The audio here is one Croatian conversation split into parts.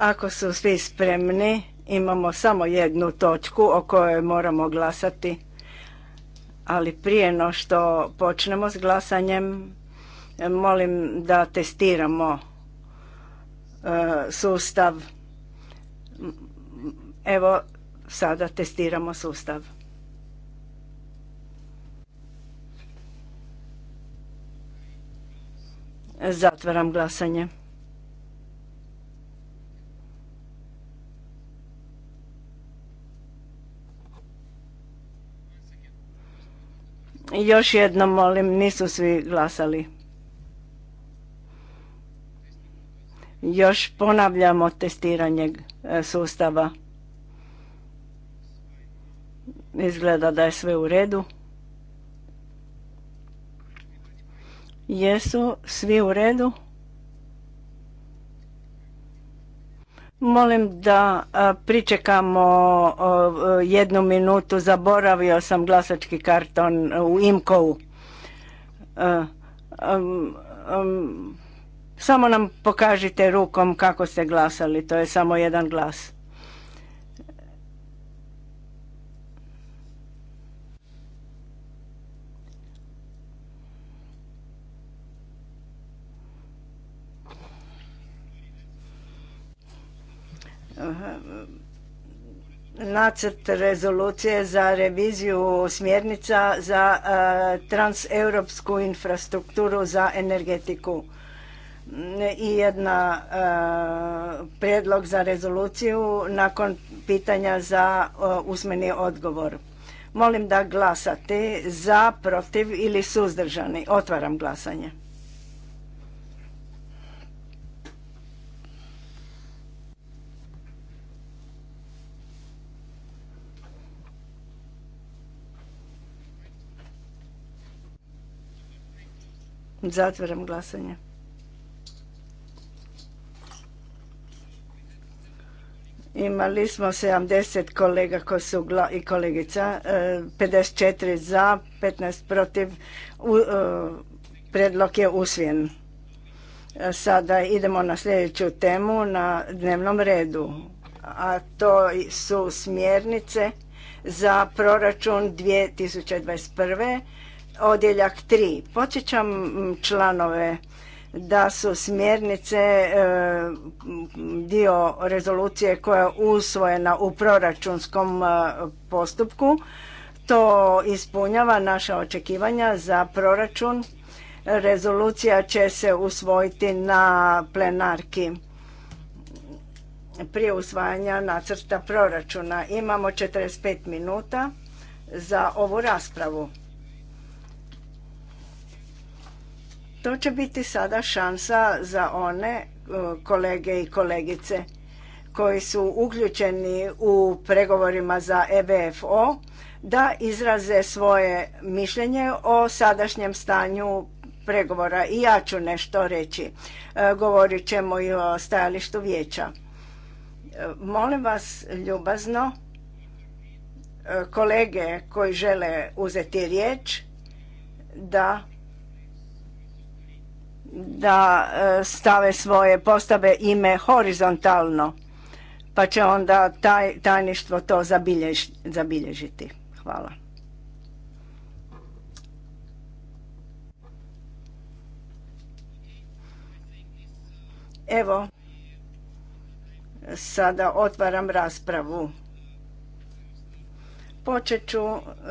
Ako su svi spremni, imamo samo jednu točku o kojoj moramo glasati. Ali prije no što počnemo s glasanjem, molim da testiramo e, sustav. Evo, sada testiramo sustav. Zatvaram glasanje. Još jednom molim, nisu svi glasali. Još ponavljamo testiranje e, sustava. Izgleda da je sve u redu. Jesu svi u redu? Molim da pričekamo jednu minutu, zaboravio sam glasački karton u Imkovu. Samo nam pokažite rukom kako ste glasali, to je samo jedan glas. nacrt rezolucije za reviziju smjernica za e, transeuropsku infrastrukturu za energetiku i jedna e, prijedlog za rezoluciju nakon pitanja za e, usmeni odgovor. Molim da glasate za, protiv ili suzdržani. Otvaram glasanje. Zatvaram glasanje. Imali smo 70 kolega su i kolegica, 54 e, za, 15 protiv. E, predlog je usvijen. E, sada idemo na sljedeću temu na dnevnom redu, a to su smjernice za proračun 2021 odjeljak 3. Podsjećam članove da su smjernice e, dio rezolucije koja je usvojena u proračunskom e, postupku. To ispunjava naša očekivanja za proračun. Rezolucija će se usvojiti na plenarki prije usvajanja nacrta proračuna. Imamo 45 minuta za ovu raspravu. To će biti sada šansa za one e, kolege i kolegice koji su uključeni u pregovorima za EBFO da izraze svoje mišljenje o sadašnjem stanju pregovora i ja ću nešto reći. E, govorit ćemo i o stajalištu vijeća. E, molim vas ljubazno kolege koji žele uzeti riječ da da e, stave svoje postave ime horizontalno, pa će onda taj, tajništvo to zabilježiti. Hvala. Evo, sada otvaram raspravu. Počet ću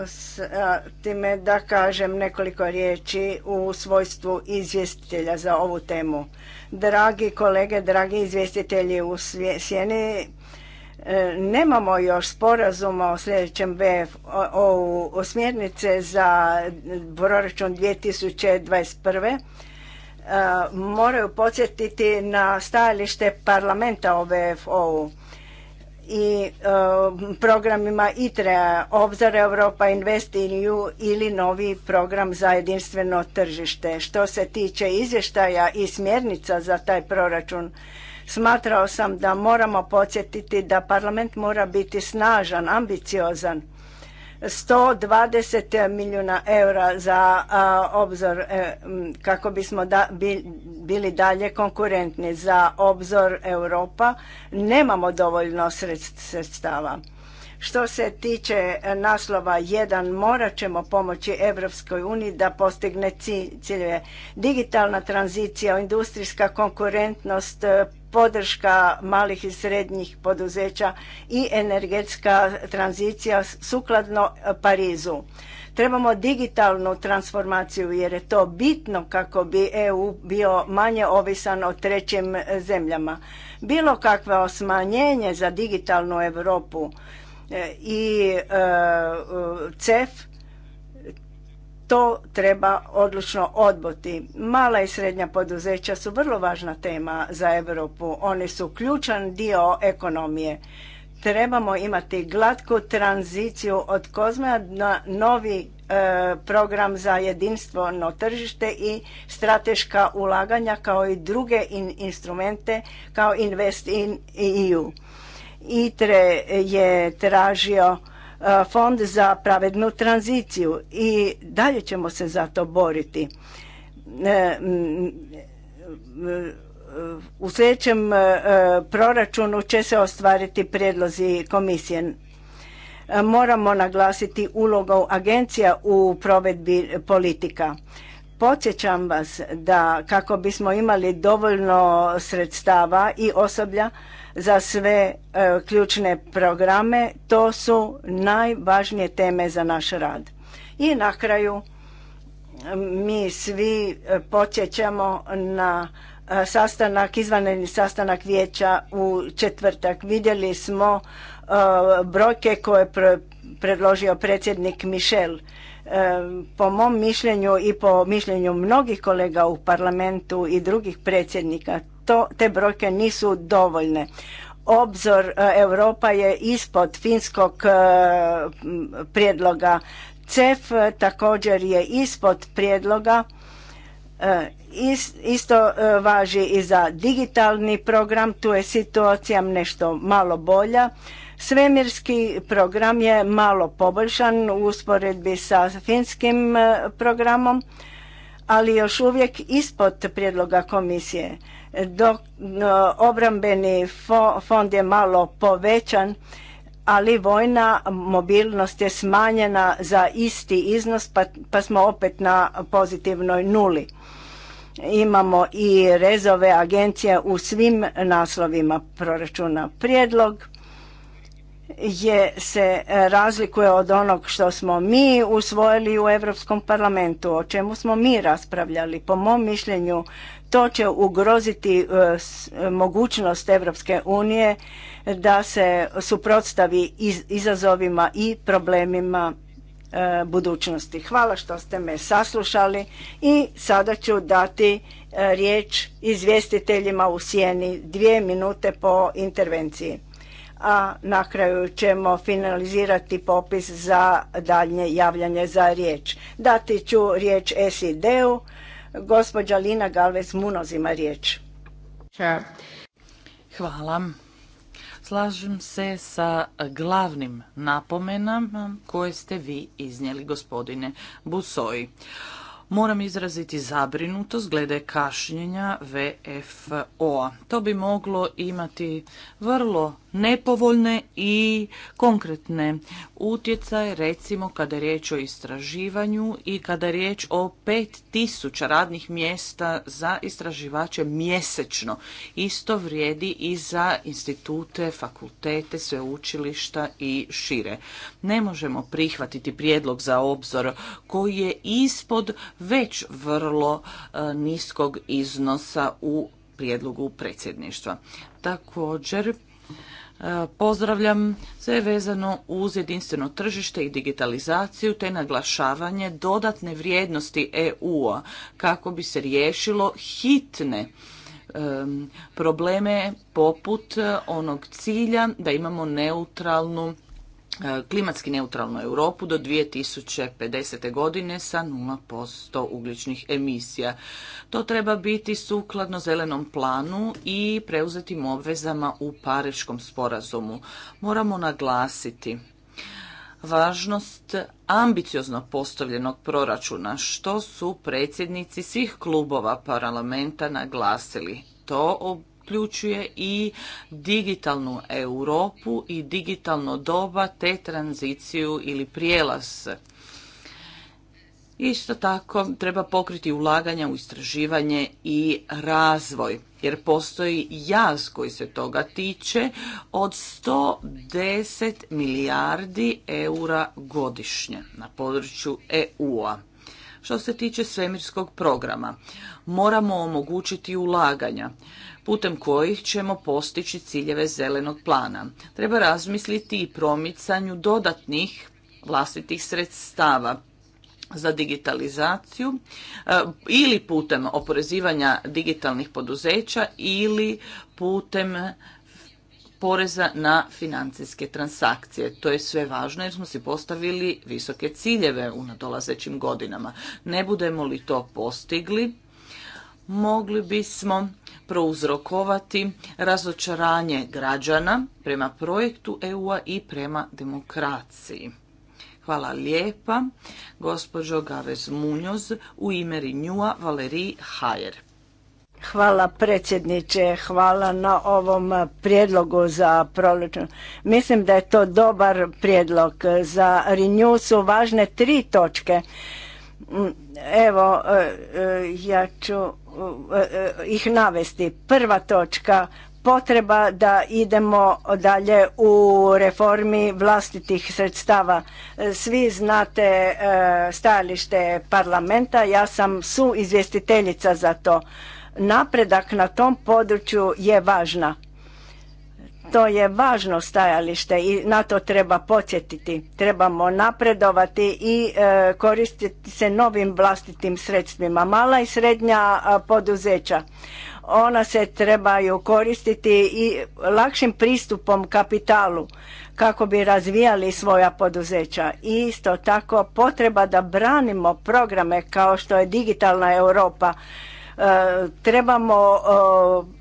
s time da kažem nekoliko riječi u svojstvu izvjestitelja za ovu temu. Dragi kolege, dragi izvjestitelji u sjeni, e, nemamo još sporazuma o sljedećem BF, o, smjernice za proračun 2021. E, moraju podsjetiti na stajalište parlamenta o VFO-u i e, programima itrea Obzor Europa, Invest in EU ili novi program za jedinstveno tržište. Što se tiče izvještaja i smjernica za taj proračun, smatrao sam da moramo podsjetiti da parlament mora biti snažan, ambiciozan 120 milijuna eura za obzor e, kako bismo bili dalje konkurentni za obzor Europa nemamo dovoljno sredstava. Što se tiče naslova 1 morat ćemo pomoći Europskoj uniji da postigne ciljeve. Digitalna tranzicija, industrijska konkurentnost, podrška malih i srednjih poduzeća i energetska tranzicija sukladno e, Parizu. Trebamo digitalnu transformaciju jer je to bitno kako bi EU bio manje ovisan o trećim e, zemljama. Bilo kakvo osmanjenje za digitalnu Europu e, i CEF to treba odlučno odboti Mala i srednja poduzeća su vrlo važna tema za Europu. Oni su ključan dio ekonomije. Trebamo imati glatku tranziciju od kozme na novi e, program za jedinstveno tržište i strateška ulaganja kao i druge in instrumente kao Invest in EU. ITRE je tražio E, fond za pravednu tranziciju i dalje ćemo se za to boriti. E, e, u sljedećem proračunu će se ostvariti predlozi komisije. Moramo naglasiti ulogu agencija u provedbi politika. Podsjećam vas da kako bismo imali dovoljno sredstava i osoblja, za sve e, ključne programe. To su najvažnije teme za naš rad. I na kraju mi svi e, podsjećamo na e, sastanak, izvanredni sastanak vijeća u četvrtak. Vidjeli smo brojke koje je predložio predsjednik Michel po mom mišljenju i po mišljenju mnogih kolega u parlamentu i drugih predsjednika to, te brojke nisu dovoljne. Obzor e, Europa je ispod finskog e, prijedloga. CEF također je ispod prijedloga. E, isto važi i za digitalni program, tu je situacija nešto malo bolja. Svemirski program je malo poboljšan u usporedbi sa finskim e, programom, ali još uvijek ispod prijedloga komisije. Dok e, obrambeni fond je malo povećan, ali vojna mobilnost je smanjena za isti iznos, pa, pa smo opet na pozitivnoj nuli. Imamo i rezove agencije u svim naslovima proračuna. Prijedlog je se e, razlikuje od onog što smo mi usvojili u Europskom parlamentu, o čemu smo mi raspravljali. Po mom mišljenju to će ugroziti e, e, mogućnost Europske unije da se suprotstavi izazovima i problemima budućnosti. Hvala što ste me saslušali i sada ću dati riječ izvjestiteljima u sjeni dvije minute po intervenciji a na kraju ćemo finalizirati popis za daljnje javljanje za riječ. Dati ću riječ SID-u. Gospođa Lina Galvez Munoz ima riječ. Hvala. Slažem se sa glavnim napomenama koje ste vi iznijeli, gospodine Busoji. Moram izraziti zabrinutost glede kašnjenja VFO-a. To bi moglo imati vrlo nepovoljne i konkretne utjecaje, recimo kada je riječ o istraživanju i kada je riječ o 5000 radnih mjesta za istraživače mjesečno. Isto vrijedi i za institute, fakultete, sveučilišta i šire. Ne možemo prihvatiti prijedlog za obzor koji je ispod već vrlo e, niskog iznosa u prijedlogu predsjedništva. Također, pozdravljam sve je vezano uz jedinstveno tržište i digitalizaciju te naglašavanje dodatne vrijednosti EU-a kako bi se riješilo hitne probleme poput eh, onog cilja da imamo neutralnu E, klimatski neutralnu Europu do 2050. godine sa 0% ugljičnih emisija. To treba biti sukladno zelenom planu i preuzetim obvezama u Pariškom sporazumu. Moramo naglasiti važnost ambiciozno postavljenog proračuna, što su predsjednici svih klubova parlamenta naglasili. To uključuje i digitalnu Europu i digitalno doba te tranziciju ili prijelaz. Isto tako treba pokriti ulaganja u istraživanje i razvoj jer postoji jaz koji se toga tiče od 110 milijardi eura godišnje na području EU-a. Što se tiče svemirskog programa, moramo omogućiti ulaganja putem kojih ćemo postići ciljeve zelenog plana. Treba razmisliti i promicanju dodatnih vlastitih sredstava za digitalizaciju e, ili putem oporezivanja digitalnih poduzeća ili putem poreza na financijske transakcije. To je sve važno jer smo si postavili visoke ciljeve u nadolazećim godinama. Ne budemo li to postigli, mogli bismo prouzrokovati razočaranje građana prema projektu EU-a i prema demokraciji. Hvala lijepa, gospođo Gavez Munjoz, u ime Renewa Valerij Hajer. Hvala predsjedniče, hvala na ovom prijedlogu za proračun. Mislim da je to dobar prijedlog. Za Renew su važne tri točke Mm, evo, e, e, ja ću e, ih navesti. Prva točka, potreba da idemo dalje u reformi vlastitih sredstava. Svi znate stajalište parlamenta, ja sam suizvjestiteljica za to. Napredak na tom području je važna. To je važno stajalište i na to treba podsjetiti. Trebamo napredovati i e, koristiti se novim vlastitim sredstvima. Mala i srednja poduzeća, ona se trebaju koristiti i lakšim pristupom kapitalu kako bi razvijali svoja poduzeća. I isto tako potreba da branimo programe kao što je digitalna Europa. E, trebamo e,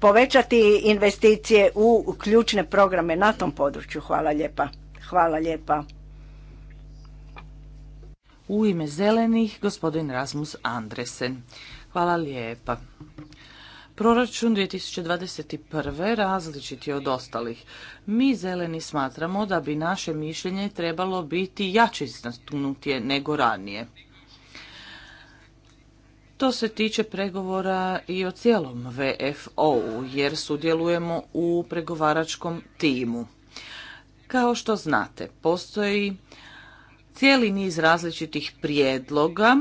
povećati investicije u ključne programe na tom području. Hvala lijepa. Hvala lijepa. U ime zelenih, gospodin Rasmus Andresen. Hvala lijepa. Proračun 2021. različit je od ostalih. Mi zeleni smatramo da bi naše mišljenje trebalo biti jače istaknutije nego ranije. To se tiče pregovora i o cijelom VFO-u jer sudjelujemo u pregovaračkom timu. Kao što znate, postoji cijeli niz različitih prijedloga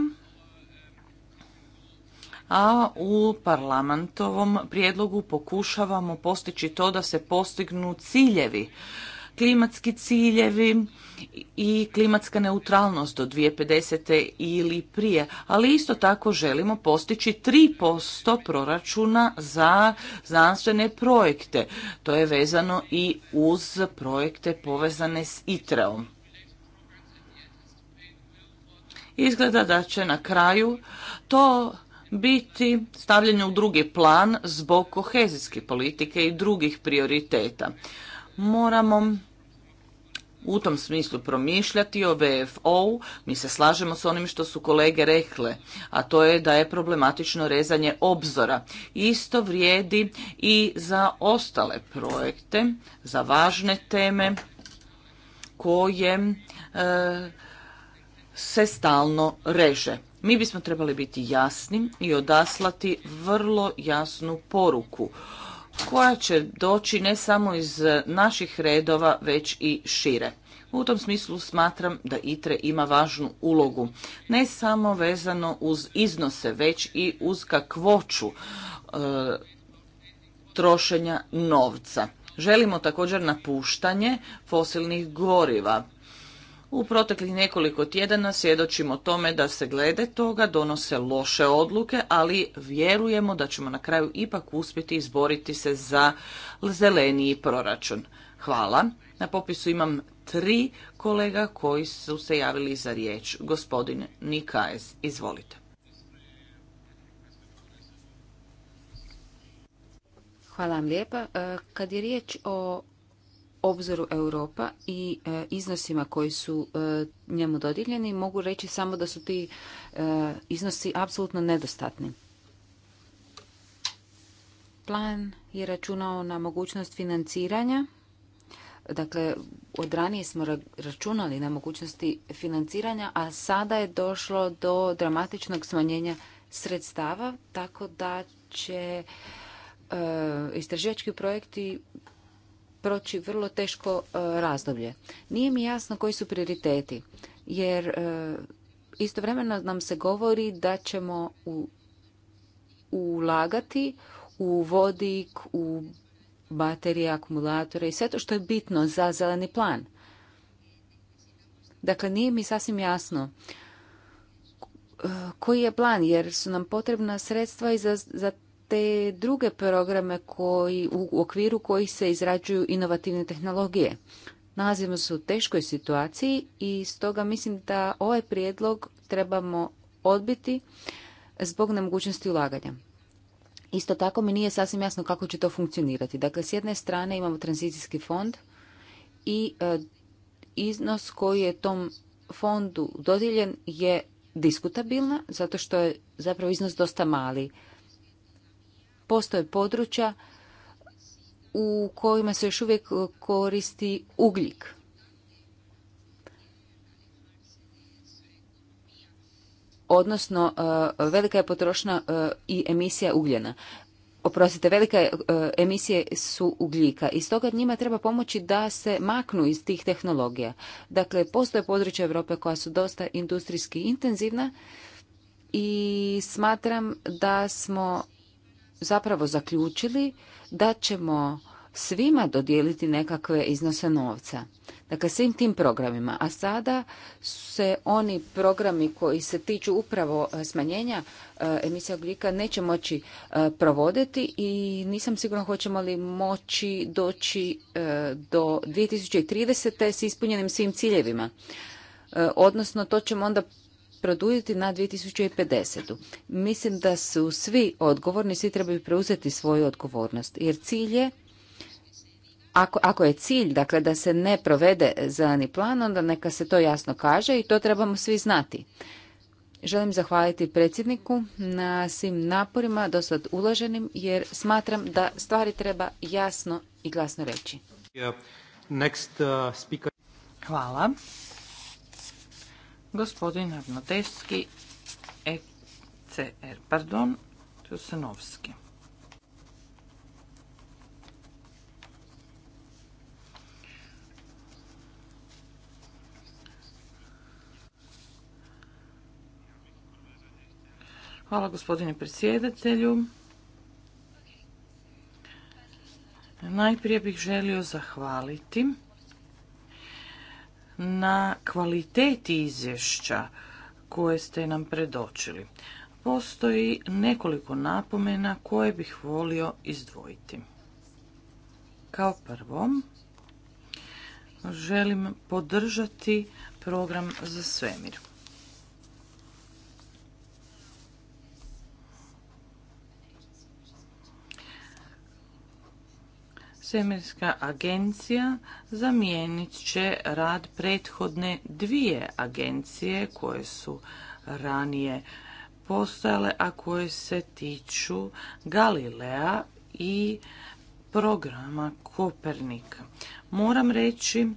a u parlamentovom prijedlogu pokušavamo postići to da se postignu ciljevi, klimatski ciljevi, i klimatska neutralnost do 2050. ili prije, ali isto tako želimo postići 3% proračuna za znanstvene projekte. To je vezano i uz projekte povezane s ITRE-om. Izgleda da će na kraju to biti stavljeno u drugi plan zbog kohezijske politike i drugih prioriteta. Moramo u tom smislu promišljati o vfo mi se slažemo s onim što su kolege rekle, a to je da je problematično rezanje obzora. Isto vrijedi i za ostale projekte, za važne teme koje e, se stalno reže. Mi bismo trebali biti jasni i odaslati vrlo jasnu poruku koja će doći ne samo iz e, naših redova, već i šire. U tom smislu smatram da ITRE ima važnu ulogu, ne samo vezano uz iznose, već i uz kakvoću e, trošenja novca. Želimo također napuštanje fosilnih goriva u proteklih nekoliko tjedana svjedočimo tome da se glede toga donose loše odluke, ali vjerujemo da ćemo na kraju ipak uspjeti izboriti se za zeleniji proračun. Hvala. Na popisu imam tri kolega koji su se javili za riječ. Gospodin Nikajez, izvolite. Hvala vam lijepa. E, kad je riječ o obzoru Europa i e, iznosima koji su e, njemu dodijeljeni mogu reći samo da su ti e, iznosi apsolutno nedostatni. Plan je računao na mogućnost financiranja. Dakle, od ranije smo računali na mogućnosti financiranja, a sada je došlo do dramatičnog smanjenja sredstava, tako da će istraživački projekti proći vrlo teško e, razdoblje. Nije mi jasno koji su prioriteti, jer e, istovremeno nam se govori da ćemo ulagati u vodik, u baterije, akumulatore i sve to što je bitno za zeleni plan. Dakle, nije mi sasvim jasno e, koji je plan, jer su nam potrebna sredstva i za, za te druge programe koji, u okviru kojih se izrađuju inovativne tehnologije. Nalazimo se u teškoj situaciji i stoga mislim da ovaj prijedlog trebamo odbiti zbog nemogućnosti ulaganja. Isto tako mi nije sasvim jasno kako će to funkcionirati. Dakle, s jedne strane imamo tranzicijski fond i e, iznos koji je tom fondu dodijeljen je diskutabilna zato što je zapravo iznos dosta mali postoje područja u kojima se još uvijek e, koristi ugljik. Odnosno, e, velika je potrošna e, i emisija ugljena. Oprostite, velike emisije su ugljika i stoga njima treba pomoći da se maknu iz tih tehnologija. Dakle, postoje područja Europe koja su dosta industrijski intenzivna i smatram da smo zapravo zaključili da ćemo svima dodijeliti nekakve iznose novca. Dakle, svim tim programima. A sada se oni programi koji se tiču upravo e, smanjenja e, emisija ugljika neće moći e, provoditi i nisam sigurna hoćemo li moći doći do 2030. s ispunjenim svim ciljevima. Odnosno, to ćemo onda produljiti na 2050. Mislim da su svi odgovorni, svi trebaju preuzeti svoju odgovornost. Jer cilj je, ako, je cilj dakle, da se ne provede zeleni plan, onda neka se to jasno kaže i to trebamo svi znati. Želim zahvaliti predsjedniku na svim naporima do sad uloženim jer smatram da stvari treba jasno i glasno reći. Next, uh, Hvala. Gospodin Arnotevski, ECR, pardon, Hvala gospodine predsjedatelju. Najprije bih želio zahvaliti na kvaliteti izvješća koje ste nam predočili. Postoji nekoliko napomena koje bih volio izdvojiti. Kao prvo, želim podržati program za svemir. Svemirska agencija zamijenit će rad prethodne dvije agencije koje su ranije postojale, a koje se tiču Galilea i programa Kopernika. Moram reći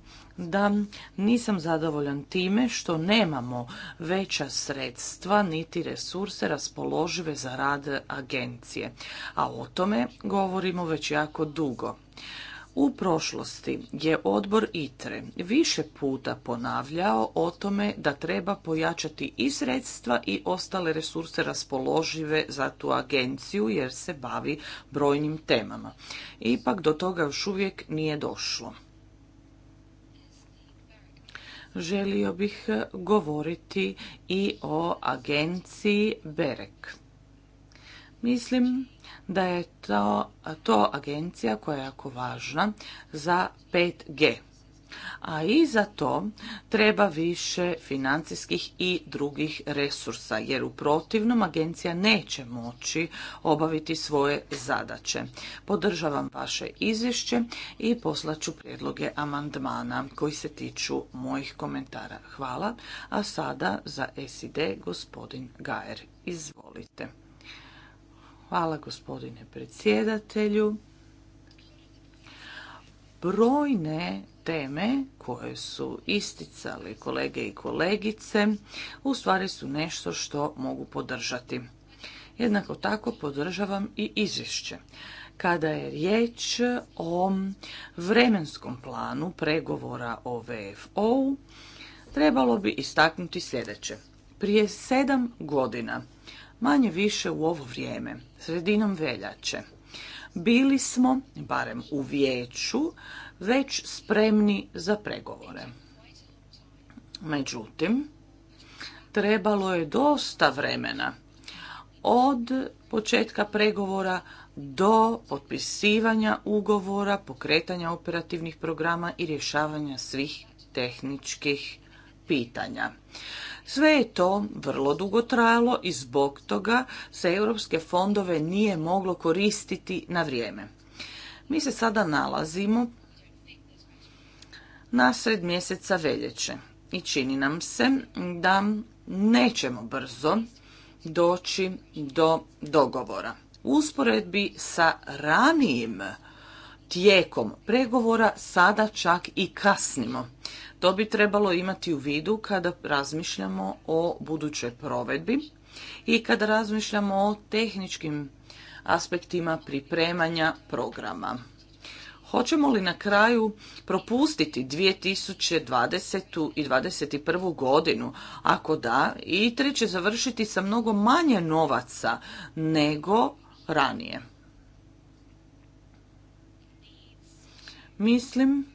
da nisam zadovoljan time što nemamo veća sredstva niti resurse raspoložive za rad agencije, a o tome govorimo već jako dugo. U prošlosti je odbor ITRE više puta ponavljao o tome da treba pojačati i sredstva i ostale resurse raspoložive za tu agenciju jer se bavi brojnim temama. Ipak do toga još uvijek nije došlo želio bih e, govoriti i o agenciji Berek. Mislim da je to, to agencija koja je jako važna za 5G a i za to treba više financijskih i drugih resursa, jer u protivnom agencija neće moći obaviti svoje zadaće. Podržavam vaše izvješće i poslaću prijedloge amandmana koji se tiču mojih komentara. Hvala, a sada za SID gospodin Gajer. Izvolite. Hvala gospodine predsjedatelju. Brojne teme koje su isticali kolege i kolegice u stvari su nešto što mogu podržati. Jednako tako podržavam i izvješće. Kada je riječ o vremenskom planu pregovora o VFO, trebalo bi istaknuti sljedeće. Prije sedam godina, manje više u ovo vrijeme, sredinom veljače, bili smo, barem u vijeću, već spremni za pregovore. Međutim, trebalo je dosta vremena od početka pregovora do potpisivanja ugovora, pokretanja operativnih programa i rješavanja svih tehničkih pitanja. Sve je to vrlo dugo trajalo i zbog toga se europske fondove nije moglo koristiti na vrijeme. Mi se sada nalazimo na sred mjeseca veljeće. I čini nam se da nećemo brzo doći do dogovora. U usporedbi sa ranijim tijekom pregovora sada čak i kasnimo. To bi trebalo imati u vidu kada razmišljamo o budućoj provedbi i kada razmišljamo o tehničkim aspektima pripremanja programa. Hoćemo li na kraju propustiti 2020. i 2021. godinu? Ako da, ITRE će završiti sa mnogo manje novaca nego ranije. Mislim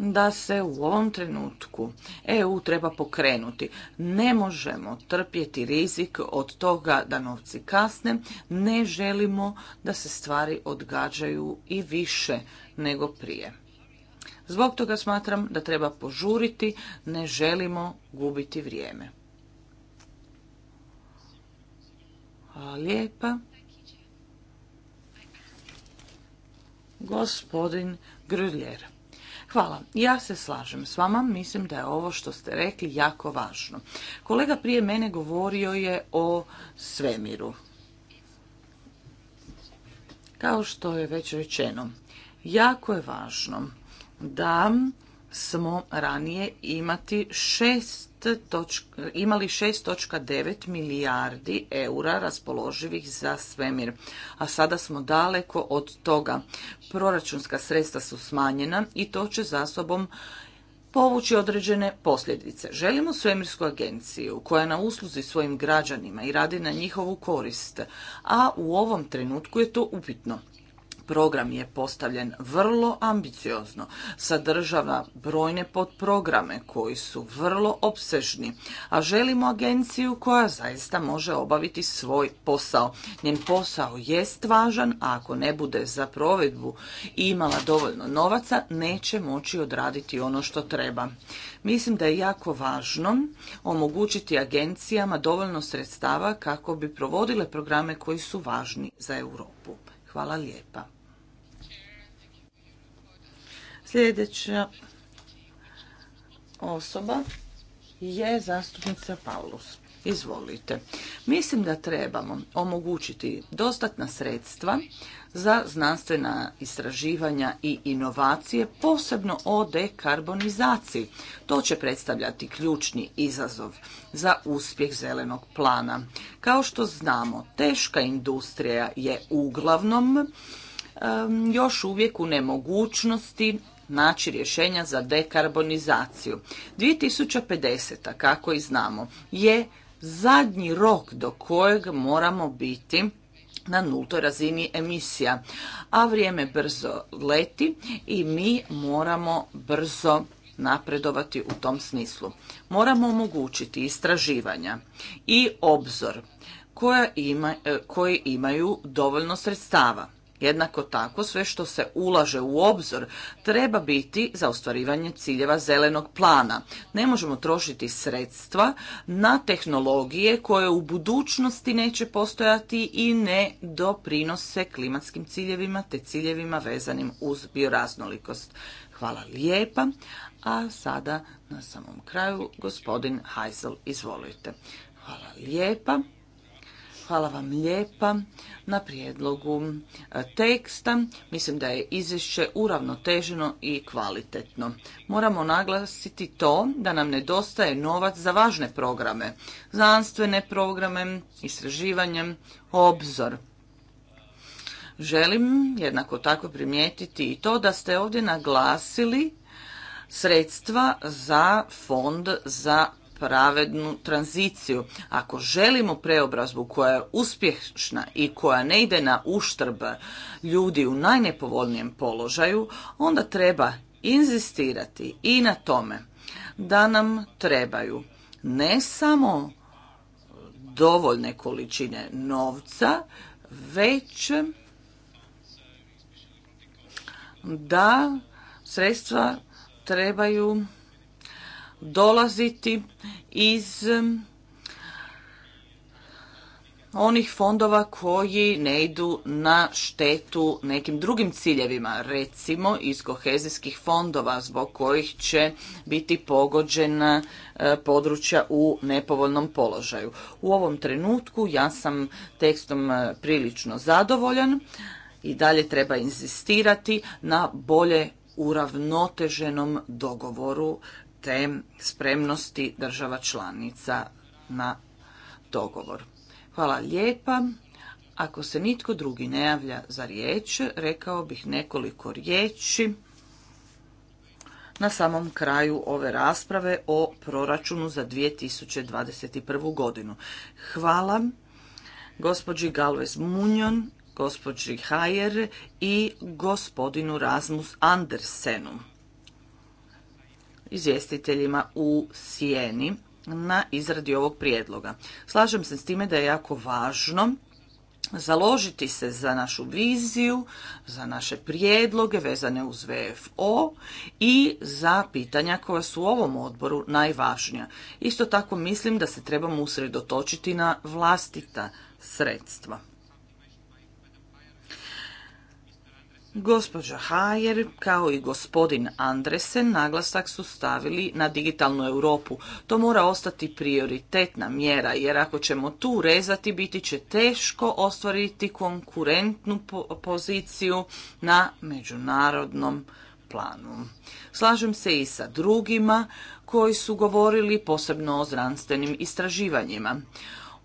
da se u ovom trenutku EU treba pokrenuti. Ne možemo trpjeti rizik od toga da novci kasne, ne želimo da se stvari odgađaju i više nego prije. Zbog toga smatram da treba požuriti, ne želimo gubiti vrijeme. Hvala lijepa. Gospodin Grljer. Hvala. Ja se slažem s vama. Mislim da je ovo što ste rekli jako važno. Kolega prije mene govorio je o svemiru. Kao što je već rečeno, jako je važno da smo ranije imati imali 6.9 milijardi eura raspoloživih za svemir, a sada smo daleko od toga. Proračunska sredstva su smanjena i to će za sobom povući određene posljedice. Želimo svemirsku agenciju koja na usluzi svojim građanima i radi na njihovu korist, a u ovom trenutku je to upitno program je postavljen vrlo ambiciozno, sadržava brojne podprograme koji su vrlo opsežni, a želimo agenciju koja zaista može obaviti svoj posao. Njen posao jest važan, a ako ne bude za provedbu imala dovoljno novaca, neće moći odraditi ono što treba. Mislim da je jako važno omogućiti agencijama dovoljno sredstava kako bi provodile programe koji su važni za Europu. Hvala lijepa. Sljedeća osoba je zastupnica Paulus. Izvolite. Mislim da trebamo omogućiti dostatna sredstva za znanstvena istraživanja i inovacije, posebno o dekarbonizaciji. To će predstavljati ključni izazov za uspjeh zelenog plana. Kao što znamo, teška industrija je uglavnom još uvijek u nemogućnosti naći rješenja za dekarbonizaciju. 2050. kako i znamo je zadnji rok do kojeg moramo biti na nultoj razini emisija. A vrijeme brzo leti i mi moramo brzo napredovati u tom smislu. Moramo omogućiti istraživanja i obzor e, koji imaju dovoljno sredstava. Jednako tako sve što se ulaže u obzor treba biti za ostvarivanje ciljeva zelenog plana. Ne možemo trošiti sredstva na tehnologije koje u budućnosti neće postojati i ne doprinose klimatskim ciljevima te ciljevima vezanim uz bioraznolikost. Hvala lijepa. A sada na samom kraju gospodin Hajzel, izvolite. Hvala lijepa. Hvala vam lijepa na prijedlogu e, teksta. Mislim da je izvješće uravnoteženo i kvalitetno. Moramo naglasiti to da nam nedostaje novac za važne programe, znanstvene programe, istraživanjem, obzor. Želim jednako tako primijetiti i to da ste ovdje naglasili sredstva za fond za pravednu tranziciju. Ako želimo preobrazbu koja je uspješna i koja ne ide na uštrb ljudi u najnepovoljnijem položaju, onda treba inzistirati i na tome da nam trebaju ne samo dovoljne količine novca, već da sredstva trebaju dolaziti iz onih fondova koji ne idu na štetu nekim drugim ciljevima, recimo iz kohezijskih fondova zbog kojih će biti pogođena e, područja u nepovoljnom položaju. U ovom trenutku ja sam tekstom e, prilično zadovoljan i dalje treba inzistirati na bolje uravnoteženom dogovoru te spremnosti država članica na dogovor. Hvala lijepa. Ako se nitko drugi ne javlja za riječ, rekao bih nekoliko riječi na samom kraju ove rasprave o proračunu za 2021. godinu. Hvala gospođi Galvez Munjon, gospođi Hajer i gospodinu Rasmus Andersenu izvjestiteljima u sjeni na izradi ovog prijedloga. Slažem se s time da je jako važno založiti se za našu viziju, za naše prijedloge vezane uz VFO i za pitanja koja su u ovom odboru najvažnija. Isto tako mislim da se trebamo usredotočiti na vlastita sredstva. Gospođa Hajer kao i gospodin Andresen naglasak su stavili na digitalnu Europu. To mora ostati prioritetna mjera jer ako ćemo tu rezati biti će teško ostvariti konkurentnu poziciju na međunarodnom planu. Slažem se i sa drugima koji su govorili posebno o znanstvenim istraživanjima.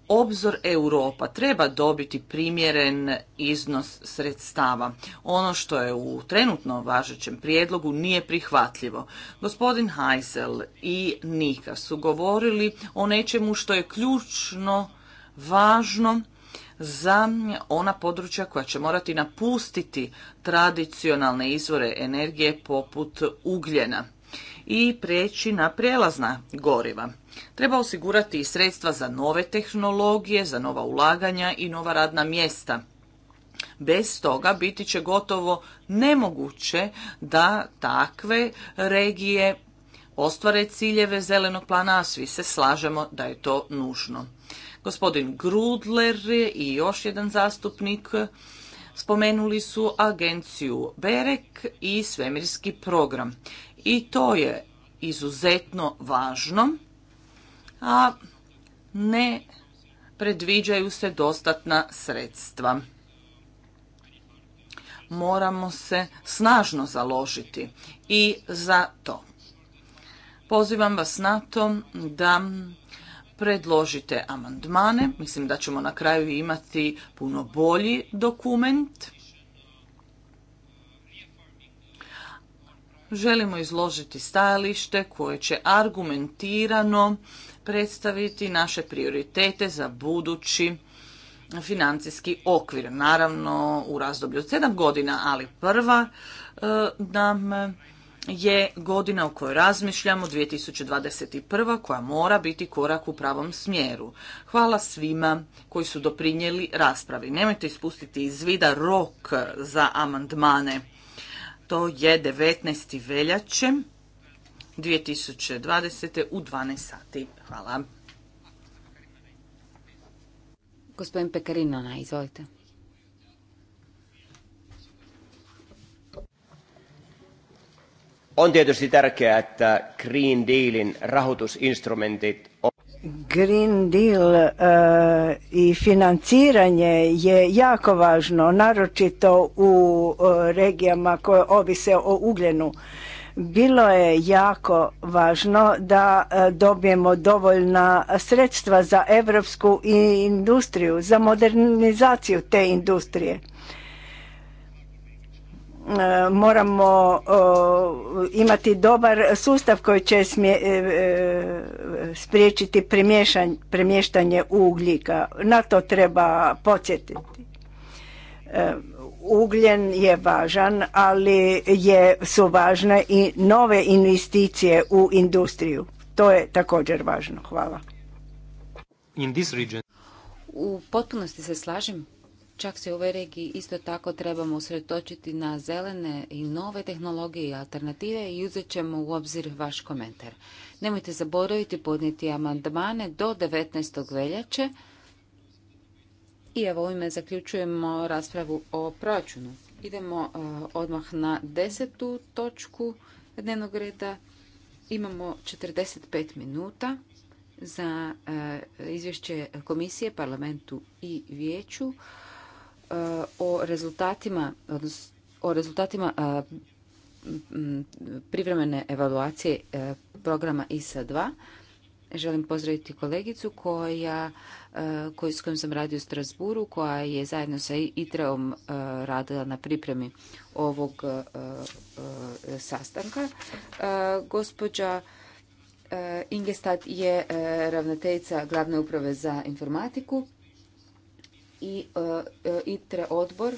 Obzor Europa treba dobiti primjeren iznos sredstava. Ono što je u trenutno važećem prijedlogu nije prihvatljivo. Gospodin Heisel i Nika su govorili o nečemu što je ključno važno za ona područja koja će morati napustiti tradicionalne izvore energije poput ugljena i preći na prijelazna goriva. Treba osigurati i sredstva za nove tehnologije, za nova ulaganja i nova radna mjesta. Bez toga biti će gotovo nemoguće da takve regije ostvare ciljeve zelenog plana, a svi se slažemo da je to nužno. Gospodin Grudler i još jedan zastupnik spomenuli su agenciju BEREK i svemirski program i to je izuzetno važno, a ne predviđaju se dostatna sredstva. Moramo se snažno založiti i za to. Pozivam vas na to da predložite amandmane. Mislim da ćemo na kraju imati puno bolji dokument želimo izložiti stajalište koje će argumentirano predstaviti naše prioritete za budući financijski okvir. Naravno u razdoblju od sedam godina, ali prva e, nam je godina u kojoj razmišljamo, 2021. koja mora biti korak u pravom smjeru. Hvala svima koji su doprinijeli raspravi. Nemojte ispustiti iz vida rok za amandmane to je 19. veljače 2020. u 12 sati. Hvala. Gospodin na, izvolite. On tietysti tärkeää, että Green Dealin rahoitusinstrumentit Green Deal e, i financiranje je jako važno, naročito u e, regijama koje ovise o ugljenu. Bilo je jako važno da e, dobijemo dovoljna sredstva za evropsku industriju, za modernizaciju te industrije. E, moramo imati dobar sustav koji će e, e, spriječiti premještanje ugljika. Na to treba podsjetiti. Ugljen je važan, ali je, su važne i nove investicije u industriju. To je također važno. Hvala. U potpunosti se slažem Čak se u ovoj regiji isto tako trebamo usredotočiti na zelene i nove tehnologije i alternative i uzet ćemo u obzir vaš komentar. Nemojte zaboraviti podnijeti amandmane do 19. veljače. I evo ovime zaključujemo raspravu o proračunu. Idemo e, odmah na desetu točku dnevnog reda. Imamo 45 minuta za e, izvješće komisije, parlamentu i vijeću Eh, o rezultatima, odnosno o rezultatima eh, privremene evaluacije eh, programa ISA 2. Želim pozdraviti kolegicu koja, koju, s kojom sam radio u Strasburu, koja je zajedno sa ITREom radila na pripremi ovog sastanka. Gospođa Ingestad je ravnateljica glavne uprave za informatiku i e, e, tre odbor e,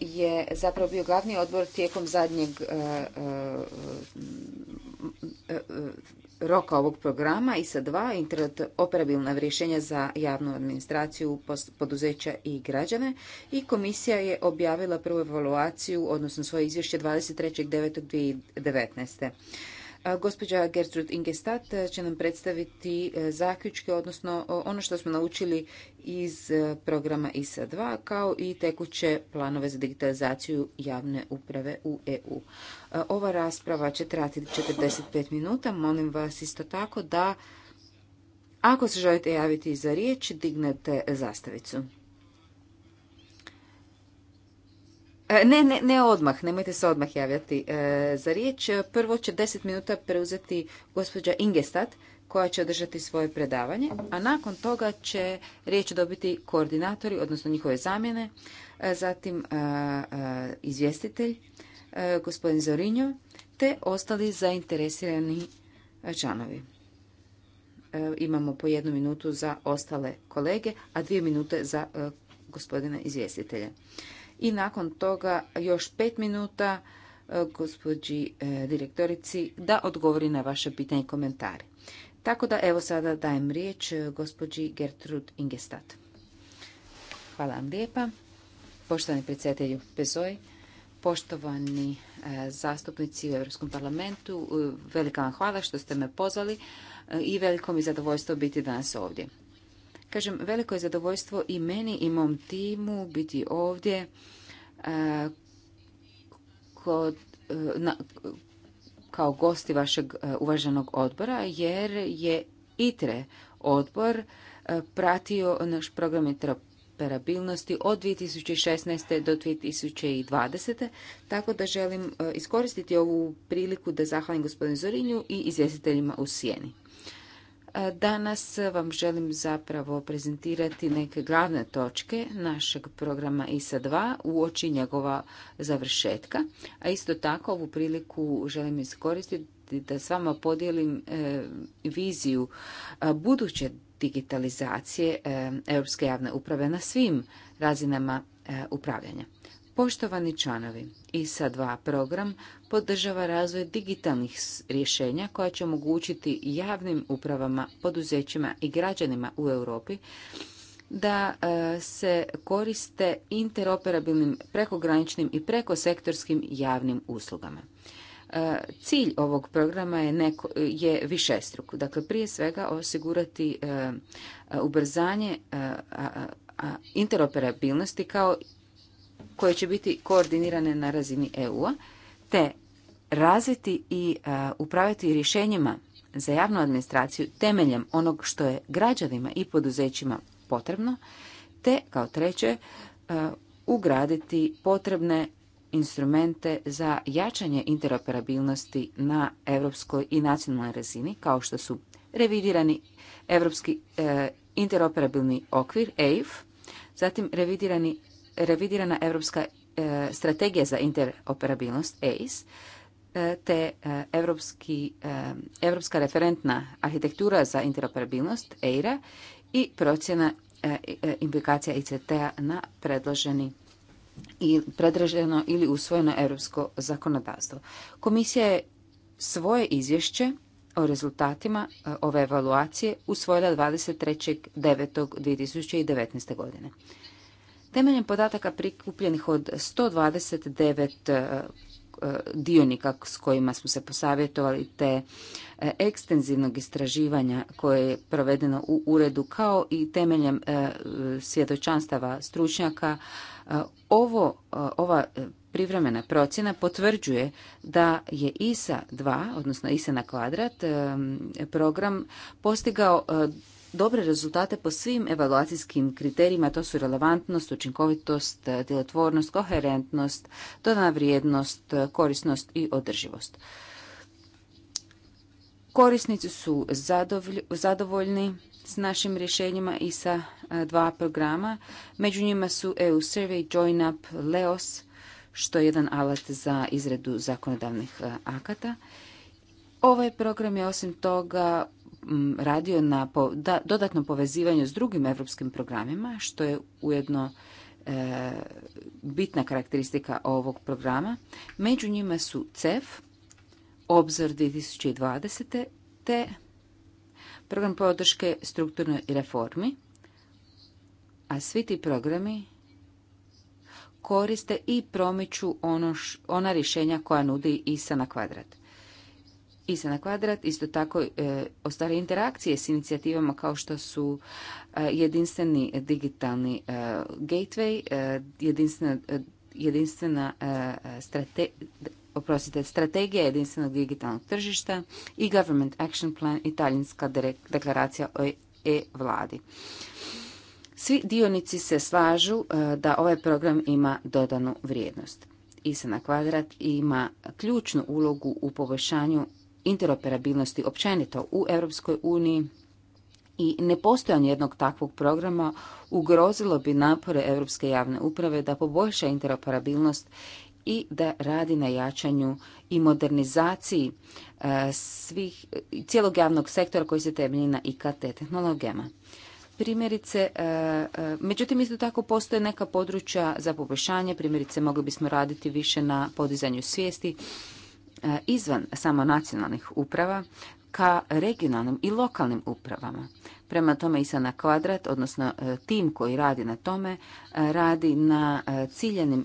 je zapravo bio glavni odbor tijekom zadnjeg roka ovog programa i sa dva interoperabilna rješenja za javnu administraciju, poduzeća i građane i komisija je objavila prvu evaluaciju, odnosno svoje izvješće 23.9.2019. Gospođa Gertrud Ingestad će nam predstaviti e, zaključke, odnosno ono što smo naučili iz e, programa ISA 2, kao i tekuće planove za digitalizaciju javne uprave u EU. E, ova rasprava će trati 45 minuta. Molim vas isto tako da, ako se želite javiti za riječ, dignete zastavicu. E, ne, ne, ne odmah, nemojte se odmah javljati e, za riječ. E, prvo će deset minuta preuzeti gospođa Ingestat koja će održati svoje predavanje, a nakon toga će riječ dobiti koordinatori, odnosno njihove zamjene, zatim izvjestitelj, gospodin Zorinjo, te ostali zainteresirani članovi. Imamo po jednu minutu za ostale kolege, a dvije minute za gospodina izvjestitelja i nakon toga još pet minuta e, gospođi e, direktorici da odgovori na vaše pitanje i komentare. Tako da evo sada dajem riječ e, gospođi Gertrud Ingestad. Hvala vam lijepa. Poštovani predsjedatelju Pezoj, poštovani zastupnici u Europskom parlamentu, velika vam hvala što ste me pozvali i veliko mi zadovoljstvo biti danas ovdje. Kažem, veliko je zadovoljstvo i meni i mom timu biti ovdje e, kod, e, kao gosti vašeg e, uvaženog odbora, jer je ITRE odbor pratio naš program interoperabilnosti od 2016. do 2020. Tako da želim iskoristiti ovu priliku da zahvalim gospodinu Zorinju i izvjestiteljima u Sijeni. Danas vam želim zapravo prezentirati neke glavne točke našeg programa ISA 2 u oči njegova završetka, a isto tako ovu priliku želim iskoristiti da s vama podijelim e, viziju e, buduće digitalizacije e, europske javne uprave na svim razinama upravljanja. Poštovani članovi, ISA 2 program podržava razvoj digitalnih rješenja koja će omogućiti javnim upravama, poduzećima i građanima u Europi da e, se koriste interoperabilnim prekograničnim i prekosektorskim javnim uslugama. E, cilj ovog programa je, neko, je višestruk. Dakle, prije svega osigurati e, ubrzanje interoperabilnosti kao koje će biti koordinirane na razini EU-a, te razviti i e, upraviti rješenjima za javnu administraciju temeljem onog što je građanima i poduzećima potrebno, te kao treće e, ugraditi potrebne instrumente za jačanje interoperabilnosti na europskoj i nacionalnoj razini, kao što su revidirani europski e, interoperabilni okvir EIF, zatim revidirani revidirana europska e, strategija za interoperabilnost EIS, e, te e, evropski, evropska referentna arhitektura za interoperabilnost EIRA i procjena implikacija ICT-a na predloženi i predraženo ili usvojeno europsko zakonodavstvo. Komisija je svoje izvješće o rezultatima ove evaluacije usvojila 23.9.2019. godine. Temeljem podataka prikupljenih od 129 e, e, dionika s kojima smo se posavjetovali te e, ekstenzivnog istraživanja koje je provedeno u uredu kao i temeljem svjedočanstava stručnjaka ovo, ova privremena procjena potvrđuje da je ISA 2, odnosno ISA na kvadrat, program postigao dobre rezultate po svim evaluacijskim kriterijima, to su relevantnost, učinkovitost, djelotvornost, koherentnost, dodana vrijednost, korisnost i održivost. Korisnici su zadovoljni s našim rješenjima i sa e, dva programa. Među njima su EU Survey, Join Up, Leos, što je jedan alat za izradu zakonodavnih e, akata. Ovaj program je osim toga radio na dodatnom povezivanju s drugim europskim programima, što je ujedno e, bitna karakteristika ovog programa. Među njima su CEF, Obzor 2020. te program podrške strukturnoj reformi, a svi ti programi koriste i promiču ono ona rješenja koja nudi ISA na kvadrat. ISA na kvadrat, isto tako e, ostare interakcije s inicijativama kao što su e, jedinstveni digitalni e, gateway, jedinstvena, jedinstvena strate, oprostite, strategija jedinstvenog digitalnog tržišta i Government Action Plan i talijanska deklaracija o e-vladi. Svi dionici se slažu da ovaj program ima dodanu vrijednost. ISA na kvadrat ima ključnu ulogu u poboljšanju interoperabilnosti općenito u Europskoj uniji i nepostojanje jednog takvog programa ugrozilo bi napore Europske javne uprave da poboljša interoperabilnost i da radi na jačanju i modernizaciji e, svih, cijelog javnog sektora koji se temelji na IKT tehnologijama. Primjerice, e, e, međutim isto tako postoje neka područja za poboljšanje, primjerice mogli bismo raditi više na podizanju svijesti E, izvan samo nacionalnih uprava ka regionalnim i lokalnim upravama. Prema tome ISA na kvadrat, odnosno e, tim koji radi na tome, e, radi na ciljenim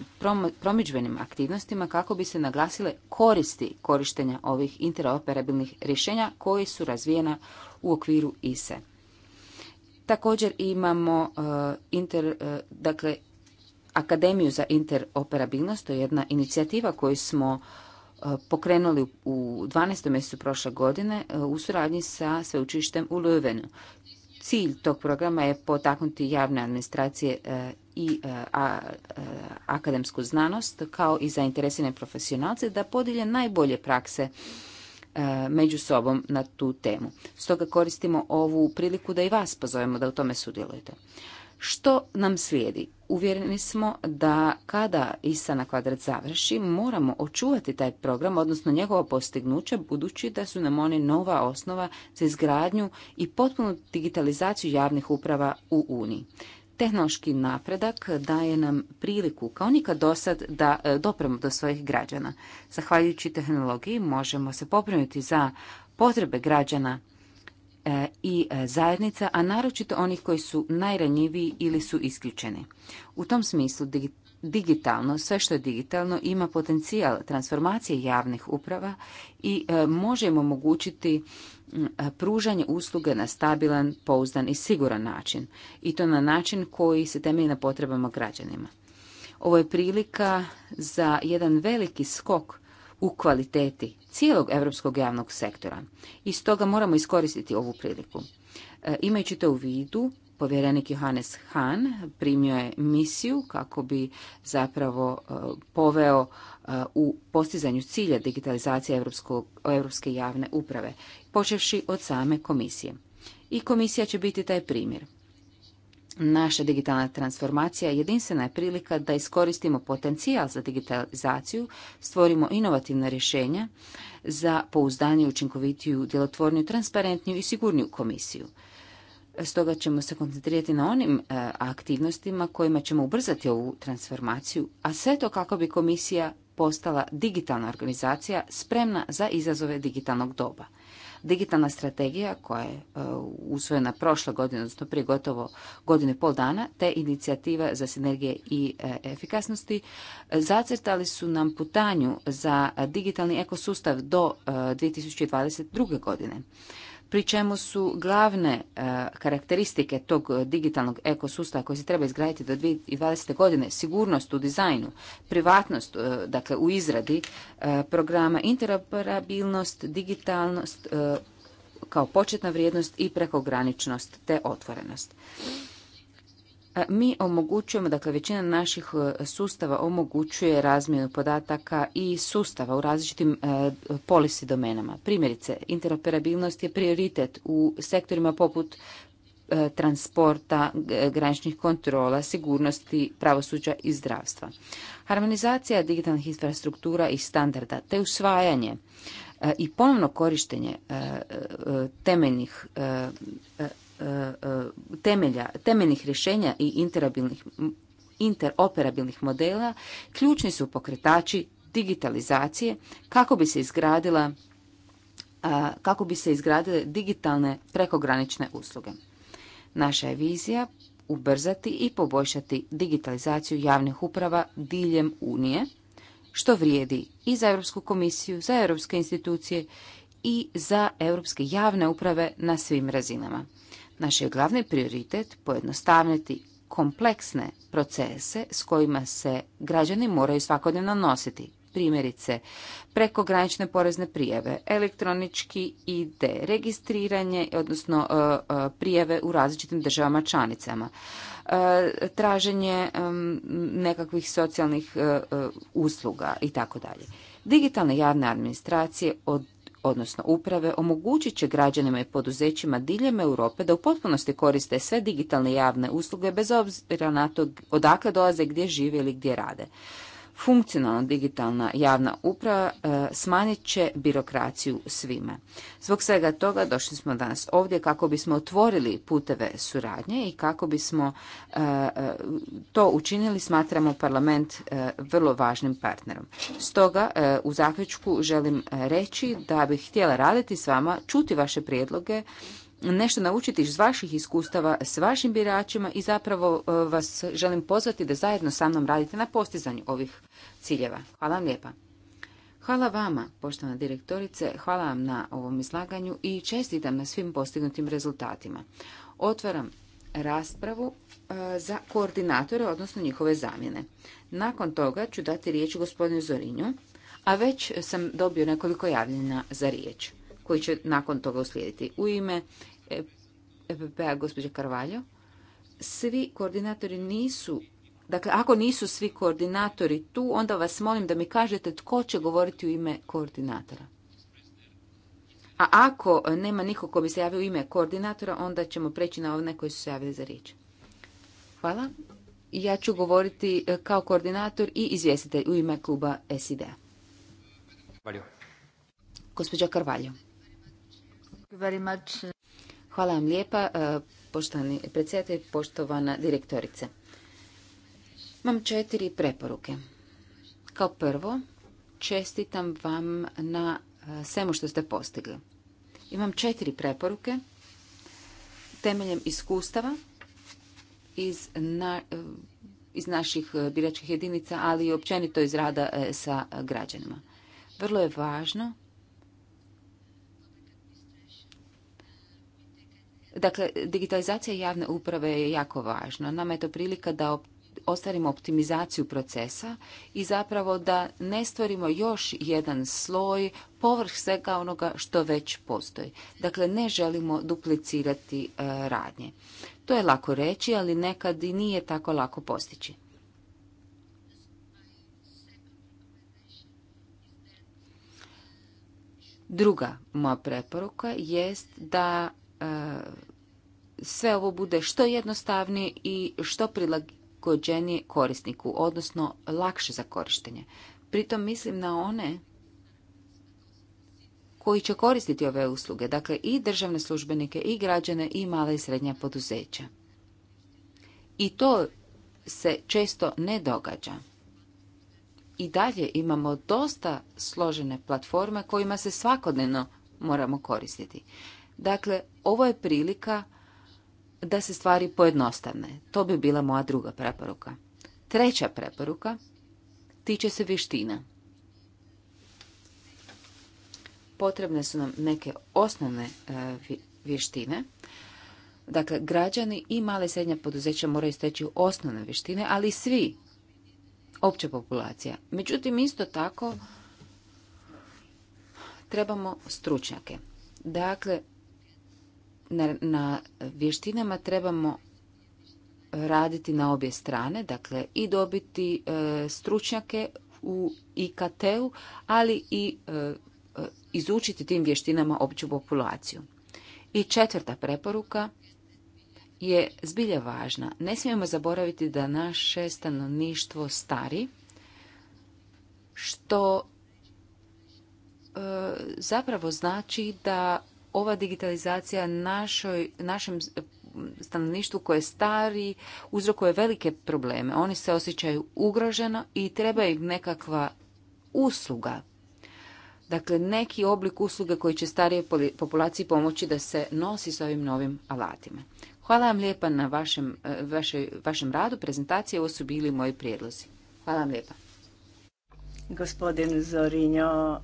promiđbenim aktivnostima kako bi se naglasile koristi korištenja ovih interoperabilnih rješenja koji su razvijena u okviru ISE. Također imamo inter, dakle, Akademiju za interoperabilnost, to je jedna inicijativa koju smo E, pokrenuli u 12. mjesecu prošle godine e, u suradnji sa sveučilištem u Leuvenu. Cilj tog programa je potaknuti javne administracije e, i akademsku znanost kao i zainteresirane profesionalce da podilje najbolje prakse među sobom na tu temu. Stoga koristimo ovu priliku da i vas pozovemo da u tome sudjelujete. Što nam slijedi? Uvjereni smo da kada ISA na kvadrat završi, moramo očuvati taj program, odnosno njegova postignuća, budući da su nam oni nova osnova za izgradnju i potpunu digitalizaciju javnih uprava u Uniji. Tehnološki napredak daje nam priliku, kao nikad dosad, da e, dopremo do svojih građana. Zahvaljujući tehnologiji možemo se popremiti za potrebe građana E, i e, zajednica, a naročito onih koji su najranjiviji ili su isključeni. U tom smislu digitalno, sve što je digitalno ima potencijal transformacije javnih uprava i e, može im omogućiti pružanje usluge na stabilan, pouzdan i siguran način i to na način koji se temelji na potrebama građanima. Ovo je prilika za jedan veliki skok u kvaliteti cijelog europskog javnog sektora. I stoga moramo iskoristiti ovu priliku. E, imajući to u vidu, povjerenik Johannes Hahn primio je misiju kako bi zapravo e, poveo e, u postizanju cilja digitalizacije europske javne uprave, počevši od same komisije. I komisija će biti taj primjer. Naša digitalna transformacija jedinstvena je prilika da iskoristimo potencijal za digitalizaciju, stvorimo inovativna rješenja za pouzdanje učinkovitiju, djelotvorniju, transparentniju i sigurniju komisiju. Stoga ćemo se koncentrirati na onim e, aktivnostima kojima ćemo ubrzati ovu transformaciju, a sve to kako bi komisija postala digitalna organizacija spremna za izazove digitalnog doba. Digitalna strategija koja je e, usvojena prošle godine, odnosno prije gotovo godine pol dana, te inicijativa za sinergije i e, efikasnosti e, zacrtali su nam putanju za digitalni ekosustav do 2022. godine pri čemu su glavne e, karakteristike tog digitalnog ekosustava koji se treba izgraditi do 2020. godine sigurnost u dizajnu, privatnost e, dakle u izradi e, programa, interoperabilnost, digitalnost kao početna vrijednost i prekograničnost te otvorenost. E, mi omogućujemo, dakle većina naših e, sustava omogućuje razmjenu podataka i sustava u različitim e, policy domenama. Primjerice, interoperabilnost je prioritet u sektorima poput transporta, graničnih kontrola, sigurnosti, pravosuđa i zdravstva. Harmonizacija digitalnih infrastruktura i standarda te usvajanje i ponovno korištenje temeljnih E, e, temelja, temeljnih rješenja i interoperabilnih modela ključni su pokretači digitalizacije kako bi se izgradila kako bi se izgradile digitalne prekogranične usluge. Naša je vizija ubrzati i poboljšati digitalizaciju javnih uprava diljem Unije, što vrijedi i za Europsku komisiju, za europske institucije i za europske javne uprave na svim razinama. Naš je glavni prioritet pojednostavniti kompleksne procese s kojima se građani moraju svakodnevno nositi. Primjerice, prekogranične porezne prijeve, elektronički ID, registriranje, odnosno e, e, prijeve u različitim državama članicama, e, traženje nekakvih socijalnih usluga i tako dalje. Digitalne javne administracije od odnosno uprave, omogućit će građanima i poduzećima diljem Europe da u potpunosti koriste sve digitalne javne usluge bez obzira na to odakle dolaze, gdje žive ili gdje rade funkcionalna digitalna javna uprava e, smanjit će birokraciju svima. Zbog svega toga došli smo danas ovdje kako bismo otvorili puteve suradnje i kako bismo e, e, to učinili smatramo parlament vrlo važnim partnerom. Stoga u zaključku želim reći da bih htjela raditi s vama, čuti vaše prijedloge nešto naučiti iz vaših iskustava s vašim biračima i zapravo e, vas želim pozvati da zajedno sa mnom radite na postizanju ovih ciljeva. Hvala vam lijepa. Hvala vama, poštovana direktorice, hvala vam na ovom izlaganju i čestitam na svim postignutim rezultatima. Otvaram raspravu e, za koordinatore, odnosno njihove zamjene. Nakon toga ću dati riječ gospodinu Zorinju, a već sam dobio nekoliko javljena za riječ koji će nakon toga uslijediti. U ime EPP-a e, gospođa Karvaljo, svi koordinatori nisu Dakle, ako nisu svi koordinatori tu, onda vas molim da mi kažete tko će govoriti u ime koordinatora. A ako nema nikog ko bi se javio u ime koordinatora, onda ćemo preći na one koji su se javili za riječ. Hvala. Ja ću govoriti e, kao koordinator i izvjestitelj u ime kluba SID-a. Gospođa Karvaljo. Hvala vam lijepa, e, poštovani predsjedatelj, poštovana direktorice. Imam četiri preporuke. Kao prvo, čestitam vam na e, svemu što ste postigli. Imam četiri preporuke temeljem iskustava iz, e, iz naših biračkih jedinica, ali i općenito iz rada sa građanima. Vrlo je važno Dakle, digitalizacija javne uprave je jako važna. Nama je to prilika da ostvarimo optimizaciju procesa i zapravo da ne stvorimo još jedan sloj povrh svega onoga što već postoji. Dakle, ne želimo duplicirati e, radnje. To je lako reći, ali nekad i nije tako lako postići. Druga moja preporuka jest da E, sve ovo bude što jednostavnije i što prilagođenije korisniku, odnosno lakše za korištenje. Pritom mislim na one koji će koristiti ove usluge, dakle i državne službenike, i građane, i mala i srednja poduzeća. I to se često ne događa. I dalje imamo dosta složene platforme kojima se svakodnevno moramo koristiti. Dakle, ovo je prilika da se stvari pojednostavne. To bi bila moja druga preporuka. Treća preporuka tiče se vještina. Potrebne su nam neke osnovne e, vještine. Dakle, građani i male i srednja poduzeća moraju steći osnovne vještine, ali svi, opća populacija. Međutim, isto tako trebamo stručnjake. Dakle, na, vještinama trebamo raditi na obje strane, dakle i dobiti e, stručnjake u IKT-u, ali i e, e, izučiti tim vještinama opću populaciju. I četvrta preporuka je zbilja važna. Ne smijemo zaboraviti da naše stanovništvo stari, što e, zapravo znači da ova digitalizacija našoj, našem stanovništvu koje je stari uzrokuje velike probleme. Oni se osjećaju ugroženo i treba im nekakva usluga. Dakle, neki oblik usluge koji će starije populaciji pomoći da se nosi s ovim novim alatima. Hvala vam lijepa na vašem, e, vašem radu, prezentacije. Ovo su bili moji prijedlozi. Hvala vam lijepa. Gospodin Zorinjo e,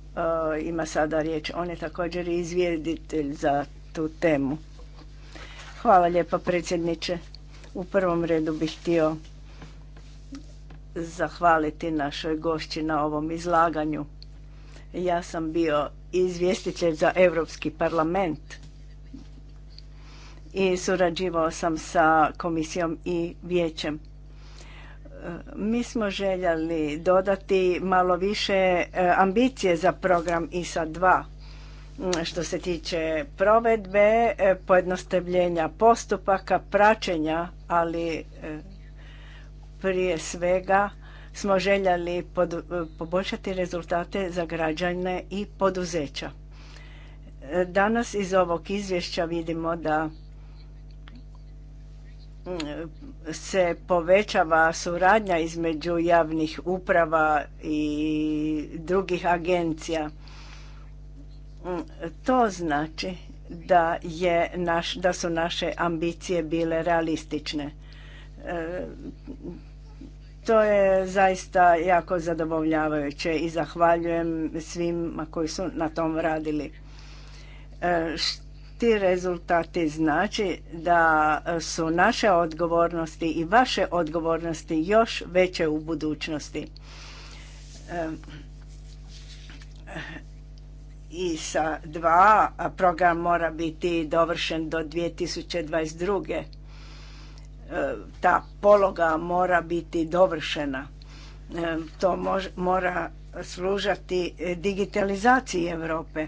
ima sada riječ. On je također izvjeditelj za tu temu. Hvala lijepa predsjedniče. U prvom redu bih htio zahvaliti našoj gošći na ovom izlaganju. Ja sam bio izvjestitelj za Europski parlament i surađivao sam sa komisijom i vijećem. Mi smo željeli dodati malo više e, ambicije za program ISA 2 mm, što se tiče provedbe, e, pojednostavljenja postupaka, praćenja, ali e, prije svega smo željeli poboljšati rezultate za građane i poduzeća. Danas iz ovog izvješća vidimo da se povećava suradnja između javnih uprava i drugih agencija. To znači da, je naš, da su naše ambicije bile realistične. E, to je zaista jako zadovoljavajuće i zahvaljujem svima koji su na tom radili. E, ti rezultati znači da su naše odgovornosti i vaše odgovornosti još veće u budućnosti. I sa dva program mora biti dovršen do 2022. Ta pologa mora biti dovršena. To mora služati digitalizaciji Europe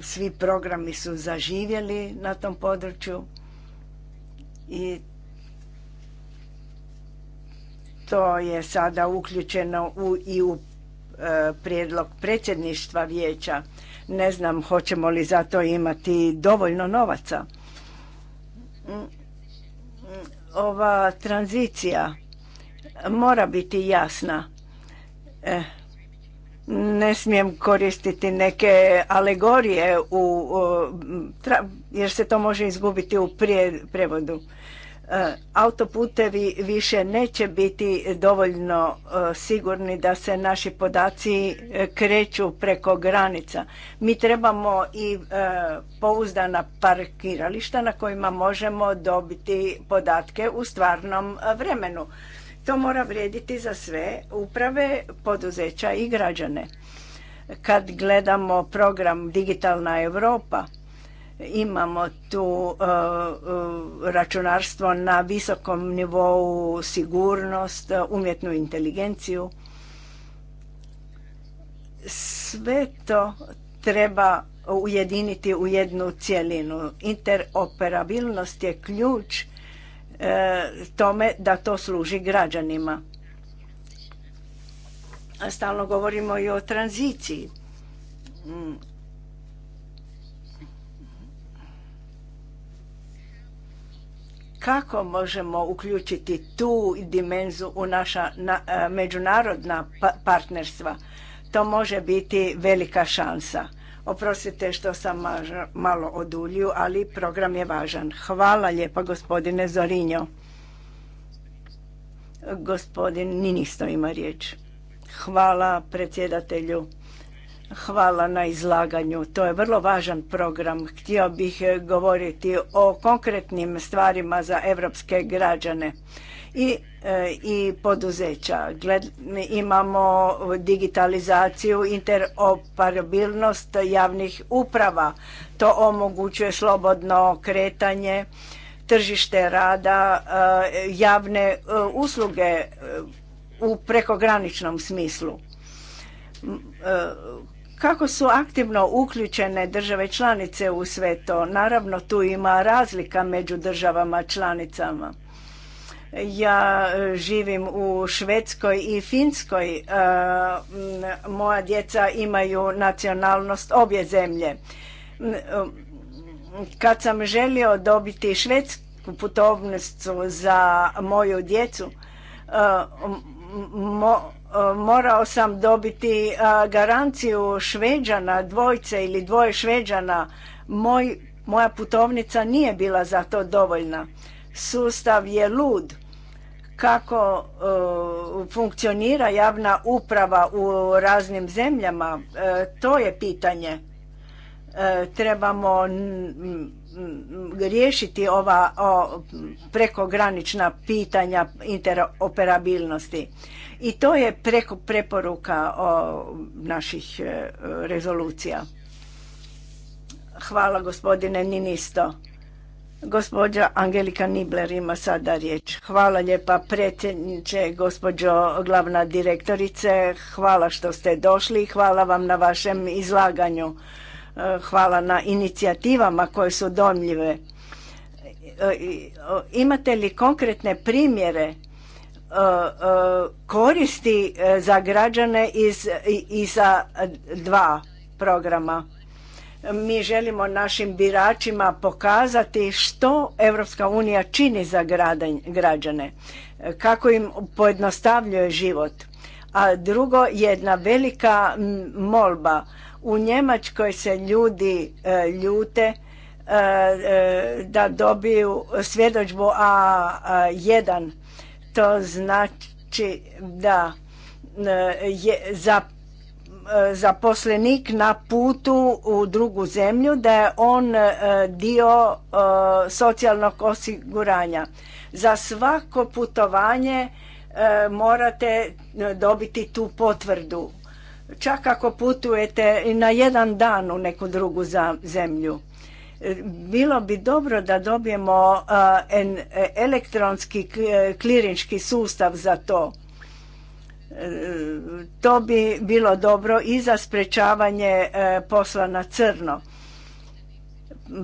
svi programi su zaživjeli na tom području i to je sada uključeno u, i u e, prijedlog predsjedništva vijeća. Ne znam hoćemo li za to imati dovoljno novaca. Mm, mm, ova tranzicija mora biti jasna. E, ne smijem koristiti neke alegorije u, jer se to može izgubiti u prije, prevodu. E, autoputevi više neće biti dovoljno e, sigurni da se naši podaci e, kreću preko granica. Mi trebamo i pouzdana parkirališta na kojima možemo dobiti podatke u stvarnom vremenu to mora vrijediti za sve uprave, poduzeća i građane. Kad gledamo program Digitalna Europa, imamo tu e, e, računarstvo na visokom nivou, sigurnost, umjetnu inteligenciju. Sve to treba ujediniti u jednu cjelinu. Interoperabilnost je ključ E, tome da to služi građanima. Stalno govorimo i o tranziciji. Mm. kako možemo uključiti tu dimenzu u naša e, međunarodna pa-, partnerstva to može biti velika šansa Oprostite što sam malo oduljio, ali program je važan. Hvala lijepa gospodine Zorinjo. Gospodin Ninisto ima riječ. Hvala predsjedatelju. Hvala na izlaganju. To je vrlo važan program. Htio bih e, govoriti o konkretnim stvarima za evropske građane i E, i poduzeća. imamo digitalizaciju, interoperabilnost javnih uprava. To omogućuje slobodno kretanje, tržište rada, e, javne e, usluge u prekograničnom smislu. Kako su aktivno uključene države članice u sve to? Naravno, tu ima razlika među državama članicama ja e, živim u Švedskoj i Finskoj. E, moja djeca imaju nacionalnost obje zemlje. E, kad sam želio dobiti švedsku putovnicu za moju djecu, morao sam dobiti garanciju šveđana, dvojce ili dvoje šveđana. Moj, moja putovnica nije bila za to dovoljna sustav je lud kako e, funkcionira javna uprava u raznim zemljama e, to je pitanje e, trebamo riješiti ova o, prekogranična pitanja interoperabilnosti i to je preko preporuka o, naših rezolucija hvala gospodine Ninisto Gospođa Angelika Nibler ima sada riječ. Hvala lijepa predsjedniče, gospođo glavna direktorice. Hvala što ste došli i hvala vam na vašem izlaganju. E, hvala na inicijativama koje su domljive. E, imate li konkretne primjere e, koristi za građane iz, i za dva programa? Mi želimo našim biračima pokazati što Europska unija čini za građane, kako im pojednostavljuje život. A drugo, jedna velika molba. U Njemačkoj se ljudi e, ljute e, e, da dobiju svjedočbu A1. To znači da je za E, zaposlenik na putu u drugu zemlju, da je on e, dio e, socijalnog osiguranja. Za svako putovanje morate dobiti tu potvrdu. Čak ako putujete na jedan dan u neku drugu zemlju. Bilo bi dobro da dobijemo elektronski klirinčki sustav za to to bi bilo dobro i za sprečavanje e, posla na crno.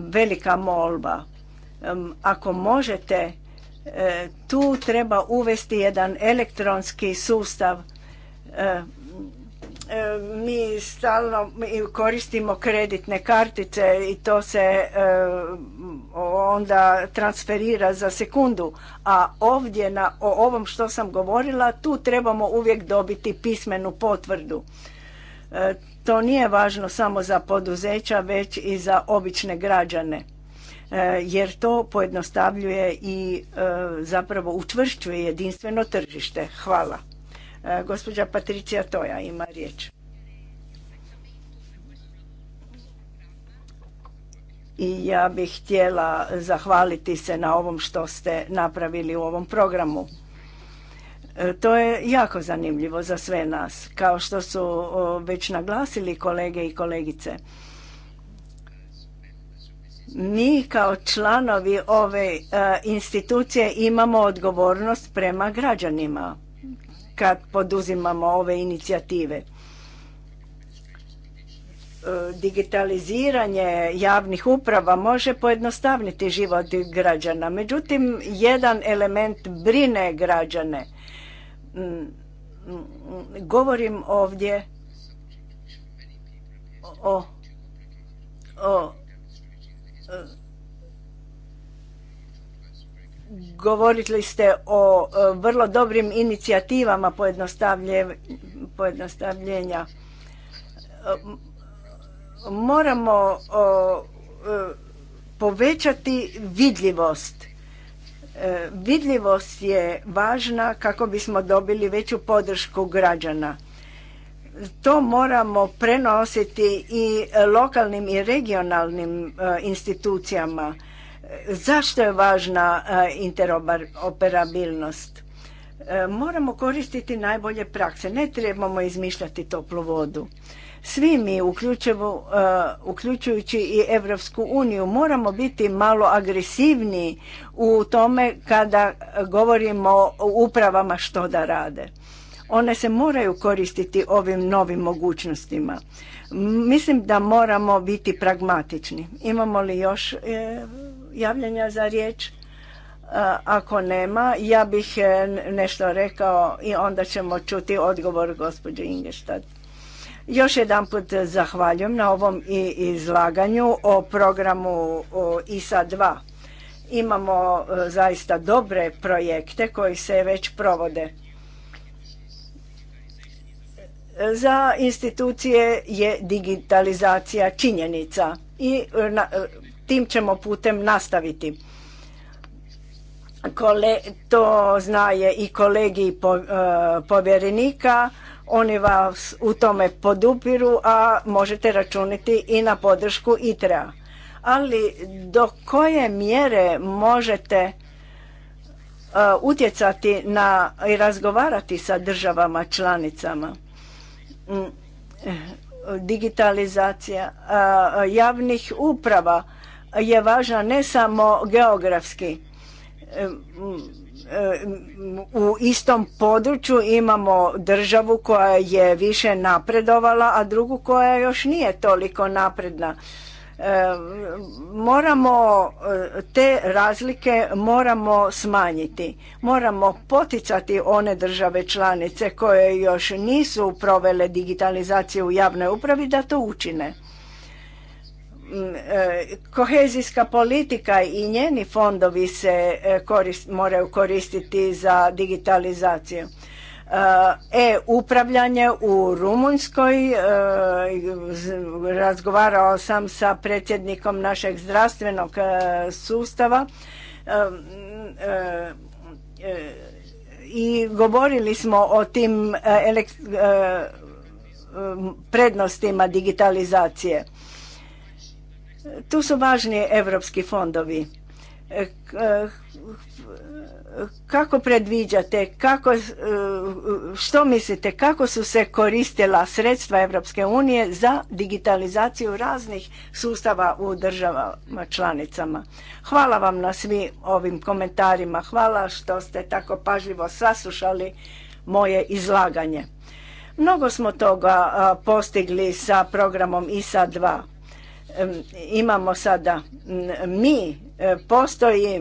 Velika molba. Ako možete, e, tu treba uvesti jedan elektronski sustav e, E, mi stalno koristimo kreditne kartice i to se e, onda transferira za sekundu, a ovdje na, o ovom što sam govorila tu trebamo uvijek dobiti pismenu potvrdu. E, to nije važno samo za poduzeća, već i za obične građane, jer to pojednostavljuje i zapravo učvršćuje jedinstveno tržište. Hvala. E, gospođa Patricija Toja ima riječ. I ja bih htjela zahvaliti se na ovom što ste napravili u ovom programu. E, to je jako zanimljivo za sve nas, kao što su već naglasili kolege i kolegice. Mi kao članovi ove e, institucije imamo odgovornost prema građanima kad poduzimamo ove inicijative. E, digitaliziranje javnih uprava može pojednostavniti život građana. Međutim, jedan element brine građane. Mm, mm, govorim ovdje o, o, o Govorili ste o e, vrlo dobrim inicijativama pojednostavljenja. E, moramo e, povećati vidljivost. Vidljivost je važna kako bismo dobili veću podršku građana. To moramo prenositi i lokalnim i regionalnim institucijama Zašto je važna e, interoperabilnost? E, moramo koristiti najbolje prakse, ne trebamo izmišljati toplu vodu. Svi mi, e, uključujući i Evropsku uniju, moramo biti malo agresivniji u tome kada govorimo o upravama što da rade. One se moraju koristiti ovim novim mogućnostima. Mislim da moramo biti pragmatični. Imamo li još javljanja za riječ? Ako nema, ja bih e, nešto rekao i onda ćemo čuti odgovor gospođe Ingeštad. Još jedan put zahvaljujem na ovom izlaganju o programu ISA 2. Imamo e, zaista dobre projekte koji se već provode. Za institucije je digitalizacija činjenica i e, tim ćemo putem nastaviti. Kole, to znaje i kolegi po, e, povjerenika, oni vas u tome podupiru, a možete računiti i na podršku ITREA. Ali do koje mjere možete e, utjecati na i razgovarati sa državama članicama? Mm, e, digitalizacija javnih uprava je važna ne samo geografski. U istom području imamo državu koja je više napredovala, a drugu koja još nije toliko napredna. E, moramo e, te razlike moramo smanjiti. Moramo poticati one države članice koje još nisu provele digitalizaciju u javnoj upravi da to učine E, kohezijska politika i njeni fondovi se e, moraju koristiti za digitalizaciju. E-upravljanje e, u Rumunjskoj, razgovarao sam sa predsjednikom našeg zdravstvenog sustava i govorili smo o tim prednostima digitalizacije tu su važni evropski fondovi. E, e, kako predviđate, kako, e, što mislite, kako su se koristila sredstva Evropske unije za digitalizaciju raznih sustava u državama članicama? Hvala vam na svim ovim komentarima, hvala što ste tako pažljivo saslušali moje izlaganje. Mnogo smo toga postigli sa programom ISA 2 imamo sada mi, e, postoji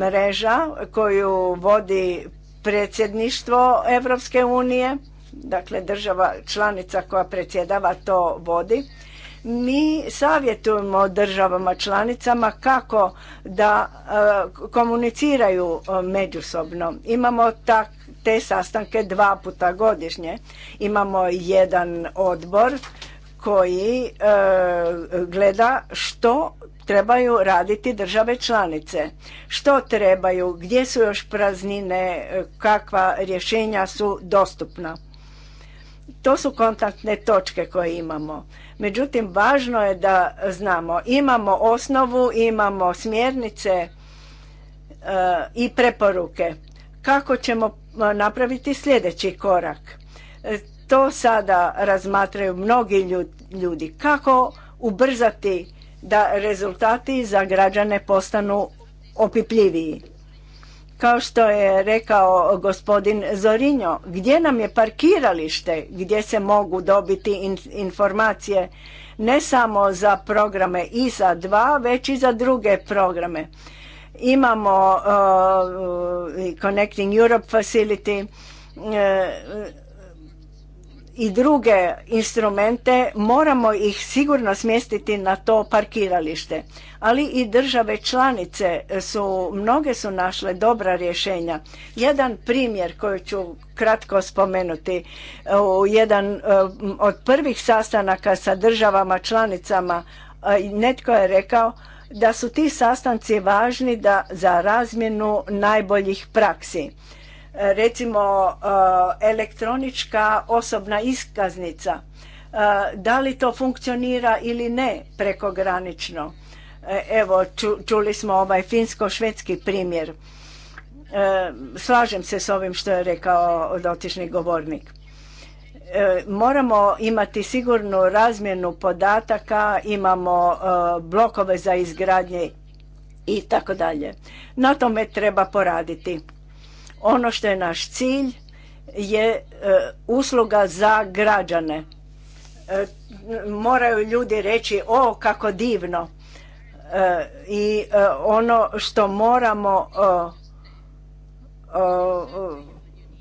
mreža koju vodi predsjedništvo Europske unije, dakle država članica koja predsjedava to vodi. Mi savjetujemo državama članicama kako da e, komuniciraju e, međusobno. Imamo tak, te sastanke dva puta godišnje. Imamo jedan odbor koji e, gleda što trebaju raditi države članice. Što trebaju, gdje su još praznine, kakva rješenja su dostupna. To su kontaktne točke koje imamo. Međutim, važno je da znamo, imamo osnovu, imamo smjernice e, i preporuke. Kako ćemo e, napraviti sljedeći korak? to sada razmatraju mnogi ljudi. Kako ubrzati da rezultati za građane postanu opipljiviji? Kao što je rekao gospodin Zorinjo, gdje nam je parkiralište gdje se mogu dobiti informacije ne samo za programe ISA 2, već i za druge programe. Imamo uh, uh, Connecting Europe Facility, uh, i druge instrumente moramo ih sigurno smjestiti na to parkiralište. Ali i države članice su, mnoge su našle dobra rješenja. Jedan primjer koji ću kratko spomenuti, e, u jedan e, od prvih sastanaka sa državama članicama, netko je rekao da su ti sastanci važni da, za razmjenu najboljih praksi recimo eh, elektronička osobna iskaznica, eh, da li to funkcionira ili ne prekogranično. Eh, evo, čuli smo ovaj finsko-švedski primjer. Slažem se s ovim što je rekao dotični govornik. Moramo imati sigurnu razmjenu podataka, imamo blokove za izgradnje i tako dalje. Na tome treba poraditi. Ono što je naš cilj je e, usluga za građane. E, moraju ljudi reći o kako divno e, i ono što moramo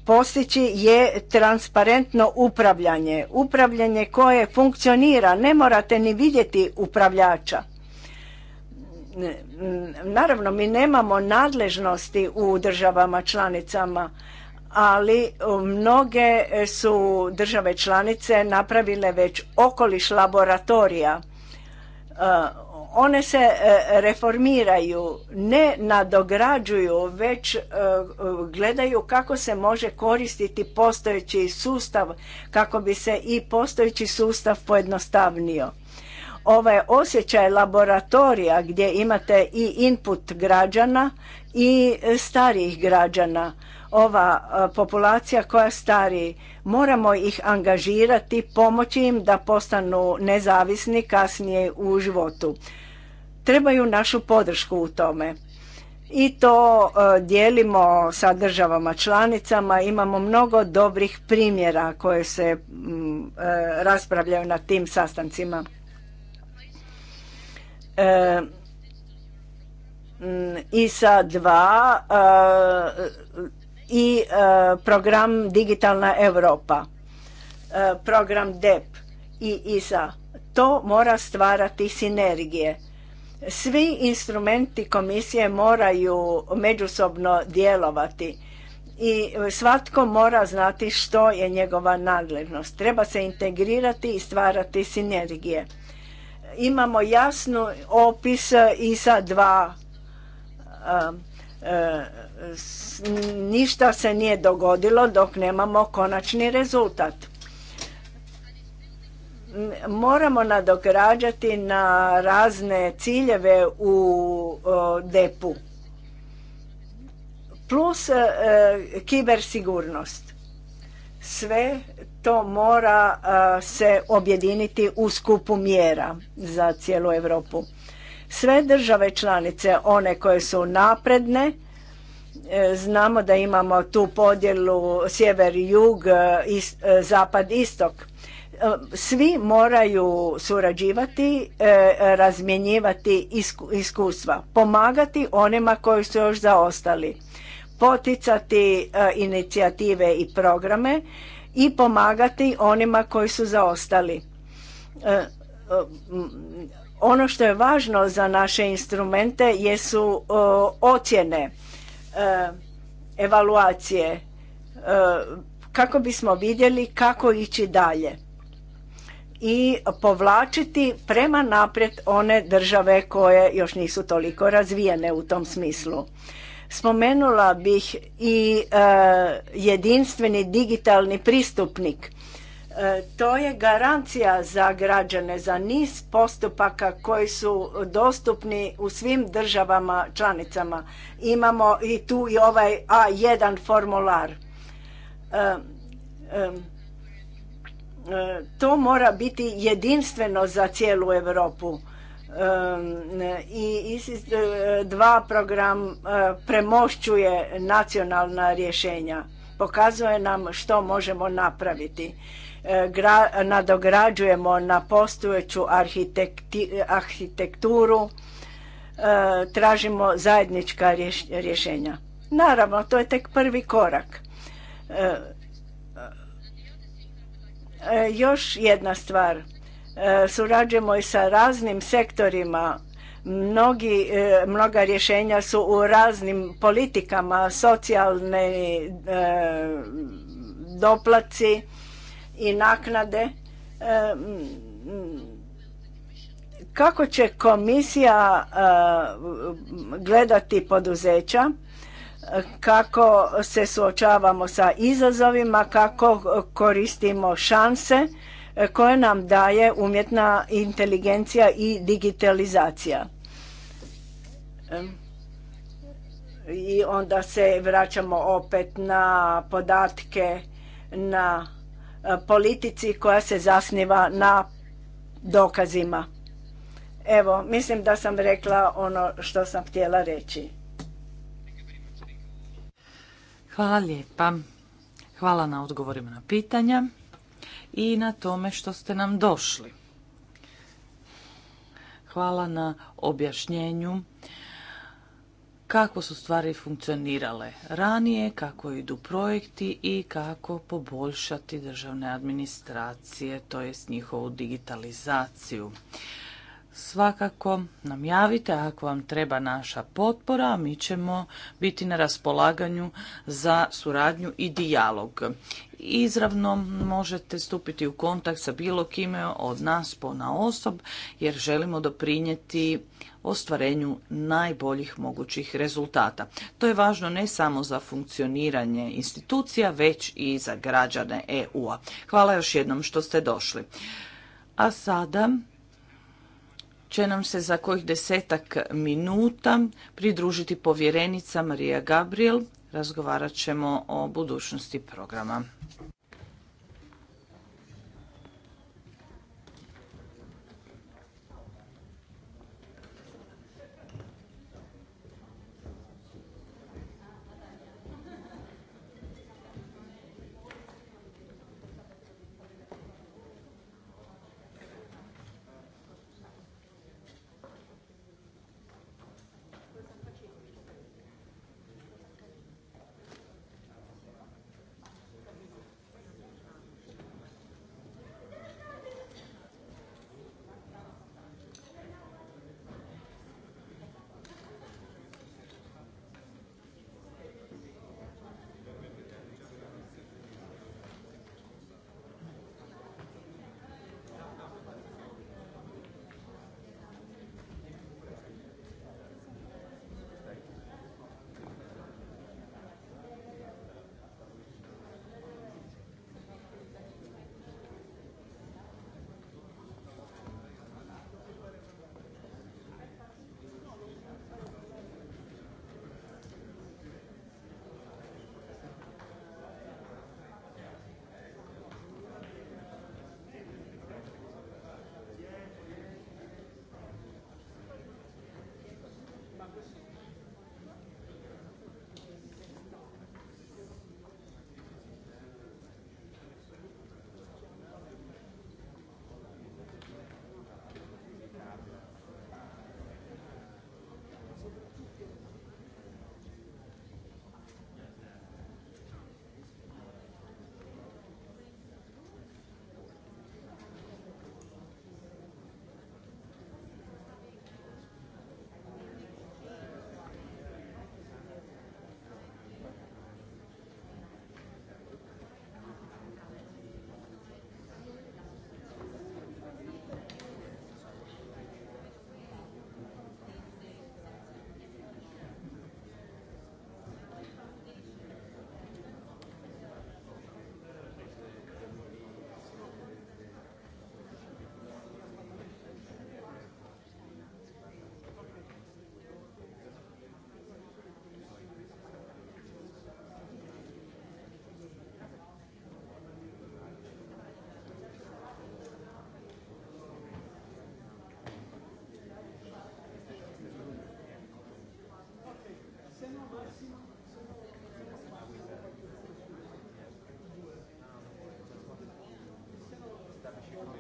postići je transparentno upravljanje. Upravljanje koje funkcionira, ne morate ni vidjeti upravljača. Naravno, mi nemamo nadležnosti u državama članicama, ali mnoge su države članice napravile već okoliš laboratorija. E, one se e, reformiraju, ne nadograđuju, već e, gledaju kako se može koristiti postojeći sustav, kako bi se i postojeći sustav pojednostavnio Ovaj osjećaj laboratorija gdje imate i input građana i e, starijih građana, ova e, populacija koja stari, moramo ih angažirati, pomoći im da postanu nezavisni kasnije u životu. Trebaju našu podršku u tome. I to e, dijelimo sa državama članicama, imamo mnogo dobrih primjera koje se mm, raspravljaju na tim sastancima. ISA e, 2 mm, i e, e, program Digitalna Europa, program DEP i ISA. To mora stvarati sinergije. Svi instrumenti komisije moraju međusobno djelovati i svatko mora znati što je njegova nadležnost. Treba se integrirati i stvarati sinergije imamo jasnu opis e, i sa dva e, e, ništa se nije dogodilo dok nemamo konačni rezultat. Moramo nadograđati na razne ciljeve u depu. Plus kibersigurnost. Sve to mora se objediniti u skupu mjera za cijelu Europu. Sve države članice, one koje su napredne, e, znamo da imamo tu podjelu sjever i jug, e, e, zapad istok. Svi moraju surađivati, razmjenjivati iskustva, pomagati onima koji su još zaostali, poticati inicijative i programe i pomagati onima koji su zaostali. E, e, ono što je važno za naše instrumente jesu ocjene, e, evaluacije, kako bismo vidjeli kako ići dalje i povlačiti prema naprijed one države koje još nisu toliko razvijene u tom smislu. Spomenula bih i e, jedinstveni digitalni pristupnik. E, to je garancija za građane za niz postupaka koji su dostupni u svim državama članicama. Imamo i tu i ovaj A1 formular. E, to mora biti jedinstveno za cijelu Europu i ISIS 2 e, program e, premošćuje nacionalna rješenja. Pokazuje nam što možemo napraviti. E, nadograđujemo na postojeću arhitekturu, tražimo zajednička rješenja. Naravno, to je tek prvi korak. Još jedna stvar E, surađujemo i sa raznim sektorima. Mnogi, e, mnoga rješenja su u raznim politikama, socijalne e, doplaci i naknade. kako će komisija gledati poduzeća, kako se suočavamo sa izazovima, kako koristimo šanse E, koje nam daje umjetna inteligencija i digitalizacija. E, I onda se vraćamo opet na podatke, na e, politici koja se zasniva na dokazima. Evo, mislim da sam rekla ono što sam htjela reći. Hvala lijepa. Hvala na odgovorima na pitanja i na tome što ste nam došli. Hvala na objašnjenju kako su stvari funkcionirale ranije, kako idu projekti i kako poboljšati državne administracije, to jest njihovu digitalizaciju svakako nam javite ako vam treba naša potpora, mi ćemo biti na raspolaganju za suradnju i dijalog. Izravno možete stupiti u kontakt sa bilo kime od nas po na osob jer želimo doprinijeti ostvarenju najboljih mogućih rezultata. To je važno ne samo za funkcioniranje institucija, već i za građane EU-a. Hvala još jednom što ste došli. A sada će nam se za kojih desetak minuta pridružiti povjerenica Marija Gabriel. Razgovarat ćemo o budućnosti programa. Hvala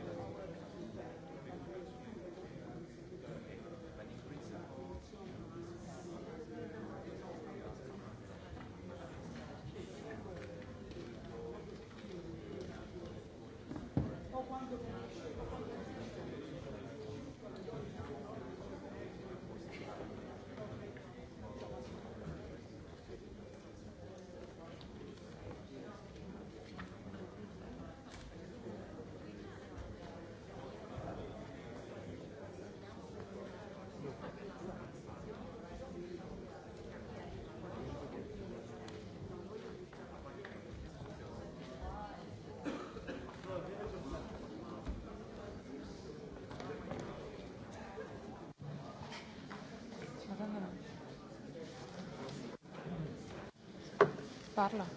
parla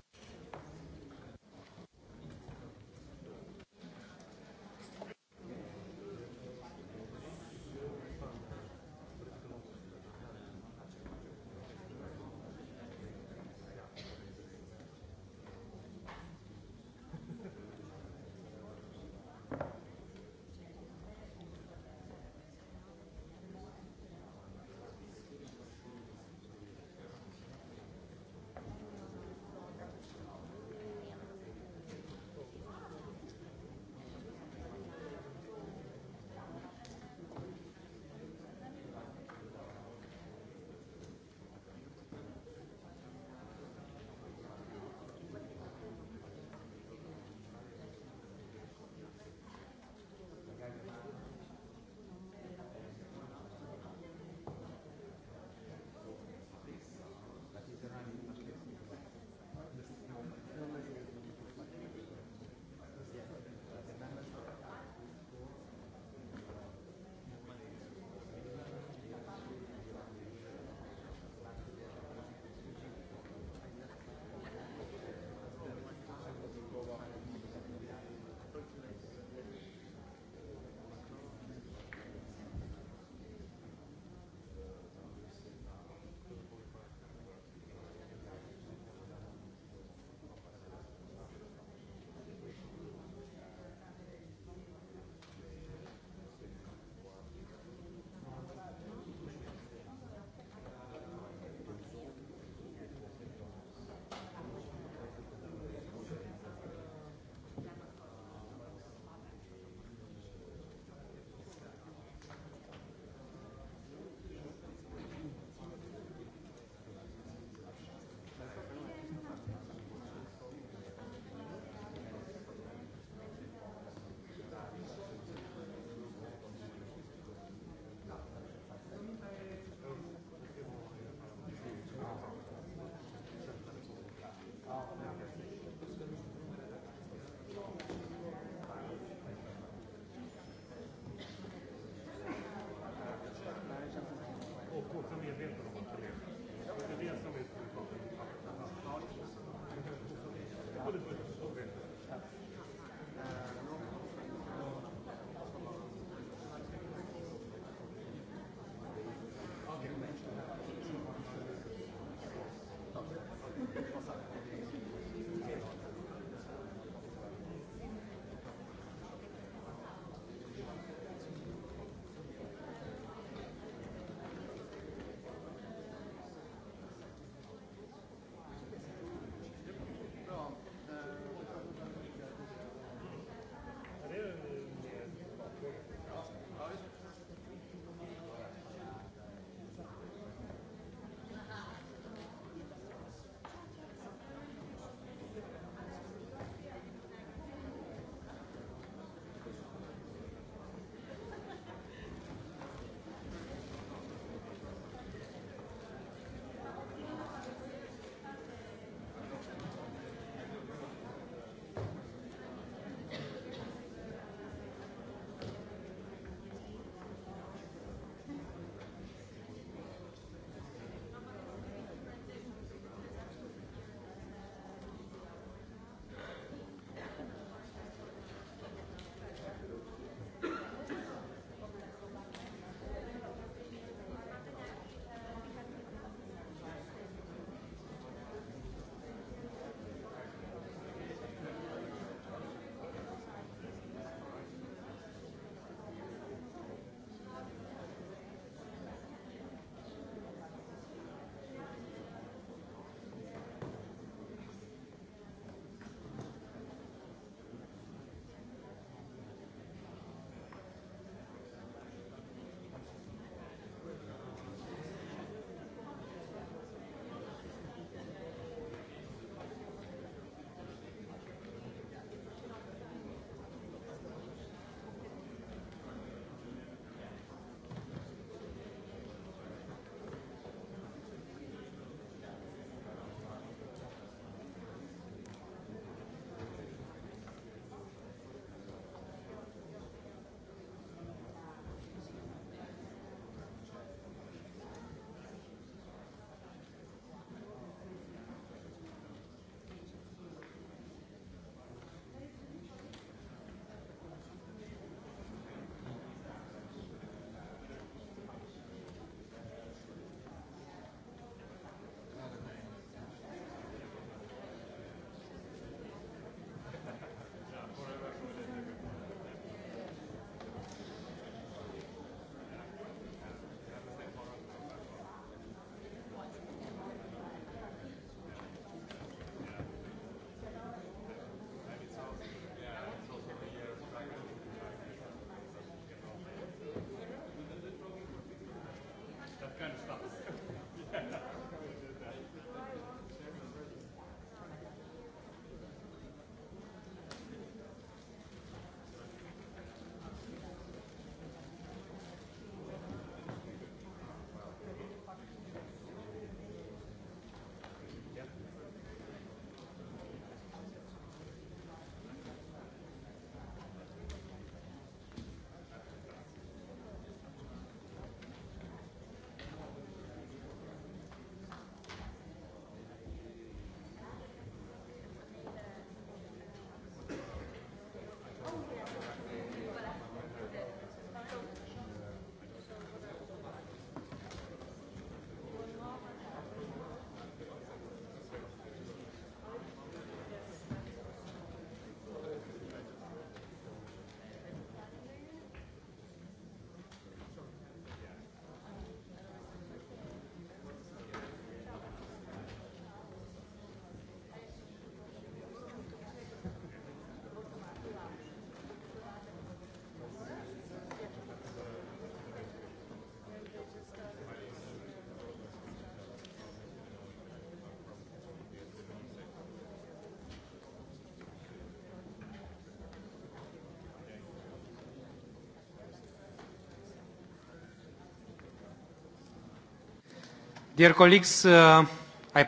Dear colleagues, uh, I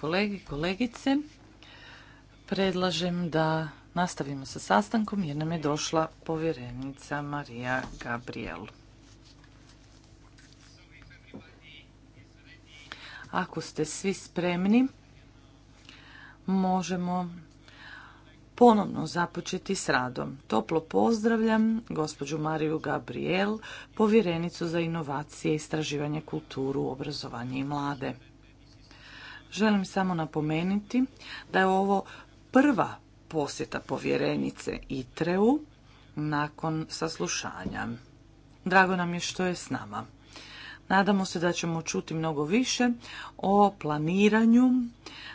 kolegi, kolegice, predlažem da nastavimo sa sastankom jer nam je došla povjerenica Marija Gabriel. Ako ste svi spremni, možemo ponovno započeti s radom. Toplo pozdravljam gospođu Mariju Gabriel, povjerenicu za inovacije, istraživanje, kulturu, obrazovanje i mlade. Želim samo napomenuti da je ovo prva posjeta povjerenice ITREU nakon saslušanja. Drago nam je što je s nama. Nadamo se da ćemo čuti mnogo više o planiranju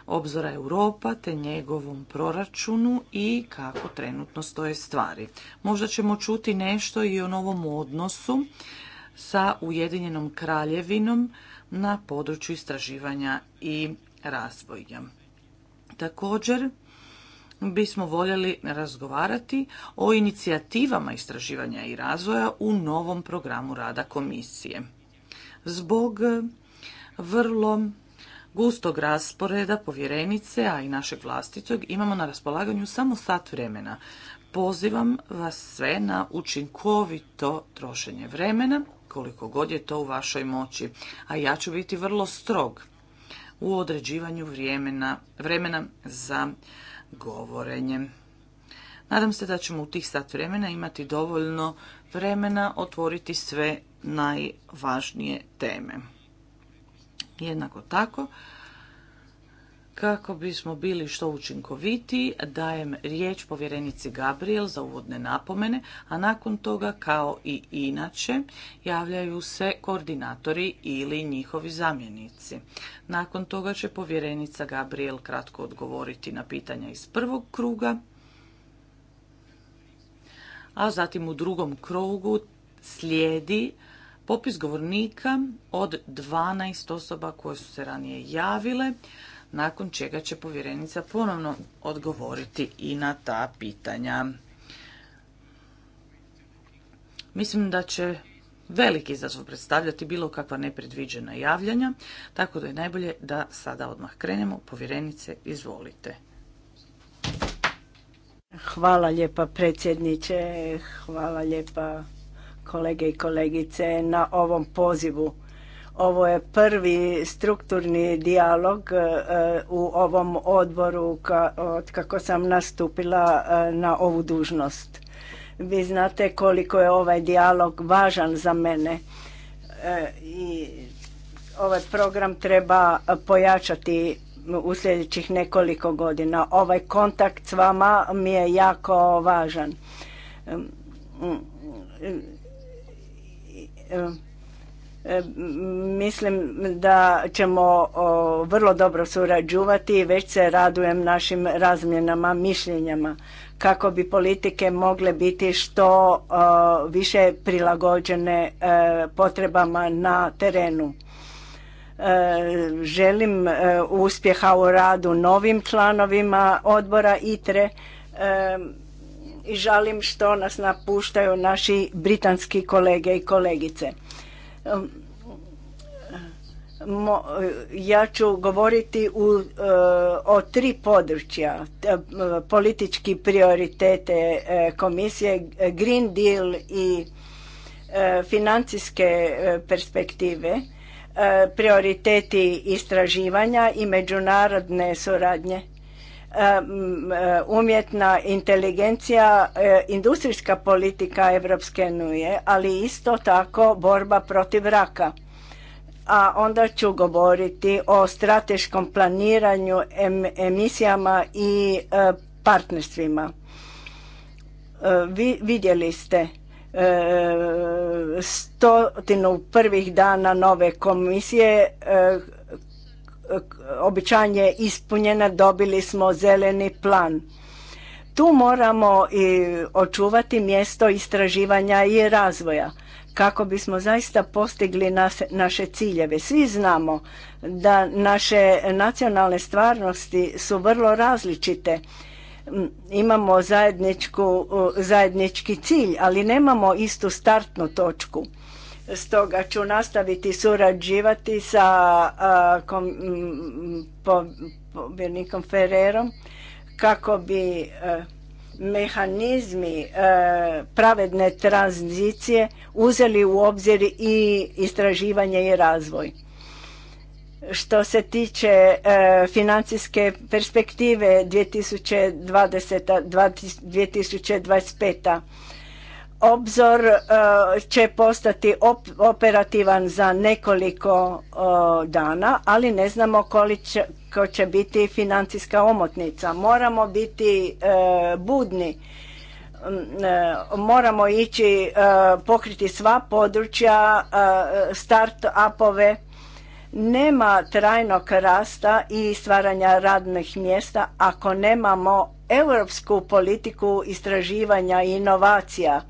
obzora Europa te njegovom proračunu i kako trenutno stoje stvari. Možda ćemo čuti nešto i o novom odnosu sa Ujedinjenom kraljevinom na području istraživanja i razvoja. Također bismo voljeli razgovarati o inicijativama istraživanja i razvoja u novom programu rada komisije zbog eh, vrlo gustog rasporeda povjerenice, a i našeg vlastitog, imamo na raspolaganju samo sat vremena. Pozivam vas sve na učinkovito trošenje vremena, koliko god je to u vašoj moći, a ja ću biti vrlo strog u određivanju vremena, vremena za govorenje. Nadam se da ćemo u tih sat vremena imati dovoljno vremena otvoriti sve najvažnije teme. Jednako tako, kako bismo bili što učinkovitiji, dajem riječ povjerenici Gabriel za uvodne napomene, a nakon toga, kao i inače, javljaju se koordinatori ili njihovi zamjenici. Nakon toga će povjerenica Gabriel kratko odgovoriti na pitanja iz prvog kruga, a zatim u drugom krugu slijedi popis govornika od 12 osoba koje su se ranije javile, nakon čega će povjerenica ponovno odgovoriti i na ta pitanja. Mislim da će veliki izazov predstavljati bilo kakva nepredviđena javljanja, tako da je najbolje da sada odmah krenemo. Povjerenice, izvolite. Hvala lijepa predsjedniče, hvala lijepa kolege i kolegice na ovom pozivu. Ovo je prvi strukturni dijalog e, u ovom odboru od kako sam nastupila e, na ovu dužnost. Vi znate koliko je ovaj dijalog važan za mene e, i ovaj program treba pojačati u sljedećih nekoliko godina. Ovaj kontakt s vama mi je jako važan. Mm, mislim da ćemo vrlo dobro surađivati i već se radujem našim razmjenama, mišljenjama kako bi politike mogle biti što više prilagođene e, potrebama na terenu E, želim e, uspjeha u radu novim članovima odbora ITRE e, i žalim što nas napuštaju naši britanski kolege i kolegice. ja ću govoriti u, o tri područja politički prioritete komisije Green Deal i financijske perspektive E, prioriteti istraživanja i međunarodne suradnje, e, e, umjetna inteligencija, industrijska politika Evropske unije, ali isto tako borba protiv raka. A onda ću govoriti o strateškom planiranju, emisijama i partnerstvima. Vi vidjeli ste stotinu prvih dana nove komisije e, običanje ispunjena, dobili smo zeleni plan. Tu moramo i očuvati mjesto istraživanja i razvoja kako bismo zaista postigli naše ciljeve. Svi znamo da naše nacionalne stvarnosti su vrlo različite Imamo zajedničku, zajednički cilj, ali nemamo istu startnu točku. Stoga ću nastaviti surađivati sa povjernikom Ferrerom kako bi e, mehanizmi e, pravedne tranzicije uzeli u obzir i istraživanje i razvoj. Što se tiče e, financijske perspektive 2020-2025, obzor e, će postati operativan za nekoliko dana, ali ne znamo koliko će biti financijska omotnica. Moramo biti e, budni moramo ići pokriti sva područja, start-upove nema trajnog rasta i stvaranja radnih mjesta ako nemamo europsku politiku istraživanja i inovacija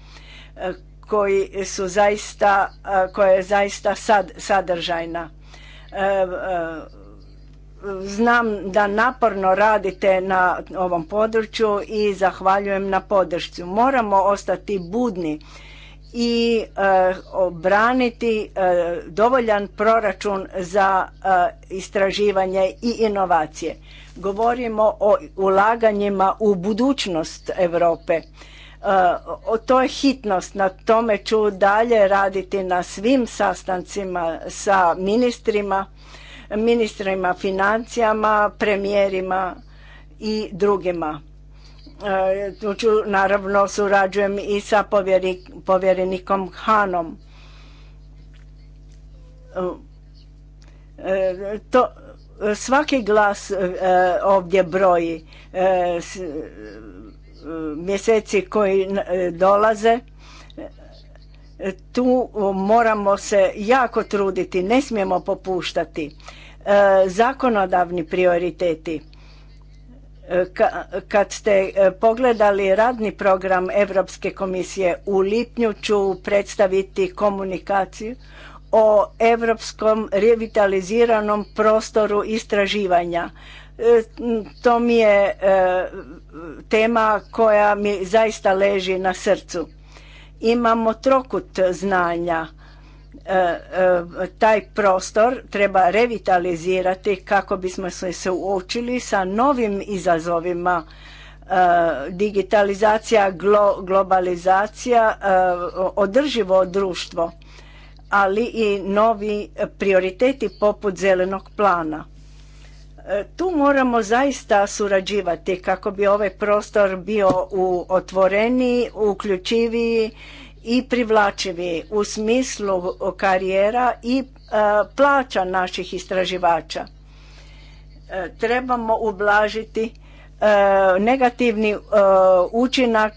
e, koji su zaista, e, koja je zaista sad, sadržajna. E, znam da naporno radite na ovom području i zahvaljujem na podršci Moramo ostati budni i e, obraniti e, dovoljan proračun za e, istraživanje i inovacije. Govorimo o ulaganjima u budućnost Europe. To je hitnost, na tome ću dalje raditi na svim sastancima sa ministrima, ministrima financijama, premijerima i drugima E, tu ću, naravno, surađujem i sa povjerenikom Hanom. E, to, svaki glas e, ovdje broji mjeseci koji dolaze tu moramo se jako truditi ne smijemo popuštati zakonodavni prioriteti kad ste e, pogledali radni program Europske komisije u lipnju ću predstaviti komunikaciju o europskom revitaliziranom prostoru istraživanja. E, to mi je e, tema koja mi zaista leži na srcu. Imamo trokut znanja E, e, taj prostor treba revitalizirati kako bismo se uočili sa novim izazovima e, digitalizacija, globalizacija, održivo društvo, ali i novi prioriteti poput zelenog plana. Tu moramo zaista surađivati kako bi ovaj prostor bio u otvoreniji, uključiviji i privlačivi u smislu karijera i e, plaća naših istraživača. E, trebamo ublažiti e, negativni učinak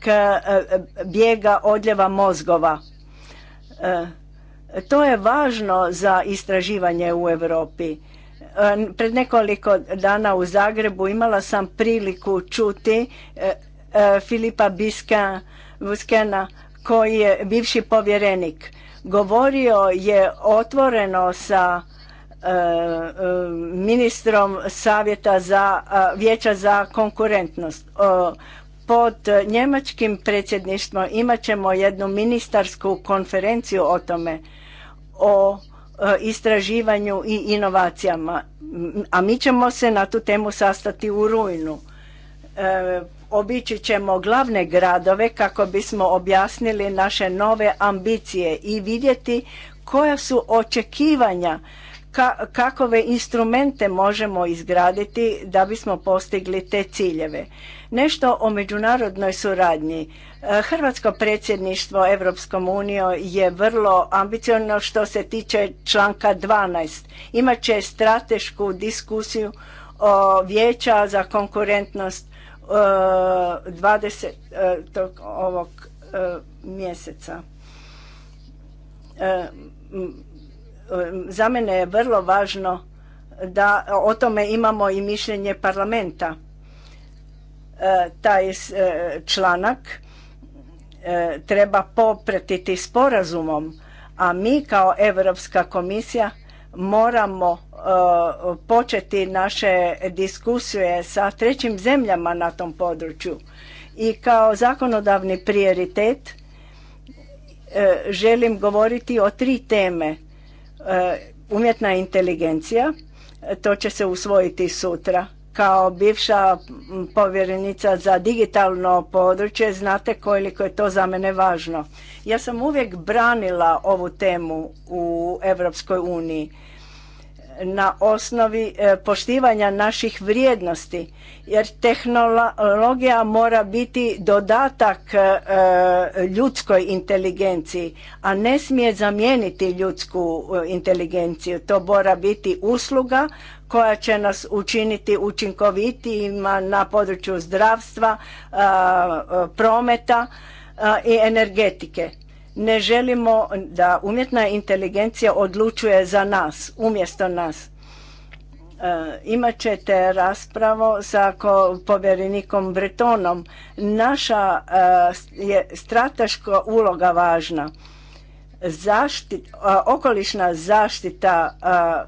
bijega odljeva mozgova. To je važno za istraživanje u Europi. Pred nekoliko dana u Zagrebu imala sam priliku čuti Filipa Biskena, koji je bivši povjerenik govorio je otvoreno sa e, e, ministrom savjeta za e, vijeća za konkurentnost pod njemačkim predsjedništvom imat ćemo jednu ministarsku konferenciju o tome o istraživanju i inovacijama a mi ćemo se na tu temu sastati u rujnu Obići ćemo glavne gradove kako bismo objasnili naše nove ambicije i vidjeti koja su očekivanja, kakove instrumente možemo izgraditi da bismo postigli te ciljeve. Nešto o međunarodnoj suradnji. E, Hrvatsko predsjedništvo Europskom unijom je vrlo ambiciozno što se tiče članka 12. će stratešku diskusiju o vijeća za konkurentnost 20. E, e, ovog e, mjeseca. Za mene je vrlo važno da o tome imamo i mišljenje parlamenta. Taj članak treba popretiti sporazumom, a mi kao Europska komisija moramo uh, početi naše diskusije sa trećim zemljama na tom području i kao zakonodavni prioritet uh, želim govoriti o tri teme uh, umjetna inteligencija to će se usvojiti sutra kao bivša povjerenica za digitalno područje znate koliko je to za mene važno. Ja sam uvijek branila ovu temu u Europskoj uniji na osnovi e, poštivanja naših vrijednosti jer tehnologija mora biti dodatak e, ljudskoj inteligenciji a ne smije zamijeniti ljudsku e, inteligenciju to mora biti usluga koja će nas učiniti učinkovitijima na području zdravstva, prometa i energetike. Ne želimo da umjetna inteligencija odlučuje za nas, umjesto nas. Imat ćete raspravu sa povjerenikom Bretonom. Naša je strateška uloga važna Zaštit, okolišna zaštita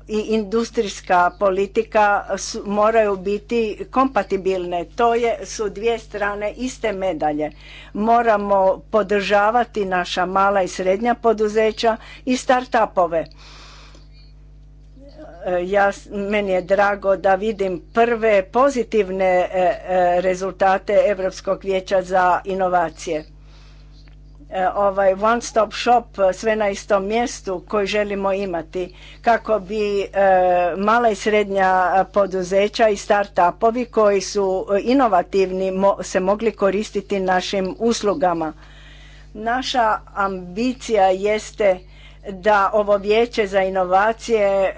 i industrijska politika moraju biti kompatibilne. To je, su dvije strane iste medalje. Moramo podržavati naša mala i srednja poduzeća i startupove. E, ja, meni je drago da vidim prve pozitivne e, e, rezultate Europskog vijeća za inovacije E, ovaj one stop shop e, sve na istom mjestu koji želimo imati kako bi e, mala i srednja poduzeća i startupovi koji su inovativni se mogli koristiti našim uslugama. Naša ambicija jeste da ovo vijeće za inovacije e,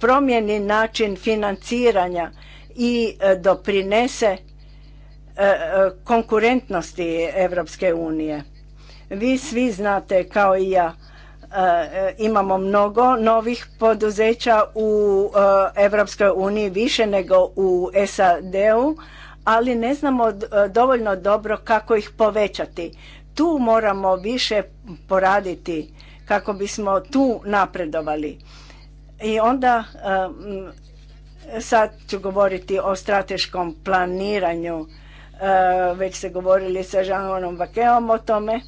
promijeni način financiranja i doprinese konkurentnosti Europske unije vi svi znate kao i ja e, e, imamo mnogo novih poduzeća u Europskoj uniji više nego u SAD-u, ali ne znamo e, dovoljno dobro kako ih povećati. Tu moramo više poraditi kako bismo tu napredovali. I onda sad ću govoriti o strateškom planiranju. Već se govorili sa Žanonom Vakeom o tome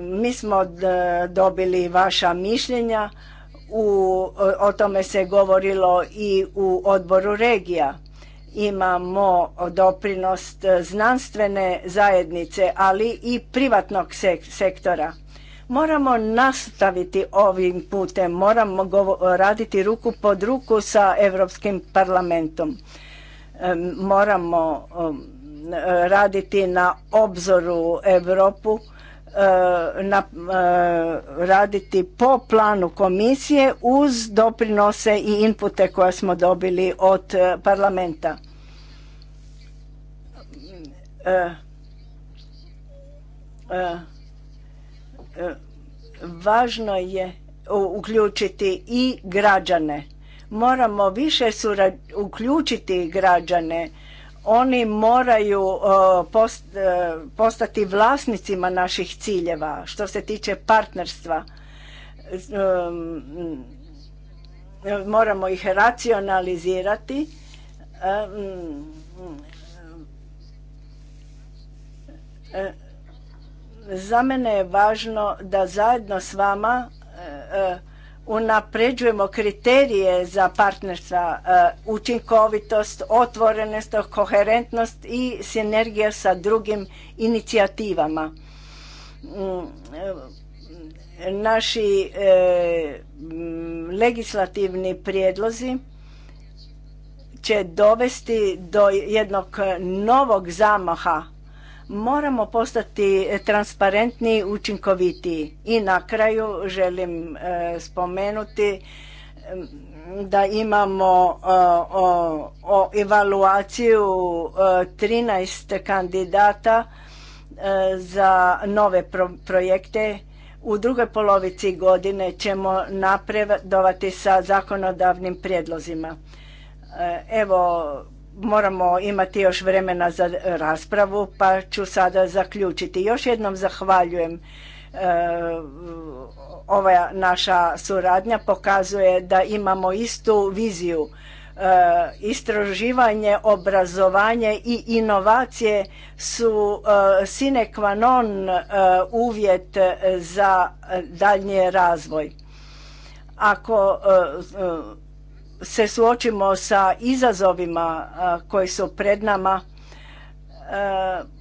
mi smo dobili vaša mišljenja, u, o tome se govorilo i u odboru regija. Imamo doprinos znanstvene zajednice, ali i privatnog sektora. Moramo nastaviti ovim putem, moramo raditi ruku pod ruku sa Europskim parlamentom. Moramo raditi na obzoru Europu, e, na, e, raditi po planu komisije uz doprinose i inpute koje smo dobili od e, parlamenta. Važno je uključiti i građane. Moramo više uključiti građane oni moraju e, postati vlasnicima naših ciljeva što se tiče partnerstva. Moramo ih racionalizirati za mene je važno da zajedno s vama e, e, unapređujemo kriterije za partnerstva, eh, učinkovitost, otvorenost, koherentnost i sinergija sa drugim inicijativama. Mm, eh, naši eh, legislativni prijedlozi će dovesti do jednog novog zamaha Moramo postati transparentniji i učinkovitiji. I na kraju želim e, spomenuti e, da imamo e, o, evaluaciju 13 kandidata za nove projekte. U drugoj polovici godine ćemo napredovati sa zakonodavnim prijedlozima. Evo, moramo imati još vremena za raspravu, pa ću sada zaključiti. Još jednom zahvaljujem. E, ova naša suradnja pokazuje da imamo istu viziju. E, istraživanje, obrazovanje i inovacije su e, sine non uvjet za daljnji razvoj. Ako se suočimo sa izazovima koji su pred nama,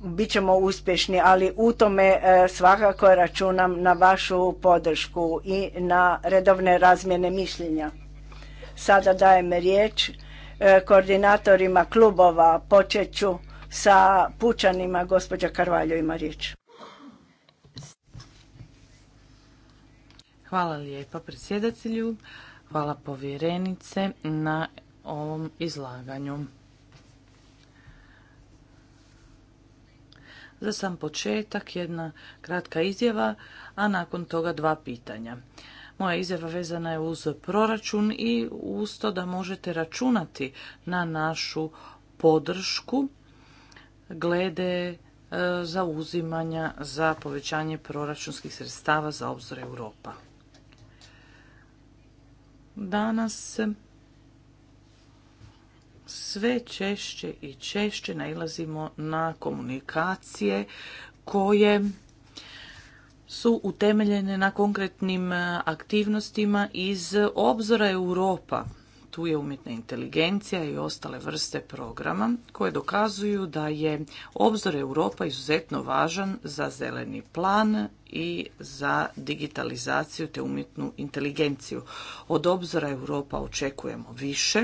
bit ćemo uspješni, ali u tome e, svakako računam na vašu podršku i na redovne razmjene mišljenja. Sada dajem riječ e, koordinatorima klubova, počet ću sa pučanima, gospođa Karvaljo ima riječ. Hvala lijepo predsjedatelju. Hvala povjerenice na ovom izlaganju. Za sam početak jedna kratka izjava, a nakon toga dva pitanja. Moja izjava vezana je uz proračun i uz to da možete računati na našu podršku glede e, zauzimanja za povećanje proračunskih sredstava za obzor Europa danas sve češće i češće nalazimo na komunikacije koje su utemeljene na konkretnim aktivnostima iz obzora Europa tu je umjetna inteligencija i ostale vrste programa koje dokazuju da je obzor Europa izuzetno važan za zeleni plan i za digitalizaciju te umjetnu inteligenciju. Od obzora Europa očekujemo više,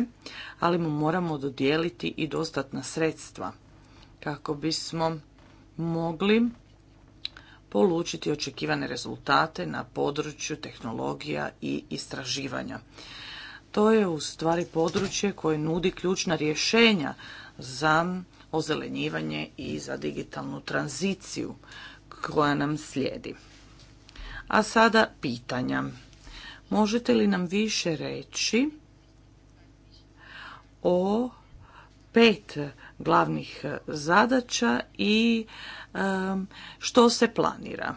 ali mu moramo dodijeliti i dostatna sredstva kako bismo mogli polučiti očekivane rezultate na području tehnologija i istraživanja. To je u stvari područje koje nudi ključna rješenja za ozelenjivanje i za digitalnu tranziciju koja nam slijedi. A sada pitanja. Možete li nam više reći o pet glavnih zadaća i što se planira?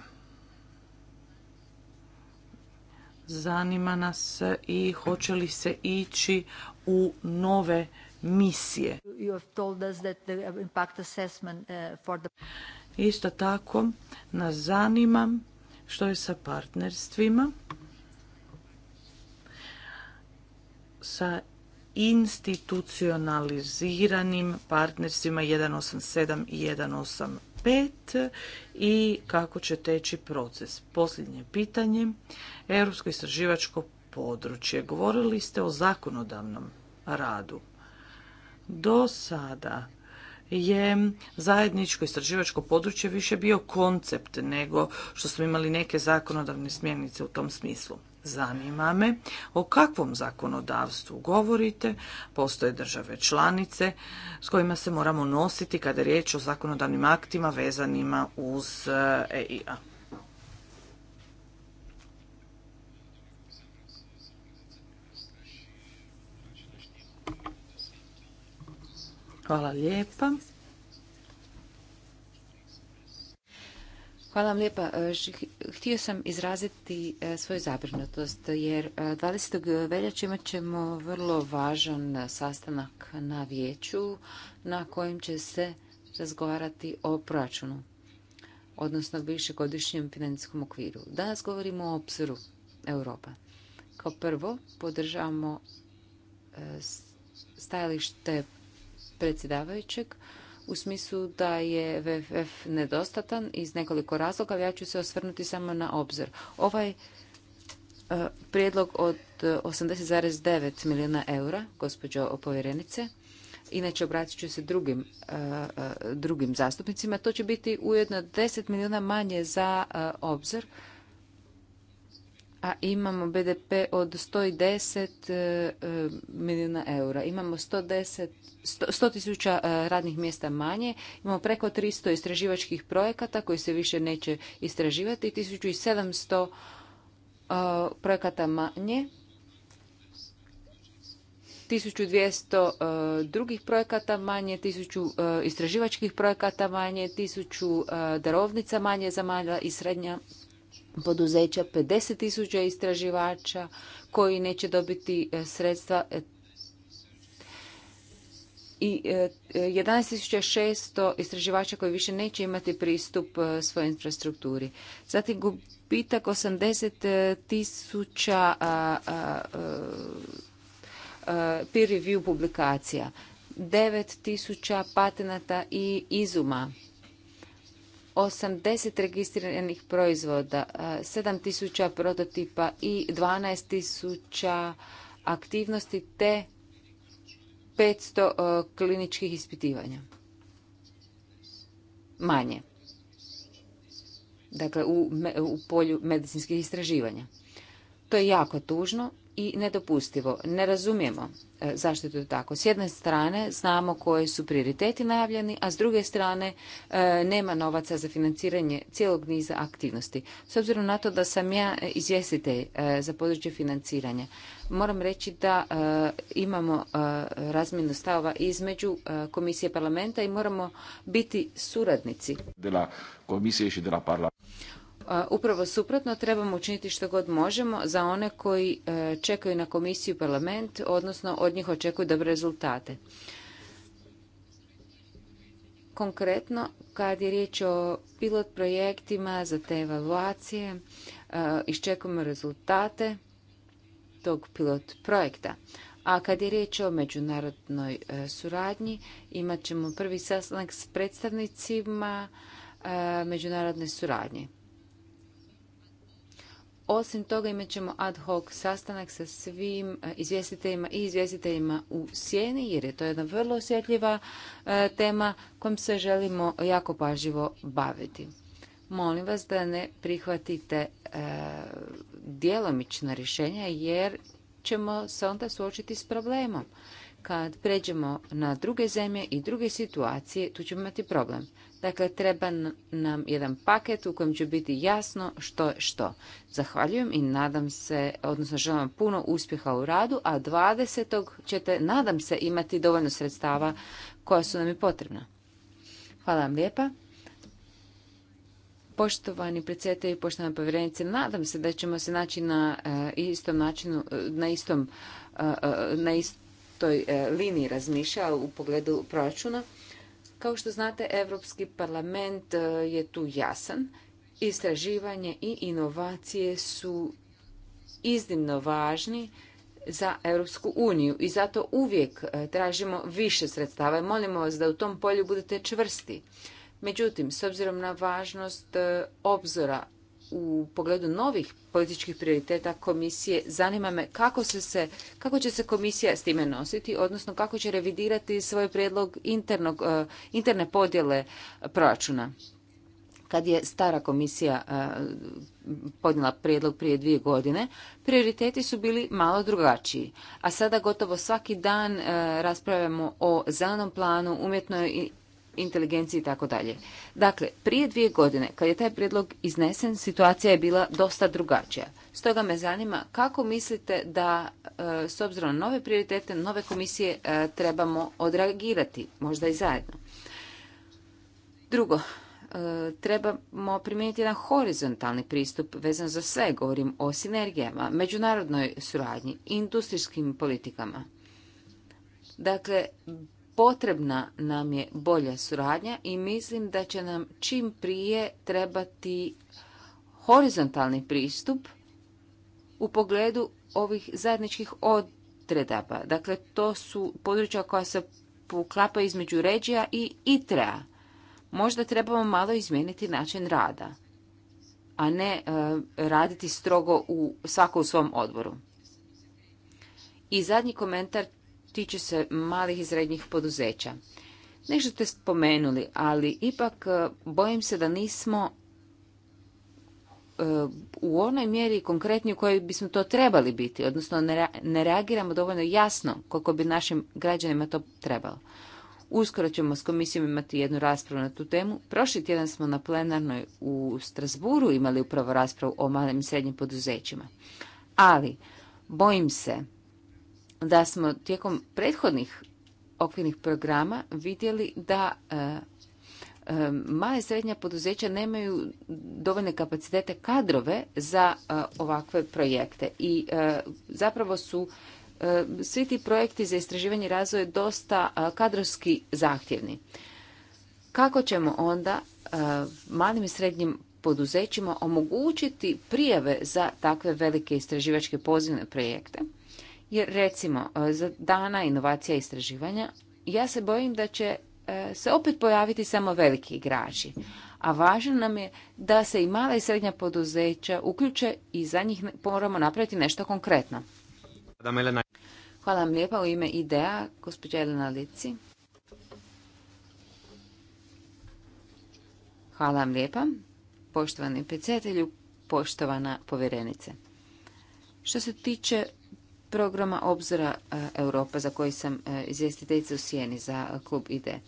zanima nas i hoće li se ići u nove misije. Uh, Isto tako nas zanima što je sa partnerstvima, sa institucionaliziranim partnerstvima 187 i 188 Pet. i kako će teći proces. Posljednje pitanje, Europsko istraživačko područje. Govorili ste o zakonodavnom radu. Do sada je zajedničko istraživačko područje više bio koncept nego što smo imali neke zakonodavne smjernice u tom smislu. Zanima me o kakvom zakonodavstvu govorite, postoje države članice s kojima se moramo nositi kada je riječ o zakonodavnim aktima vezanima uz EIA. Eh, e Hvala lijepa. Hvala vam lijepa. E, htio sam izraziti e, svoju zabrinutost jer 20. E, veljače imat ćemo vrlo važan sastanak na vijeću na kojem će se razgovarati o proračunu, odnosno višegodišnjem financijskom okviru. Danas govorimo o obzoru Europa. Kao prvo podržavamo stajalište predsjedavajućeg u smislu da je VFF nedostatan iz nekoliko razloga, ja ću se osvrnuti samo na obzir. Ovaj e, prijedlog od 80,9 milijuna eura, gospođo povjerenice, inače obratit ću se drugim, e, e, drugim zastupnicima, to će biti ujedno 10 milijuna manje za obzir, a imamo BDP od 110 e, e, milijuna eura. Imamo 100 tisuća e, radnih mjesta manje, imamo preko 300 istraživačkih projekata koji se više neće istraživati, 1700 projekata manje, 1200 drugih projekata manje, 1000 istraživačkih projekata manje, 1000 darovnica manje za mala i srednja poduzeća, 50 tisuća istraživača koji neće dobiti e, sredstva e, i 11.600 e, istraživača koji više neće imati pristup svojoj infrastrukturi. Zatim gubitak 80.000 peer review publikacija, 9.000 tisuća patenata i izuma. 80 registriranih proizvoda, 7000 prototipa i 12000 aktivnosti te 500 kliničkih ispitivanja. Manje. Dakle, u polju medicinskih istraživanja. To je jako tužno i nedopustivo. Ne razumijemo e, zašto je to tako. S jedne strane znamo koje su prioriteti najavljeni, a s druge strane e, nema novaca za financiranje cijelog niza aktivnosti. S obzirom na to da sam ja izvjestitelj e, za područje financiranja, moram reći da imamo razmjenu stavova između komisije parlamenta i moramo biti suradnici. komisije Upravo suprotno, trebamo učiniti što god možemo za one koji e, čekaju na komisiju i parlament, odnosno od njih očekuju dobre rezultate. Konkretno, kad je riječ o pilot projektima za te evaluacije, e, iščekujemo rezultate tog pilot projekta. A kad je riječ o međunarodnoj e, suradnji, imat ćemo prvi sastanak s predstavnicima međunarodne suradnje. Osim toga imat ćemo ad hoc sastanak sa svim e, izvjestiteljima i izvjestiteljima u sjeni jer je to jedna vrlo osjetljiva e, tema kojom se želimo jako pažljivo baviti. Molim vas da ne prihvatite e, djelomična rješenja jer ćemo se onda suočiti s problemom. Kad pređemo na druge zemlje i druge situacije, tu ćemo imati problem. Dakle, treba nam jedan paket u kojem će biti jasno što je što. Zahvaljujem i nadam se, odnosno želim vam puno uspjeha u radu, a 20. ćete, nadam se, imati dovoljno sredstava koja su nam i potrebna. Hvala vam lijepa. Poštovani predsjedatelji, poštovana povjerenice, nadam se da ćemo se naći na e, istom načinu, e, na istom, e, na istom toj e, liniji razmišlja u pogledu proračuna. Kao što znate, Europski parlament e, je tu jasan. Istraživanje i inovacije su iznimno važni za Europsku uniju i zato uvijek e, tražimo više sredstava i molimo vas da u tom polju budete čvrsti. Međutim, s obzirom na važnost obzora u pogledu novih političkih prioriteta komisije zanima me kako, se se, kako će se komisija s time nositi, odnosno kako će revidirati svoj prijedlog internog, e, interne podjele e, proračuna. Kad je stara komisija e, podnijela prijedlog prije dvije godine, prioriteti su bili malo drugačiji. A sada gotovo svaki dan raspravljamo o zelenom planu, umjetnoj inteligenciji i tako dalje. Dakle, prije dvije godine, kad je taj prijedlog iznesen, situacija je bila dosta drugačija. Stoga me zanima kako mislite da, e, s obzirom na nove prioritete, nove komisije, e, trebamo odreagirati, možda i zajedno. Drugo, e, trebamo primijeniti jedan horizontalni pristup vezan za sve, govorim o sinergijama, međunarodnoj suradnji, industrijskim politikama. Dakle, potrebna nam je bolja suradnja i mislim da će nam čim prije trebati horizontalni pristup u pogledu ovih zajedničkih odredaba. Dakle, to su područja koja se poklapa između ređija i ITREA. Možda trebamo malo izmijeniti način rada, a ne e, raditi strogo u, svako u svom odboru. I zadnji komentar tiče se malih i srednjih poduzeća. Nešto ste spomenuli, ali ipak e, bojim se da nismo e, u onoj mjeri konkretnije u kojoj bismo to trebali biti, odnosno ne reagiramo dovoljno jasno koliko bi našim građanima to trebalo. Uskoro ćemo s komisijom imati jednu raspravu na tu temu. Prošli tjedan smo na plenarnoj u Strasburu imali upravo raspravu o malim i srednjim poduzećima. Ali, bojim se da smo tijekom prethodnih okvirnih programa vidjeli da e, e, male i srednja poduzeća nemaju dovoljne kapacitete kadrove za e, ovakve projekte i zapravo su svi ti projekti za istraživanje i razvoj dosta kadrovski zahtjevni. Kako ćemo onda malim i srednjim poduzećima omogućiti prijave za takve velike istraživačke pozivne projekte? Jer recimo, e, za dana inovacija i istraživanja, ja se bojim da će e, se opet pojaviti samo veliki igrači. A važno nam je da se i mala i srednja poduzeća uključe i za njih moramo napraviti nešto konkretno. Hvala vam lijepa u ime IDEA, gospođa Elena Lici. Hvala vam lijepa, poštovani predsjedatelju, poštovana povjerenice. Što se tiče programa Obzora e, Europa za koji sam e, izvjestiteljica u Sijeni za e, klub IDE.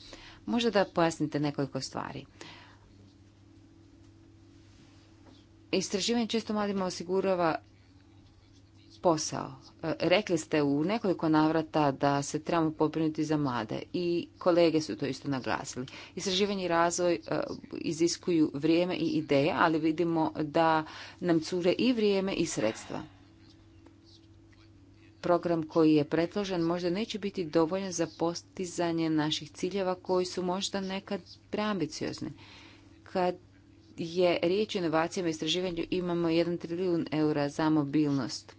Možda da pojasnite nekoliko stvari. Istraživanje često mladima osigurava posao. Rekli ste u nekoliko navrata da se trebamo poprinuti za mlade i kolege su to isto naglasili. Istraživanje i razvoj iziskuju vrijeme i ideje, ali vidimo da nam cure i vrijeme i sredstva program koji je predložen možda neće biti dovoljan za postizanje naših ciljeva koji su možda nekad preambiciozni. Kad je riječ o inovacijama i istraživanju imamo 1 trilijun eura za mobilnost.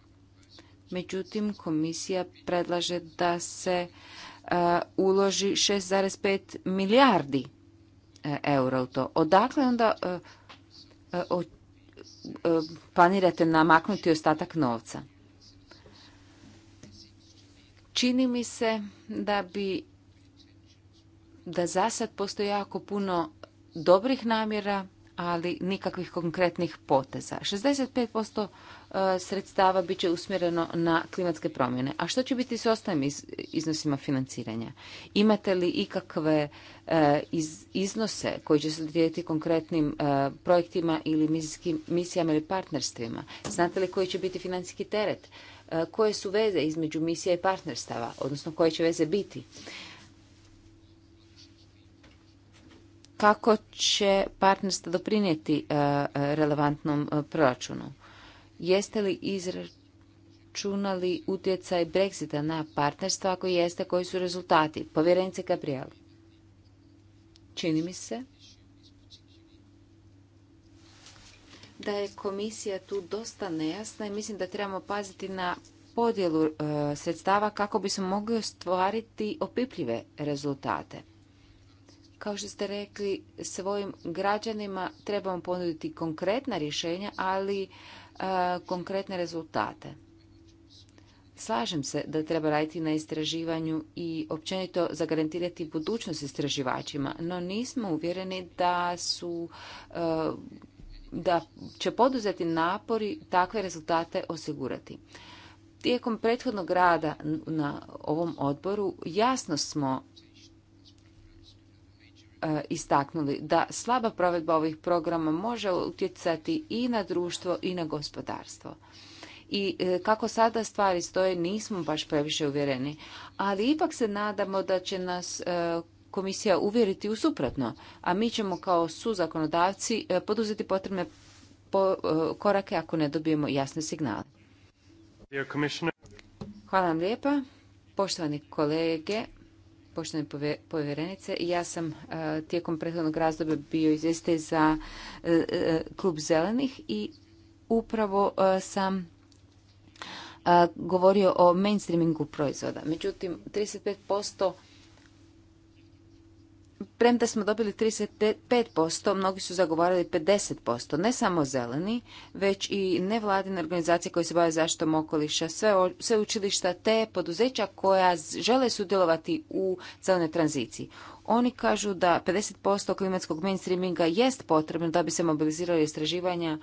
Međutim, komisija predlaže da se uloži 6,5 milijardi e, eura u to. Odakle onda e, e, planirate namaknuti ostatak novca? Čini mi se da bi da za sad postoji jako puno dobrih namjera, ali nikakvih konkretnih poteza. 65% e, sredstava bit će usmjereno na klimatske promjene. A što će biti s ostalim iznosima financiranja? Imate li ikakve e, iznose koji će se dijeliti konkretnim e, projektima ili misijama ili partnerstvima? Znate li koji će biti financijski teret? E, koje su veze između misija i partnerstava, odnosno koje će veze biti. Kako će partnerstvo doprinijeti e, relevantnom e, proračunu? Jeste li izračunali utjecaj Brexita na partnerstva Ako jeste, koji su rezultati? Povjerenice Gabriel. Čini mi se da je komisija tu dosta nejasna i mislim da trebamo paziti na podjelu e, sredstava kako bismo mogli ostvariti opipljive rezultate. Kao što ste rekli, svojim građanima trebamo ponuditi konkretna rješenja, ali e, konkretne rezultate. Slažem se da treba raditi na istraživanju i općenito zagarantirati budućnost istraživačima, no nismo uvjereni da su e, da će poduzeti napori takve rezultate osigurati. Tijekom prethodnog rada na ovom odboru jasno smo e, istaknuli da slaba provedba ovih programa može utjecati i na društvo i na gospodarstvo. I e, kako sada stvari stoje nismo baš previše uvjereni, ali ipak se nadamo da će nas e, komisija uvjeriti u suprotno, a mi ćemo kao suzakonodavci e, poduzeti potrebne e, korake ako ne dobijemo jasne signale. Hvala vam lijepa. Poštovani kolege, poštovane povjerenice, ja sam e, tijekom prethodnog razdoblja bio izvjestitelj za klub zelenih i upravo sam govorio o mainstreamingu proizvoda. Međutim, 35% premda smo dobili 35%, mnogi su zagovarali 50%, ne samo zeleni, već i nevladine organizacije koje se bave zaštitom okoliša, sve, sve učilišta te poduzeća koja žele sudjelovati u zelenoj tranziciji. Oni kažu da 50% klimatskog mainstreaminga jest potrebno da bi se mobilizirali istraživanja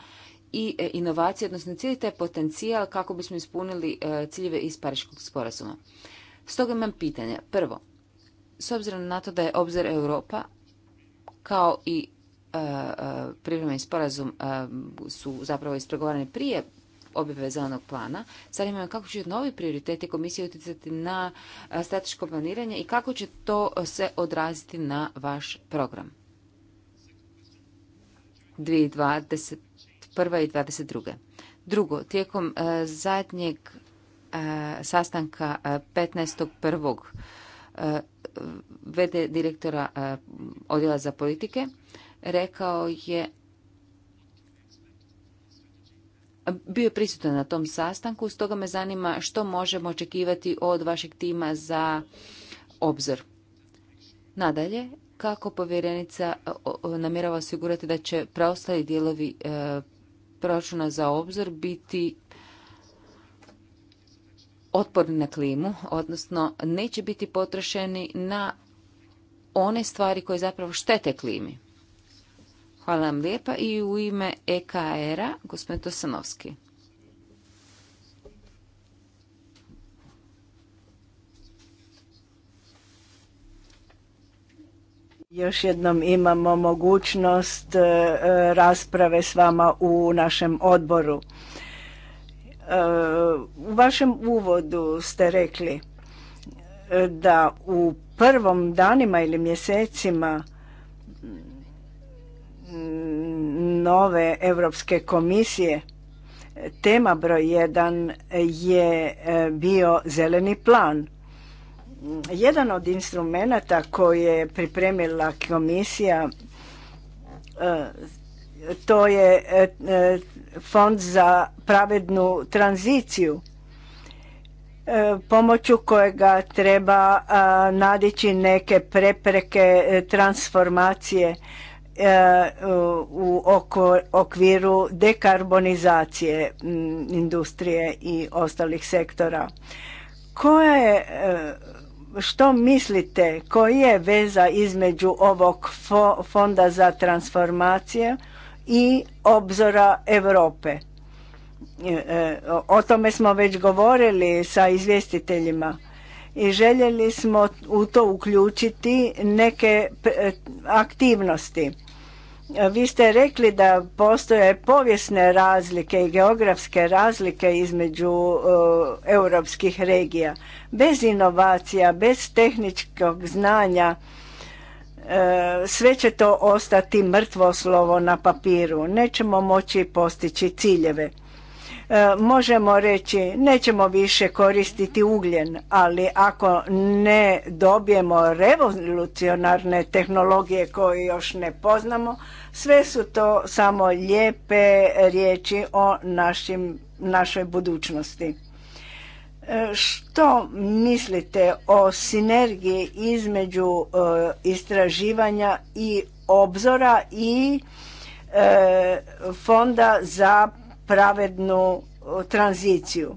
i e, inovacije, odnosno cijeli taj potencijal kako bismo ispunili e, ciljeve iz Pariškog sporazuma. Stoga imam pitanja. Prvo, s obzirom na to da je obzir Europa kao i e, e privremeni sporazum e, su zapravo ispregovarani prije objave zelenog plana. sad me kako će novi prioriteti komisije utjecati na e, strateško planiranje i kako će to se odraziti na vaš program. 2021. i 2022. Drugo, tijekom zadnjeg sastanka 15.1 vede direktora e, odjela za politike rekao je bio je prisutan na tom sastanku, stoga me zanima što možemo očekivati od vašeg tima za obzor. Nadalje, kako povjerenica e, namjerava osigurati da će preostali dijelovi e, proračuna za obzor biti otporni na klimu, odnosno neće biti potrošeni na one stvari koje zapravo štete klimi. Hvala vam lijepa i u ime EKR-a, gospodin Tosanovski. Još jednom imamo mogućnost e, e, rasprave s vama u našem odboru. U vašem uvodu ste rekli e, da u prvom danima ili mjesecima mm, nove Europske komisije tema broj jedan je e, bio zeleni plan. Jedan od instrumenata koje je pripremila komisija e, to je fond za pravednu tranziciju e, pomoću kojega treba e, nadići neke prepreke e, transformacije u okviru dekarbonizacije industrije i ostalih sektora. Koja što mislite, koja je veza između ovog fonda za transformacije i obzora Europe. E, e, o tome smo već govorili sa izvjestiteljima i željeli smo u to uključiti neke e, aktivnosti. Vi ste rekli da postoje povijesne razlike i geografske razlike između europskih regija. Bez inovacija, bez tehničkog znanja E, sve će to ostati mrtvo slovo na papiru. Nećemo moći postići ciljeve. E, možemo reći nećemo više koristiti ugljen, ali ako ne dobijemo revolucionarne tehnologije koje još ne poznamo, sve su to samo lijepe riječi o našoj budućnosti. E, što mislite o sinergiji između e, istraživanja i obzora i e, fonda za pravednu tranziciju?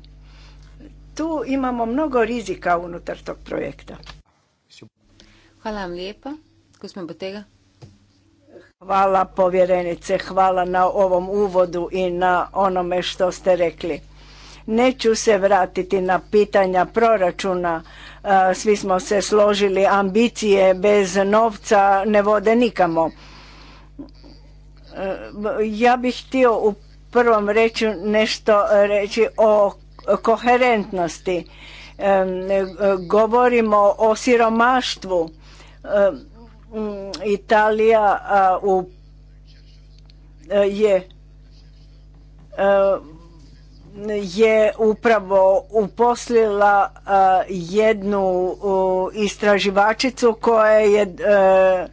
Tu imamo mnogo rizika unutar tog projekta. Hvala vam lijepa. Hvala povjerenice, hvala na ovom uvodu i na onome što ste rekli. Neću se vratiti na pitanja proračuna. E, svi smo se složili, ambicije bez novca ne vode nikamo. E, ja bih htio u prvom reći nešto reći o koherentnosti. E, govorimo o siromaštvu. Italija u je je upravo uposlila e, jednu istraživačicu koja je e,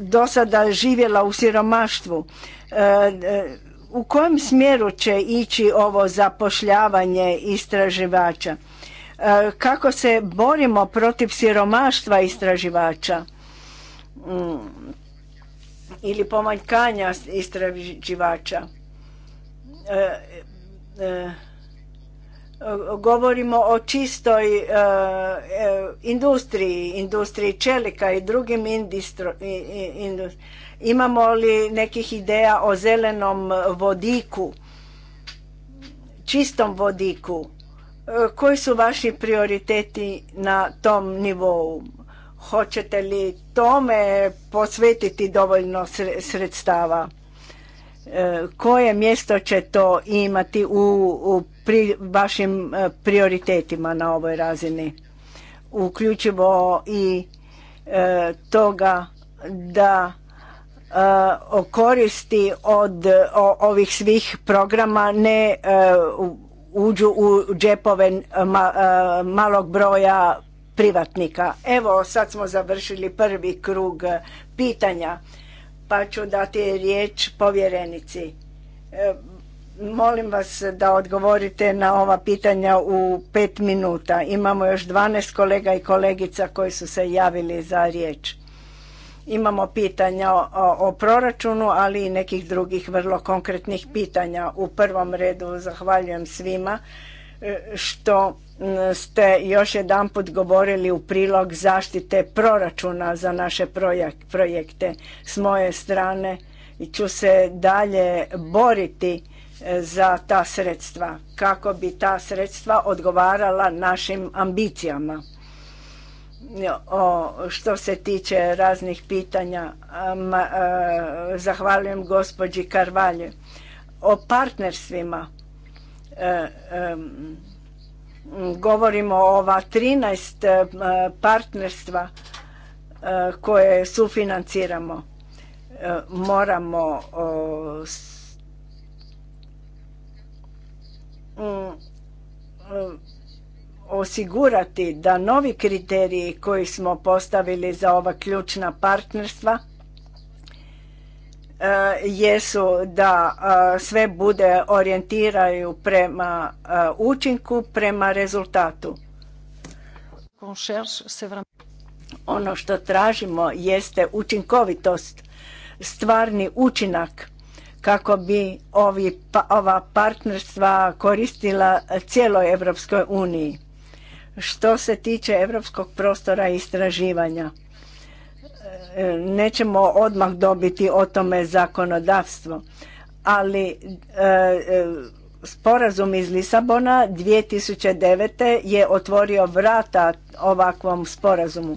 do sada živjela u siromaštvu. E, u kojem smjeru će ići ovo zapošljavanje istraživača? Kako se borimo protiv siromaštva istraživača? Mm, ili pomanjkanja istraživača? Eh, govorimo o čistoj eh, eh, industriji, industriji čelika i drugim industrijama. Imamo li nekih ideja o zelenom vodiku, čistom vodiku? Koji su vaši prioriteti na tom nivou? Hoćete li tome posvetiti dovoljno sredstava? E, koje mjesto će to imati u, vašim e, prioritetima na ovoj razini uključivo i e, toga da koristi od ovih svih programa ne uđu u džepove malog broja privatnika evo sad smo završili prvi krug pitanja pa ću dati riječ povjerenici. E, molim vas da odgovorite na ova pitanja u pet minuta. Imamo još 12 kolega i kolegica koji su se javili za riječ. Imamo pitanja o, o proračunu, ali i nekih drugih vrlo konkretnih pitanja. U prvom redu zahvaljujem svima e, što ste još jedanput govorili u prilog zaštite proračuna za naše projekte. S moje strane i ću se dalje boriti e, za ta sredstva, kako bi ta sredstva odgovarala našim ambicijama. O, što se tiče raznih pitanja, e, zahvaljujem gospođi Karvalje. O partnerstvima, e, govorimo o ova 13 e, partnerstva e, koje sufinanciramo. E, moramo mm, osigurati da novi kriteriji koji smo postavili za ova ključna partnerstva E, jesu da e, sve bude orijentiraju prema e, učinku, prema rezultatu. Ono što tražimo jeste učinkovitost, stvarni učinak kako bi pa, ova partnerstva koristila cijeloj Europskoj uniji. Što se tiče europskog prostora istraživanja, E, nećemo odmah dobiti o tome zakonodavstvo, ali e, e, sporazum iz Lisabona 2009. je otvorio vrata ovakvom sporazumu.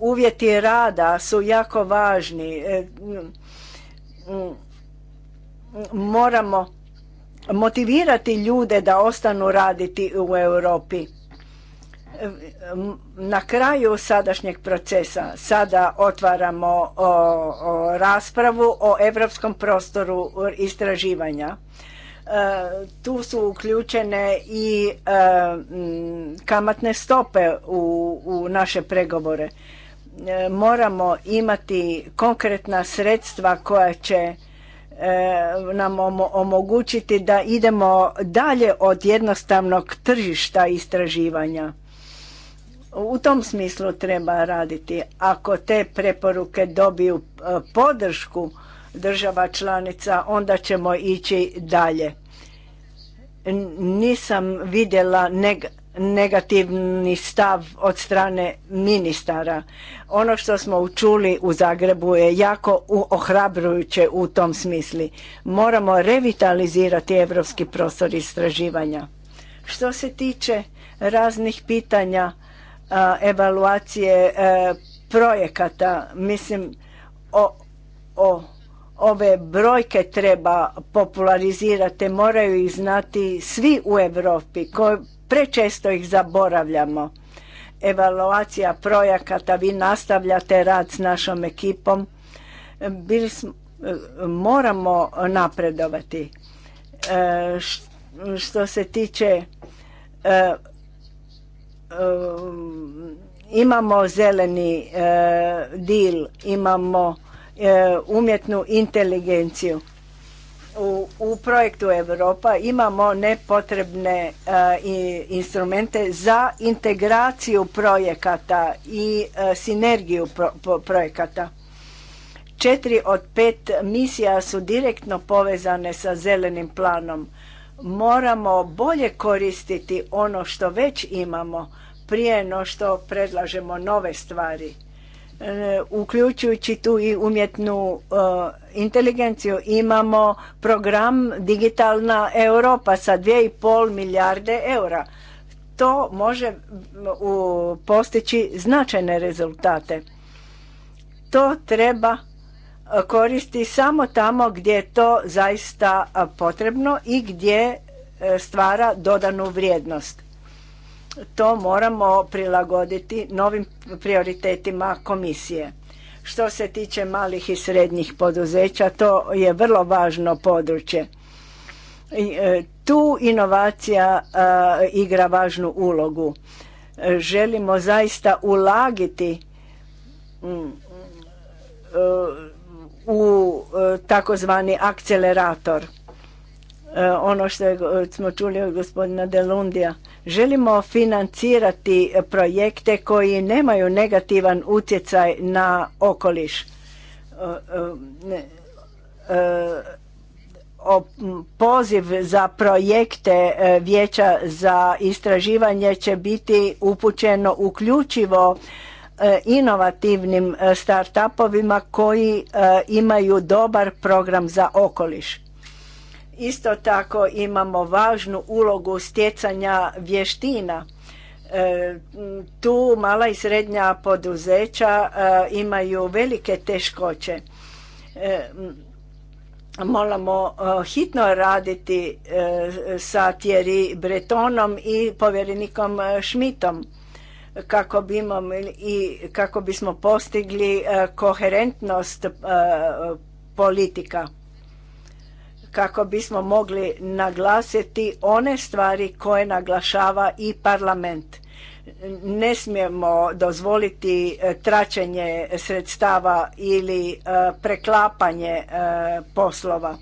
Uvjeti rada su jako važni. Moramo motivirati ljude da ostanu raditi u Europi na kraju sadašnjeg procesa sada otvaramo o, raspravu o europskom prostoru istraživanja. E, tu su uključene i e, kamatne stope u, u naše pregovore. E, moramo imati konkretna sredstva koja će nam omogućiti da idemo dalje od jednostavnog tržišta istraživanja u tom smislu treba raditi. Ako te preporuke dobiju e, podršku država članica, onda ćemo ići dalje. Nisam vidjela negativni stav od strane ministara. Ono što smo učuli u Zagrebu je jako ohrabrujuće u tom smisli. Moramo revitalizirati evropski prostor istraživanja. Što se tiče raznih pitanja evaluacije e, projekata. Mislim, o, ove brojke treba popularizirati, moraju ih znati svi u Europi, prečesto ih zaboravljamo. Evaluacija projekata, vi nastavljate rad s našom ekipom, e, moramo napredovati. E, što se tiče imamo zeleni e, dil, imamo e, umjetnu inteligenciju. U, projektu Europa imamo nepotrebne e, i instrumente za integraciju projekata i sinergiju projekata. Četiri od pet misija su direktno povezane sa zelenim planom moramo bolje koristiti ono što već imamo prije no što predlažemo nove stvari e, uključujući tu i umjetnu e, inteligenciju imamo program digitalna europa sa 2,5 milijarde eura to može postići značajne rezultate to treba koristi samo tamo gdje je to zaista potrebno i gdje e, stvara dodanu vrijednost. To moramo prilagoditi novim prioritetima komisije. Što se tiče malih i srednjih poduzeća, to je vrlo važno područje. E, tu inovacija igra važnu ulogu. Želimo zaista ulagiti mm, e, u e, takozvani akcelerator. E, ono što e, smo čuli od gospodina Delundija. Želimo financirati projekte koji nemaju negativan utjecaj na okoliš. Poziv za projekte Vijeća za istraživanje će biti upućeno uključivo E, inovativnim e, startupovima koji e, imaju dobar program za okoliš. Isto tako imamo važnu ulogu stjecanja vještina. Tu mala i srednja poduzeća imaju velike teškoće. Moramo hitno raditi sa Thierry Bretonom i povjerenikom Schmidtom kako, imamo i kako bismo postigli e, koherentnost e, politika kako bismo mogli naglasiti one stvari koje naglašava i parlament. Ne smijemo dozvoliti e, traćenje sredstava ili preklapanje poslova.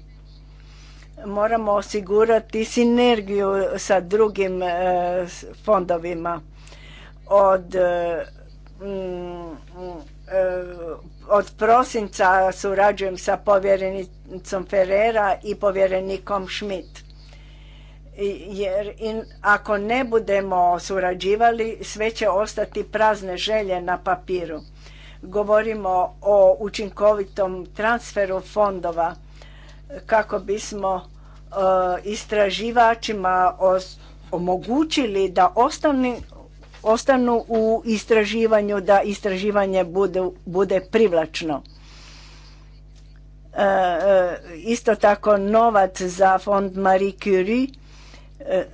Moramo osigurati sinergiju sa drugim fondovima od e, mm, e, od prosinca surađujem sa povjerenicom Ferrera i povjerenikom Schmidt. Jer in, ako ne budemo surađivali, sve će ostati prazne želje na papiru. Govorimo o učinkovitom transferu fondova kako bismo e, istraživačima omogućili da ostanu ostanu u istraživanju, da istraživanje bude, bude privlačno. E, e, isto tako novac za fond Marie Curie e,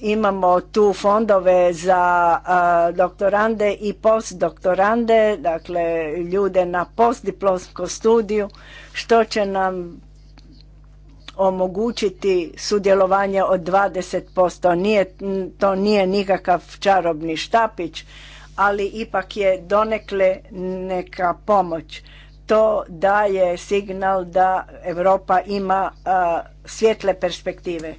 imamo tu fondove za doktorande i postdoktorande, dakle ljude na postdiplomskom studiju, što će nam omogućiti sudjelovanje od 20%. Nije, to nije nikakav čarobni štapić, ali ipak je donekle neka pomoć. To daje signal da Europa ima svijetle svjetle perspektive.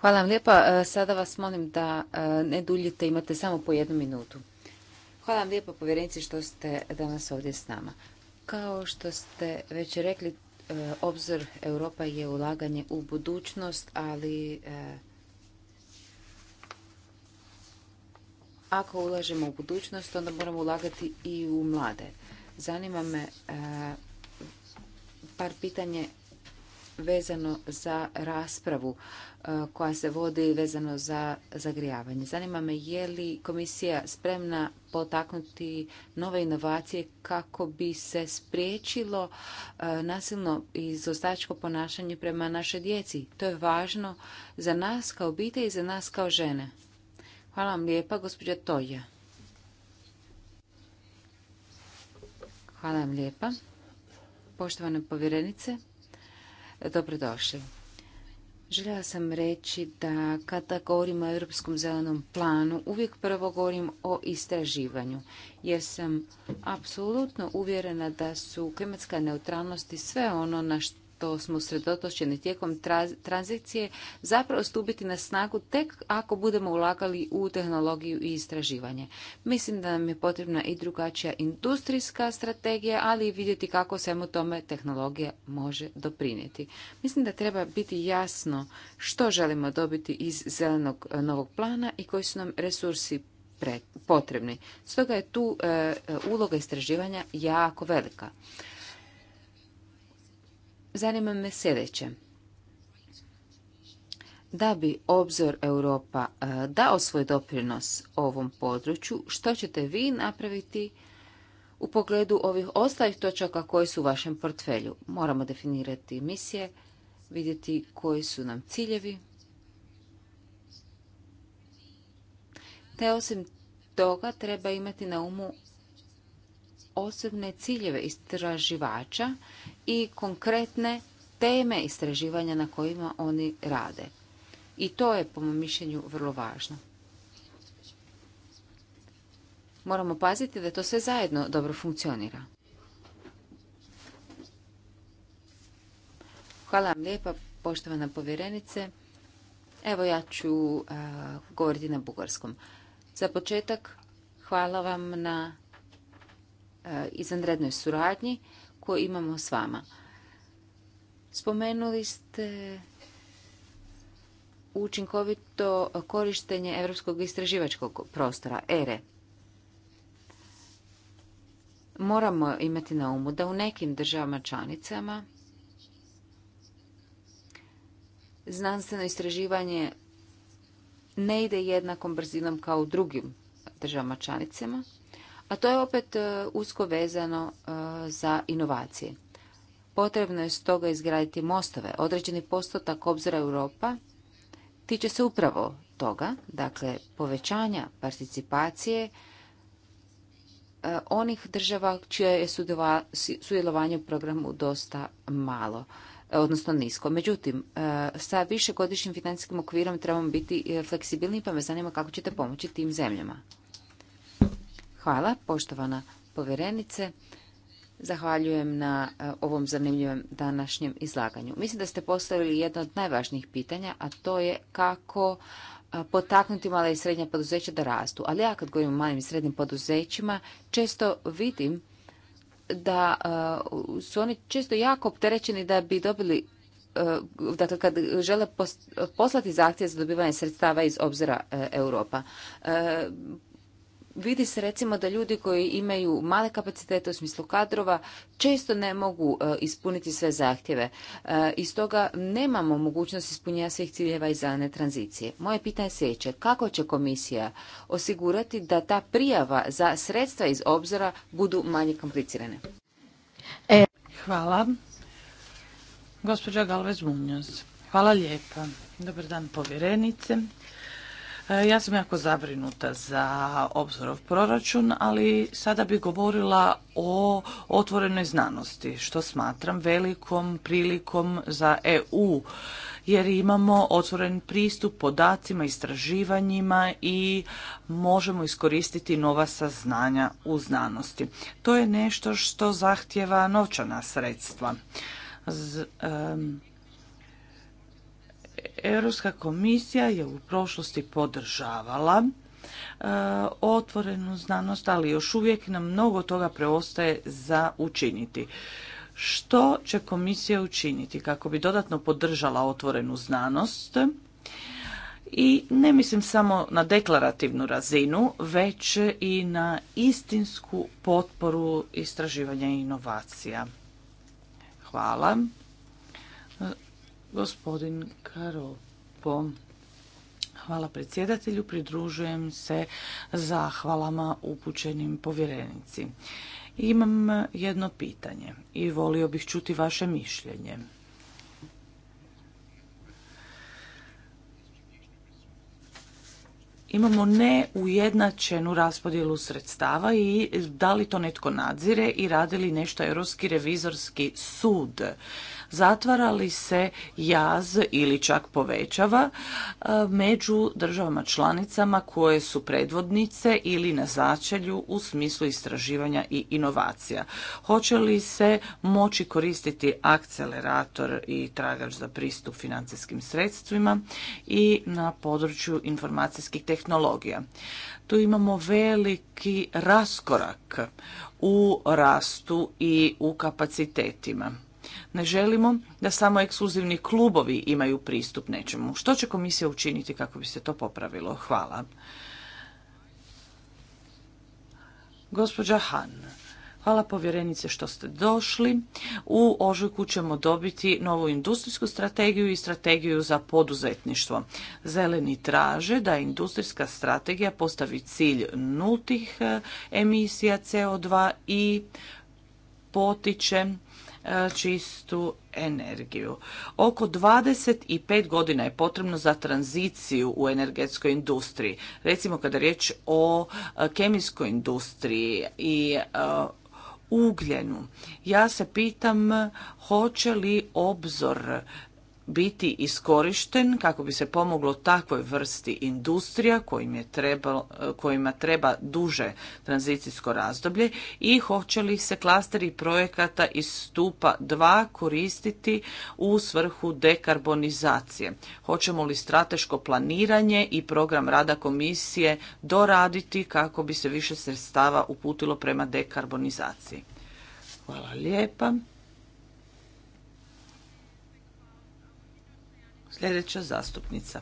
Hvala vam lijepa. E, sada vas molim da e, ne duljite, imate samo po jednu minutu. Hvala vam lijepo povjerenici što ste danas ovdje s nama. Kao što ste već rekli, e, obzor Europa je ulaganje u budućnost, ali e, ako ulažemo u budućnost, onda moramo ulagati i u mlade. Zanima me e, par pitanje vezano za raspravu E, koja se vodi vezano za zagrijavanje. Zanima me je li komisija spremna potaknuti nove inovacije kako bi se spriječilo e, nasilno i ponašanje prema našoj djeci. To je važno za nas kao obitelj i za nas kao žene. Hvala vam lijepa, gospođa Toja. Hvala vam lijepa. Poštovane povjerenice, dobrodošli. Željela sam reći da kada govorimo o Europskom zelenom planu, uvijek prvo govorim o istraživanju, jer sam apsolutno uvjerena da su klimatska neutralnost i sve ono na što što smo sredotočeni tijekom tranzicije zapravo stupiti na snagu tek ako budemo ulagali u tehnologiju i istraživanje. Mislim da nam je potrebna i drugačija industrijska strategija, ali i vidjeti kako svemu tome tehnologija može doprinijeti. Mislim da treba biti jasno što želimo dobiti iz zelenog e, novog plana i koji su nam resursi potrebni. Stoga je tu e, e, uloga istraživanja jako velika zanima me sljedeće. Da bi obzor Europa e, dao svoj doprinos ovom području, što ćete vi napraviti u pogledu ovih ostalih točaka koji su u vašem portfelju? Moramo definirati misije, vidjeti koji su nam ciljevi. Te osim toga treba imati na umu osobne ciljeve istraživača i konkretne teme istraživanja na kojima oni rade. I to je, po mom mišljenju, vrlo važno. Moramo paziti da to sve zajedno dobro funkcionira. Hvala vam lijepa, poštovana povjerenice. Evo ja ću govoriti na bugarskom. Za početak, hvala vam na izvanrednoj suradnji koje imamo s vama. Spomenuli ste učinkovito korištenje europskog istraživačkog prostora, ERE. Moramo imati na umu da u nekim državama članicama znanstveno istraživanje ne ide jednakom brzinom kao u drugim državama članicama a to je opet e, usko vezano e, za inovacije. Potrebno je stoga izgraditi mostove. Određeni postotak obzira Europa tiče se upravo toga, dakle povećanja participacije e, onih država čije je sudjelovanje u programu dosta malo, odnosno nisko. Međutim, sa višegodišnjim financijskim okvirom trebamo biti fleksibilni, pa me zanima kako ćete pomoći tim zemljama. Hvala, poštovana povjerenice. Zahvaljujem na e, ovom zanimljivom današnjem izlaganju. Mislim da ste postavili jedno od najvažnijih pitanja, a to je kako e, potaknuti mala i srednja poduzeća da rastu. Ali ja kad govorim o malim i srednjim poduzećima, često vidim da e, su oni često jako opterećeni da bi dobili dakle kad žele poslati zahtjev za dobivanje sredstava iz obzira Europa vidi se recimo da ljudi koji imaju male kapacitete u smislu kadrova često ne mogu e, ispuniti sve zahtjeve e, i stoga nemamo mogućnost ispunjenja svih ciljeva i zelene tranzicije. Moje pitanje je kako će komisija osigurati da ta prijava za sredstva iz obzora budu manje komplicirane? E, hvala. Gospođa Galvez Munoz. Hvala lijepa. Dobar dan povjerenice. E, ja sam jako zabrinuta za obzorov proračun, ali sada bih govorila o otvorenoj znanosti, što smatram velikom prilikom za EU, jer imamo otvoren pristup podacima, istraživanjima i možemo iskoristiti nova saznanja u znanosti. To je nešto što zahtjeva novčana sredstva. Z, Europska komisija je u prošlosti podržavala e, otvorenu znanost, ali još uvijek nam mnogo toga preostaje za učiniti. Što će komisija učiniti kako bi dodatno podržala otvorenu znanost? I ne mislim samo na deklarativnu razinu, već i na istinsku potporu istraživanja i inovacija. Hvala. Gospodin Karopo. Hvala predsjedatelju. Pridružujem se zahvalama upućenim povjerenici. Imam jedno pitanje i volio bih čuti vaše mišljenje. imamo neujednačenu raspodjelu sredstava i da li to netko nadzire i radi li nešto Europski revizorski sud zatvara li se jaz ili čak povećava e, među državama članicama koje su predvodnice ili na začelju u smislu istraživanja i inovacija. Hoće li se moći koristiti akcelerator i tragač za pristup financijskim sredstvima i na području informacijskih tehnologija. Tu imamo veliki raskorak u rastu i u kapacitetima. Ne želimo da samo ekskluzivni klubovi imaju pristup nečemu. Što će komisija učiniti kako bi se to popravilo? Hvala. Gospođa Han. Hvala povjerenice što ste došli. U ožujku ćemo dobiti novu industrijsku strategiju i strategiju za poduzetništvo. Zeleni traže da industrijska strategija postavi cilj nultih eh, emisija CO2 i potiče E, čistu energiju. Oko 25 godina je potrebno za tranziciju u energetskoj industriji. Recimo kada je riječ o e, kemijskoj industriji i e, ugljenu. Ja se pitam hoće li obzor biti iskorišten kako bi se pomoglo takvoj vrsti industrija kojim je kojima treba duže tranzicijsko razdoblje i hoće li se klasteri projekata iz stupa 2 koristiti u svrhu dekarbonizacije. Hoćemo li strateško planiranje i program rada komisije doraditi kako bi se više sredstava uputilo prema dekarbonizaciji. Hvala lijepa. Sljedeća zastupnica.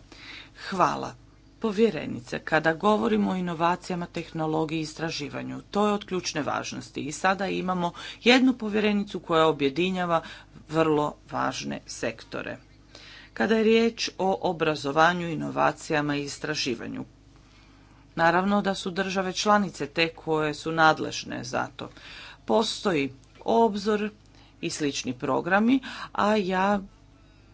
Hvala. Povjerenice, kada govorimo o inovacijama, tehnologiji i istraživanju, to je od ključne važnosti i sada imamo jednu povjerenicu koja objedinjava vrlo važne sektore. Kada je riječ o obrazovanju, inovacijama i istraživanju, naravno da su države članice te koje su nadležne za to. Postoji obzor i slični programi, a ja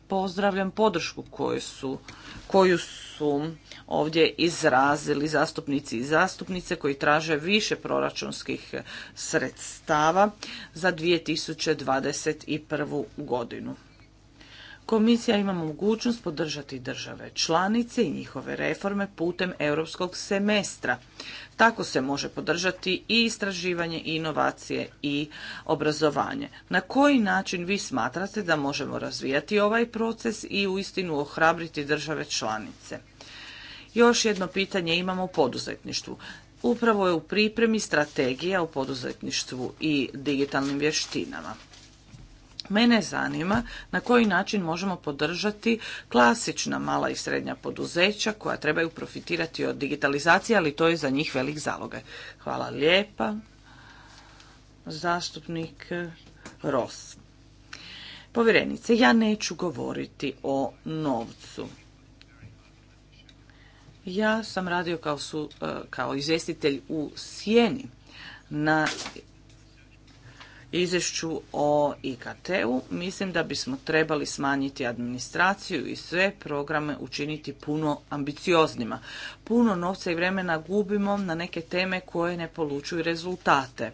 pozdravljam podršku koju su, koju su ovdje izrazili zastupnici i zastupnice koji traže više proračunskih sredstava za 2021. godinu. Komisija ima mogućnost podržati države članice i njihove reforme putem europskog semestra. Tako se može podržati i istraživanje, i inovacije, i obrazovanje. Na koji način vi smatrate da možemo razvijati ovaj proces i uistinu ohrabriti države članice? Još jedno pitanje imamo o poduzetništvu. Upravo je u pripremi strategija o poduzetništvu i digitalnim vještinama. Mene zanima na koji način možemo podržati klasična mala i srednja poduzeća koja trebaju profitirati od digitalizacije, ali to je za njih velik zalogaj. Hvala lijepa. Zastupnik Ros. Povjerenice, ja neću govoriti o novcu. Ja sam radio kao, eh, kao izvjestitelj u Sjeni na izvješću o IKT-u, mislim da bismo trebali smanjiti administraciju i sve programe učiniti puno ambicioznima. Puno novca i vremena gubimo na neke teme koje ne polučuju rezultate.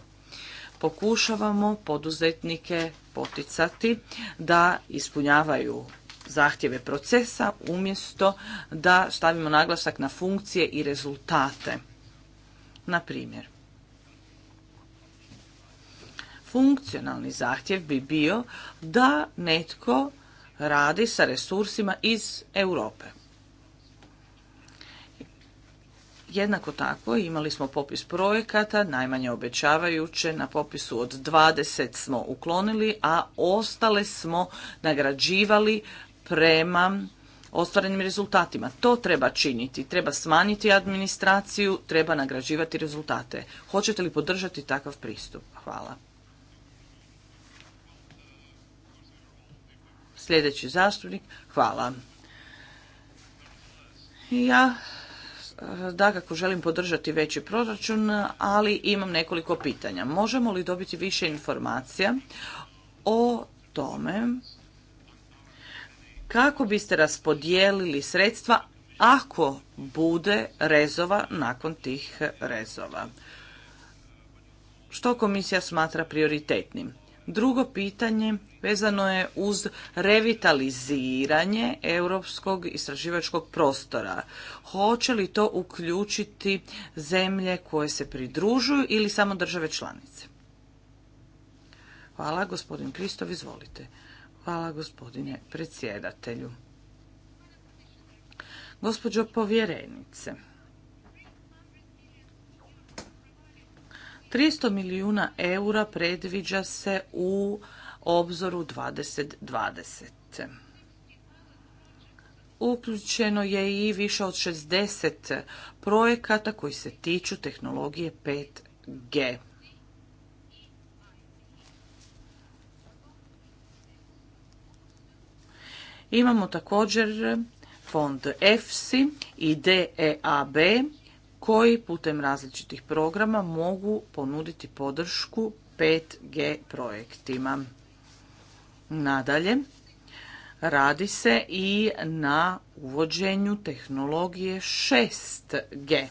Pokušavamo poduzetnike poticati da ispunjavaju zahtjeve procesa umjesto da stavimo naglasak na funkcije i rezultate. Na primjer, Funkcionalni zahtjev bi bio da netko radi sa resursima iz Europe. Jednako tako imali smo popis projekata, najmanje obećavajuće, na popisu od 20 smo uklonili, a ostale smo nagrađivali prema ostvarenim rezultatima. To treba činiti, treba smanjiti administraciju, treba nagrađivati rezultate. Hoćete li podržati takav pristup? Hvala. Sljedeći zastupnik, hvala. Ja dakako želim podržati veći proračun, ali imam nekoliko pitanja. Možemo li dobiti više informacija o tome kako biste raspodijelili sredstva ako bude rezova nakon tih rezova? Što komisija smatra prioritetnim? Drugo pitanje vezano je uz revitaliziranje europskog istraživačkog prostora. Hoće li to uključiti zemlje koje se pridružuju ili samo države članice? Hvala, gospodin Kristov, izvolite. Hvala, gospodine predsjedatelju. Gospođo povjerenice, 300 milijuna eura predviđa se u obzoru 2020. Uključeno je i više od 60 projekata koji se tiču tehnologije 5G. Imamo također fond EFSI i DEAB koji putem različitih programa mogu ponuditi podršku 5G projektima. Nadalje, radi se i na uvođenju tehnologije 6G.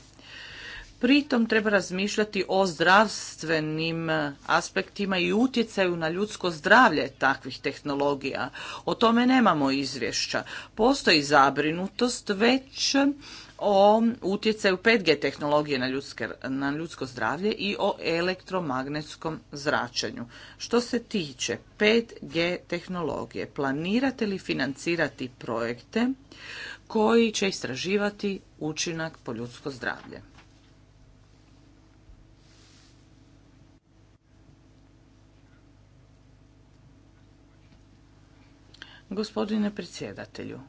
Pritom treba razmišljati o zdravstvenim aspektima i utjecaju na ljudsko zdravlje takvih tehnologija. O tome nemamo izvješća. Postoji zabrinutost već o utjecaju 5G tehnologije na, ljudsko zdravlje i o elektromagnetskom zračenju. Što se tiče 5G tehnologije, planirate li financirati projekte koji će istraživati učinak po ljudsko zdravlje? Gospodine predsjedatelju,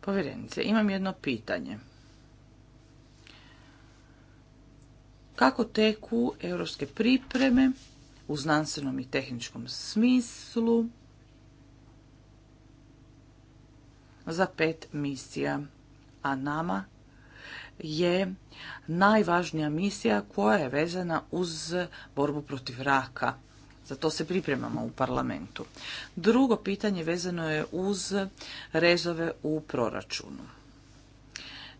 Povjerenice, imam jedno pitanje. Kako teku europske pripreme u znanstvenom i tehničkom smislu za pet misija, a nama je najvažnija misija koja je vezana uz borbu protiv raka. Za to se pripremamo u parlamentu. Drugo pitanje vezano je uz rezove u proračunu.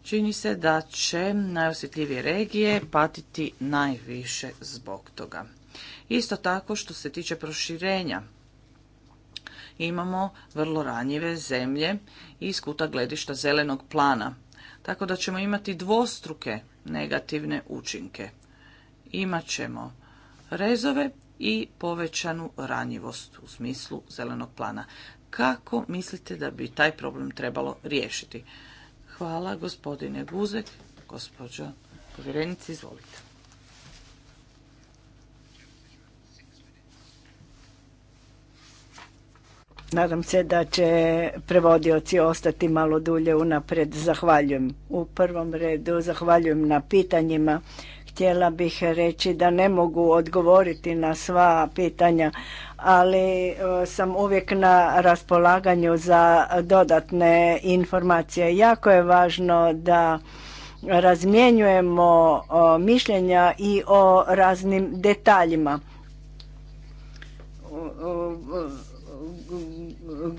Čini se da će najosjetljivije regije patiti najviše zbog toga. Isto tako što se tiče proširenja imamo vrlo ranjive zemlje iz kuta gledišta zelenog plana. Tako da ćemo imati dvostruke negativne učinke. Imaćemo rezove i povećanu ranjivost u smislu zelenog plana. Kako mislite da bi taj problem trebalo riješiti? Hvala gospodine Guzek, gospođa povjerenici, izvolite. Nadam se da će prevodioci ostati malo dulje unapred. Zahvaljujem. U prvom redu zahvaljujem na pitanjima Htjela bih reći da ne mogu odgovoriti na sva pitanja, ali e, sam uvijek na raspolaganju za dodatne informacije. Jako je važno da razmjenjujemo e, mišljenja i o raznim detaljima.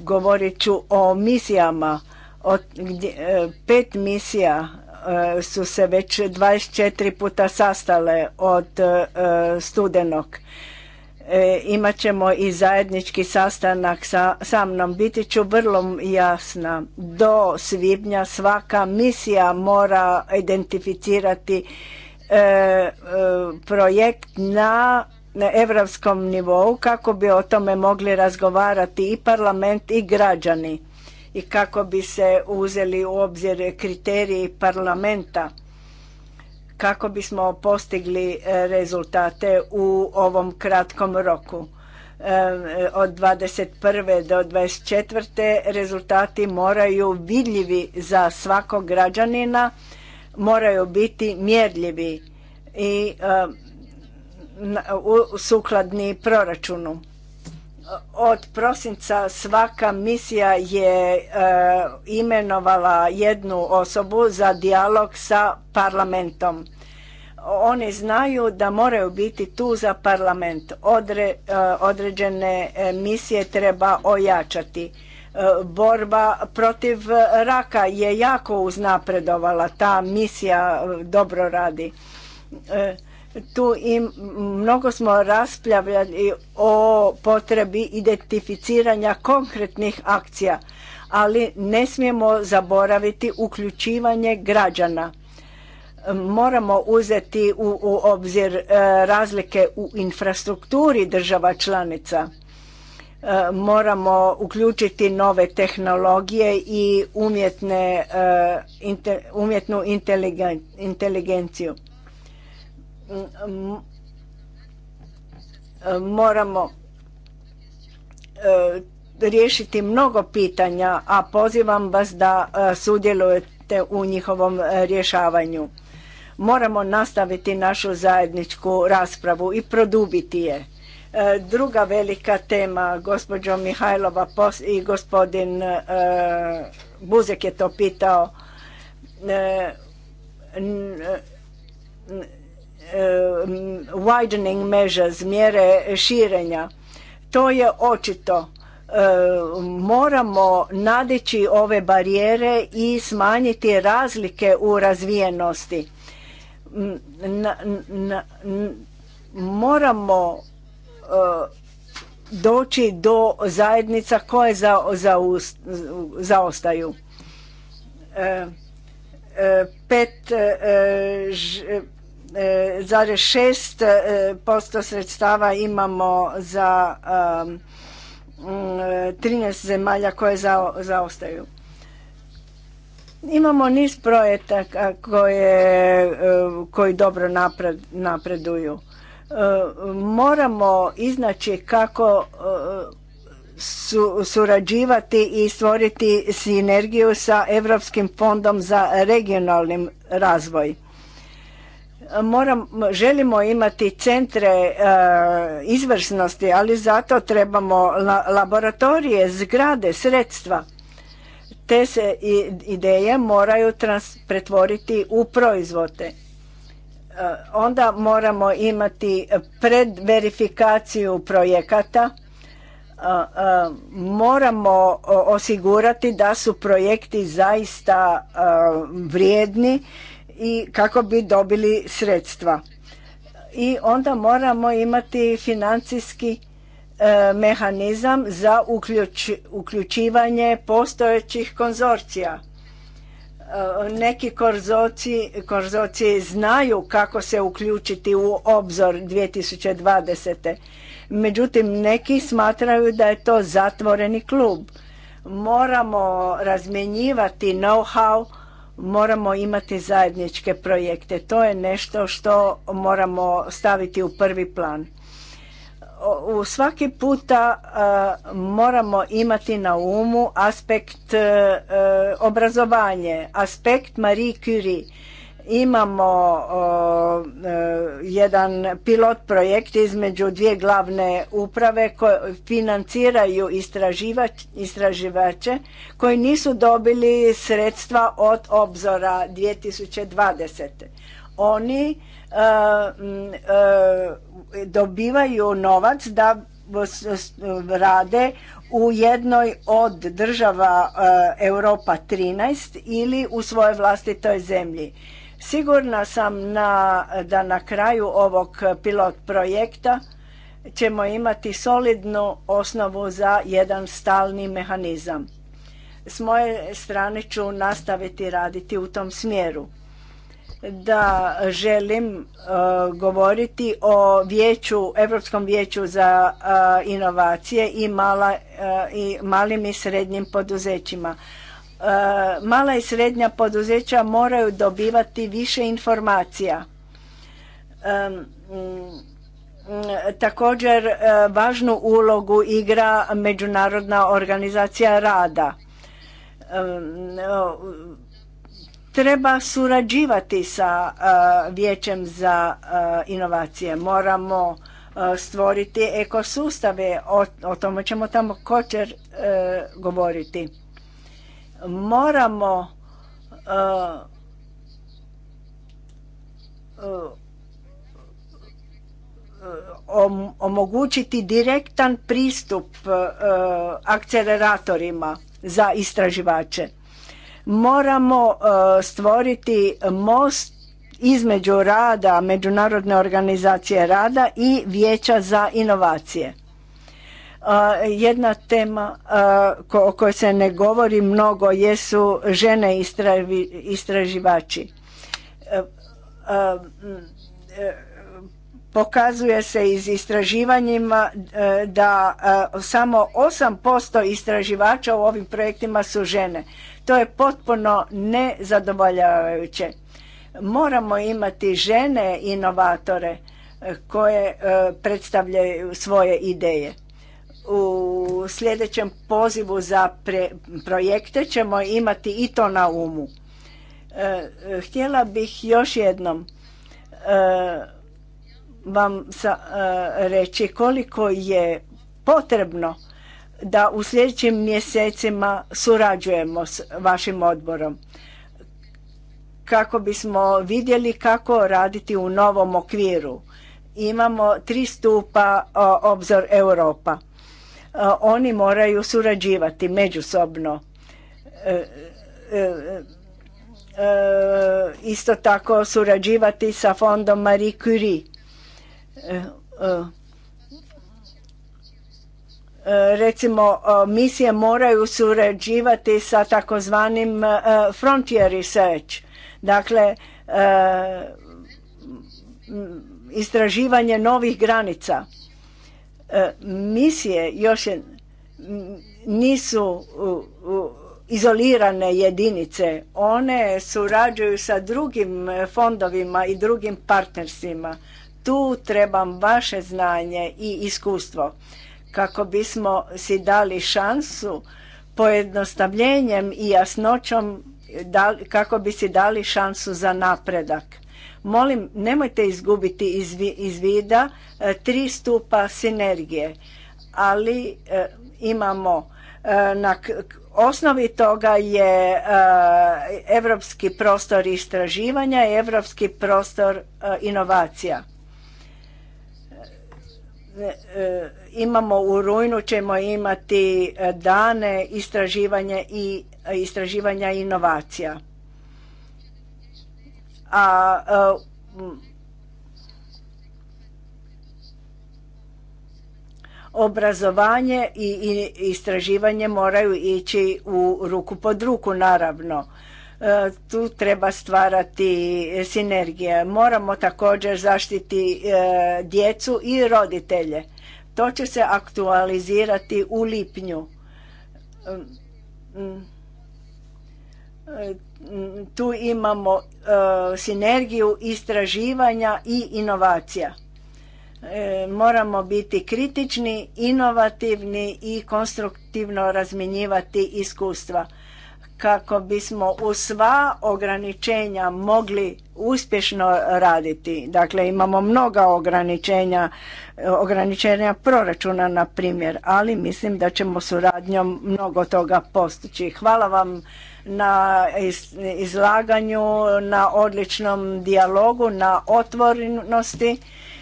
Govorit ću o misijama, e, pet misija E, su se već 24 puta sastale od e, studenog. E, imat ćemo i zajednički sastanak sa, sa mnom. Biti ću vrlo jasna. Do svibnja svaka misija mora identificirati projekt na na europskom nivou kako bi o tome mogli razgovarati i parlament i građani i kako bi se uzeli u obzir kriteriji parlamenta kako bismo postigli e, rezultate u ovom kratkom roku. E, od 21. do 24. rezultati moraju vidljivi za svakog građanina, moraju biti mjerljivi i e, sukladni proračunu od prosinca svaka misija je e, imenovala jednu osobu za dijalog sa parlamentom. Oni znaju da moraju biti tu za parlament. Odre, e, određene e, misije treba ojačati. borba protiv raka je jako uznapredovala. Ta misija dobro radi. Tu im mnogo smo raspravljali o potrebi identificiranja konkretnih akcija, ali ne smijemo zaboraviti uključivanje građana. Moramo uzeti u, u obzir e, razlike u infrastrukturi država članica. E, moramo uključiti nove tehnologije i umjetne, e, umjetnu inteligenciju Mm, mm, moramo e, riješiti mnogo pitanja, a pozivam vas da e, sudjelujete u njihovom rješavanju. Moramo nastaviti našu zajedničku raspravu i produbiti je. E, druga velika tema, gospođo Mihajlova i gospodin Buzek je to pitao, Eh, widening measures, mjere širenja. To je očito. Eh, moramo nadići ove barijere i smanjiti razlike u razvijenosti. Mm, moramo eh, doći do zajednica koje za, zaostaju. Pet, 6% e, sredstava imamo za 13 e, e, zemalja koje zaostaju. Imamo niz projekata koje, koji dobro napreduju. Moramo iznaći kako surađivati i stvoriti sinergiju sa Europskim fondom za regionalni razvoj želimo imati centre e, izvrsnosti, ali zato trebamo laboratorije, zgrade, sredstva. Te se ideje moraju pretvoriti u proizvode. E, onda moramo imati predverifikaciju projekata. E, moramo osigurati da su projekti zaista vrijedni i kako bi dobili sredstva. I onda moramo imati financijski e, mehanizam za uključivanje postojećih konzorcija. E, neki konzorci, konzorci znaju kako se uključiti u obzor 2020. Međutim, neki smatraju da je to zatvoreni klub. Moramo razmjenjivati know-how moramo imati zajedničke projekte. To je nešto što moramo staviti u prvi plan. U svaki puta e, moramo imati na umu aspekt e, e, obrazovanje, aspekt Marie Curie Imamo e, jedan pilot projekt između dvije glavne uprave koje financiraju istraživače koji nisu dobili sredstva od obzora 2020. Oni e, e, dobivaju novac da rade u jednoj od država Europa 13 ili u svojoj vlastitoj zemlji. Sigurna sam na, da na kraju ovog pilot projekta ćemo imati solidnu osnovu za jedan stalni mehanizam. S moje strane ću nastaviti raditi u tom smjeru. Da želim e, govoriti o vijeću, Europskom vijeću za e, inovacije i, mala, e, i malim i srednjim poduzećima. E, mala i srednja poduzeća moraju dobivati više informacija. E, mm, također e, važnu ulogu igra Međunarodna organizacija rada. Treba surađivati sa Vijećem za inovacije. Moramo stvoriti ekosustave, o, tome ćemo tamo govoriti moramo e, e, omogućiti direktan pristup e, akceleratorima za istraživače. Moramo stvoriti most između rada Međunarodne organizacije rada i Vijeća za inovacije jedna tema o kojoj se ne govori mnogo jesu žene istraživači. E, e, pokazuje se iz istraživanjima e, da samo 8% istraživača u ovim projektima su žene. To je potpuno nezadovoljavajuće. Moramo imati žene inovatore koje predstavljaju svoje ideje u sljedećem pozivu za projekte ćemo imati i to na umu. E, htjela bih još jednom e, vam sa, e, reći koliko je potrebno da u sljedećim mjesecima surađujemo s vašim odborom kako bismo vidjeli kako raditi u novom okviru. Imamo tri stupa obzor Europa oni moraju surađivati međusobno. E, e, e, isto tako surađivati sa fondom Marie Curie. Recimo, misije moraju surađivati sa takozvanim frontier research. Dakle, istraživanje novih granica E, misije još je, nisu izolirane jedinice. One surađuju sa drugim fondovima i drugim partnerstvima. Tu trebam vaše znanje i iskustvo kako bismo si dali šansu pojednostavljenjem i jasnoćom kako bi si dali šansu za napredak. Molim, nemojte izgubiti iz vida e, tri stupa sinergije, ali e, imamo e, na osnovi toga je europski prostor istraživanja i europski prostor inovacija. Imamo u rujnu ćemo imati dane istraživanja i istraživanja inovacija a obrazovanje i istraživanje moraju ići u ruku pod ruku naravno e, tu treba stvarati sinergije moramo također zaštiti e, djecu i roditelje to će se aktualizirati u lipnju e, tu imamo e, sinergiju istraživanja i inovacija. E, moramo biti kritični, inovativni i konstruktivno razmjenjivati iskustva kako bismo u sva ograničenja mogli uspješno raditi. Dakle, imamo mnoga ograničenja, e, ograničenja proračuna, na primjer, ali mislim da ćemo suradnjom mnogo toga postići. Hvala vam na izlaganju, na odličnom dijalogu, na otvorenosti,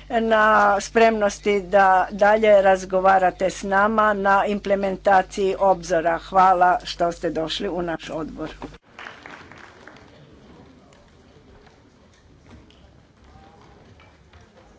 na spremnosti da dalje razgovarate s nama na implementaciji obzora. Hvala što ste došli u naš odbor.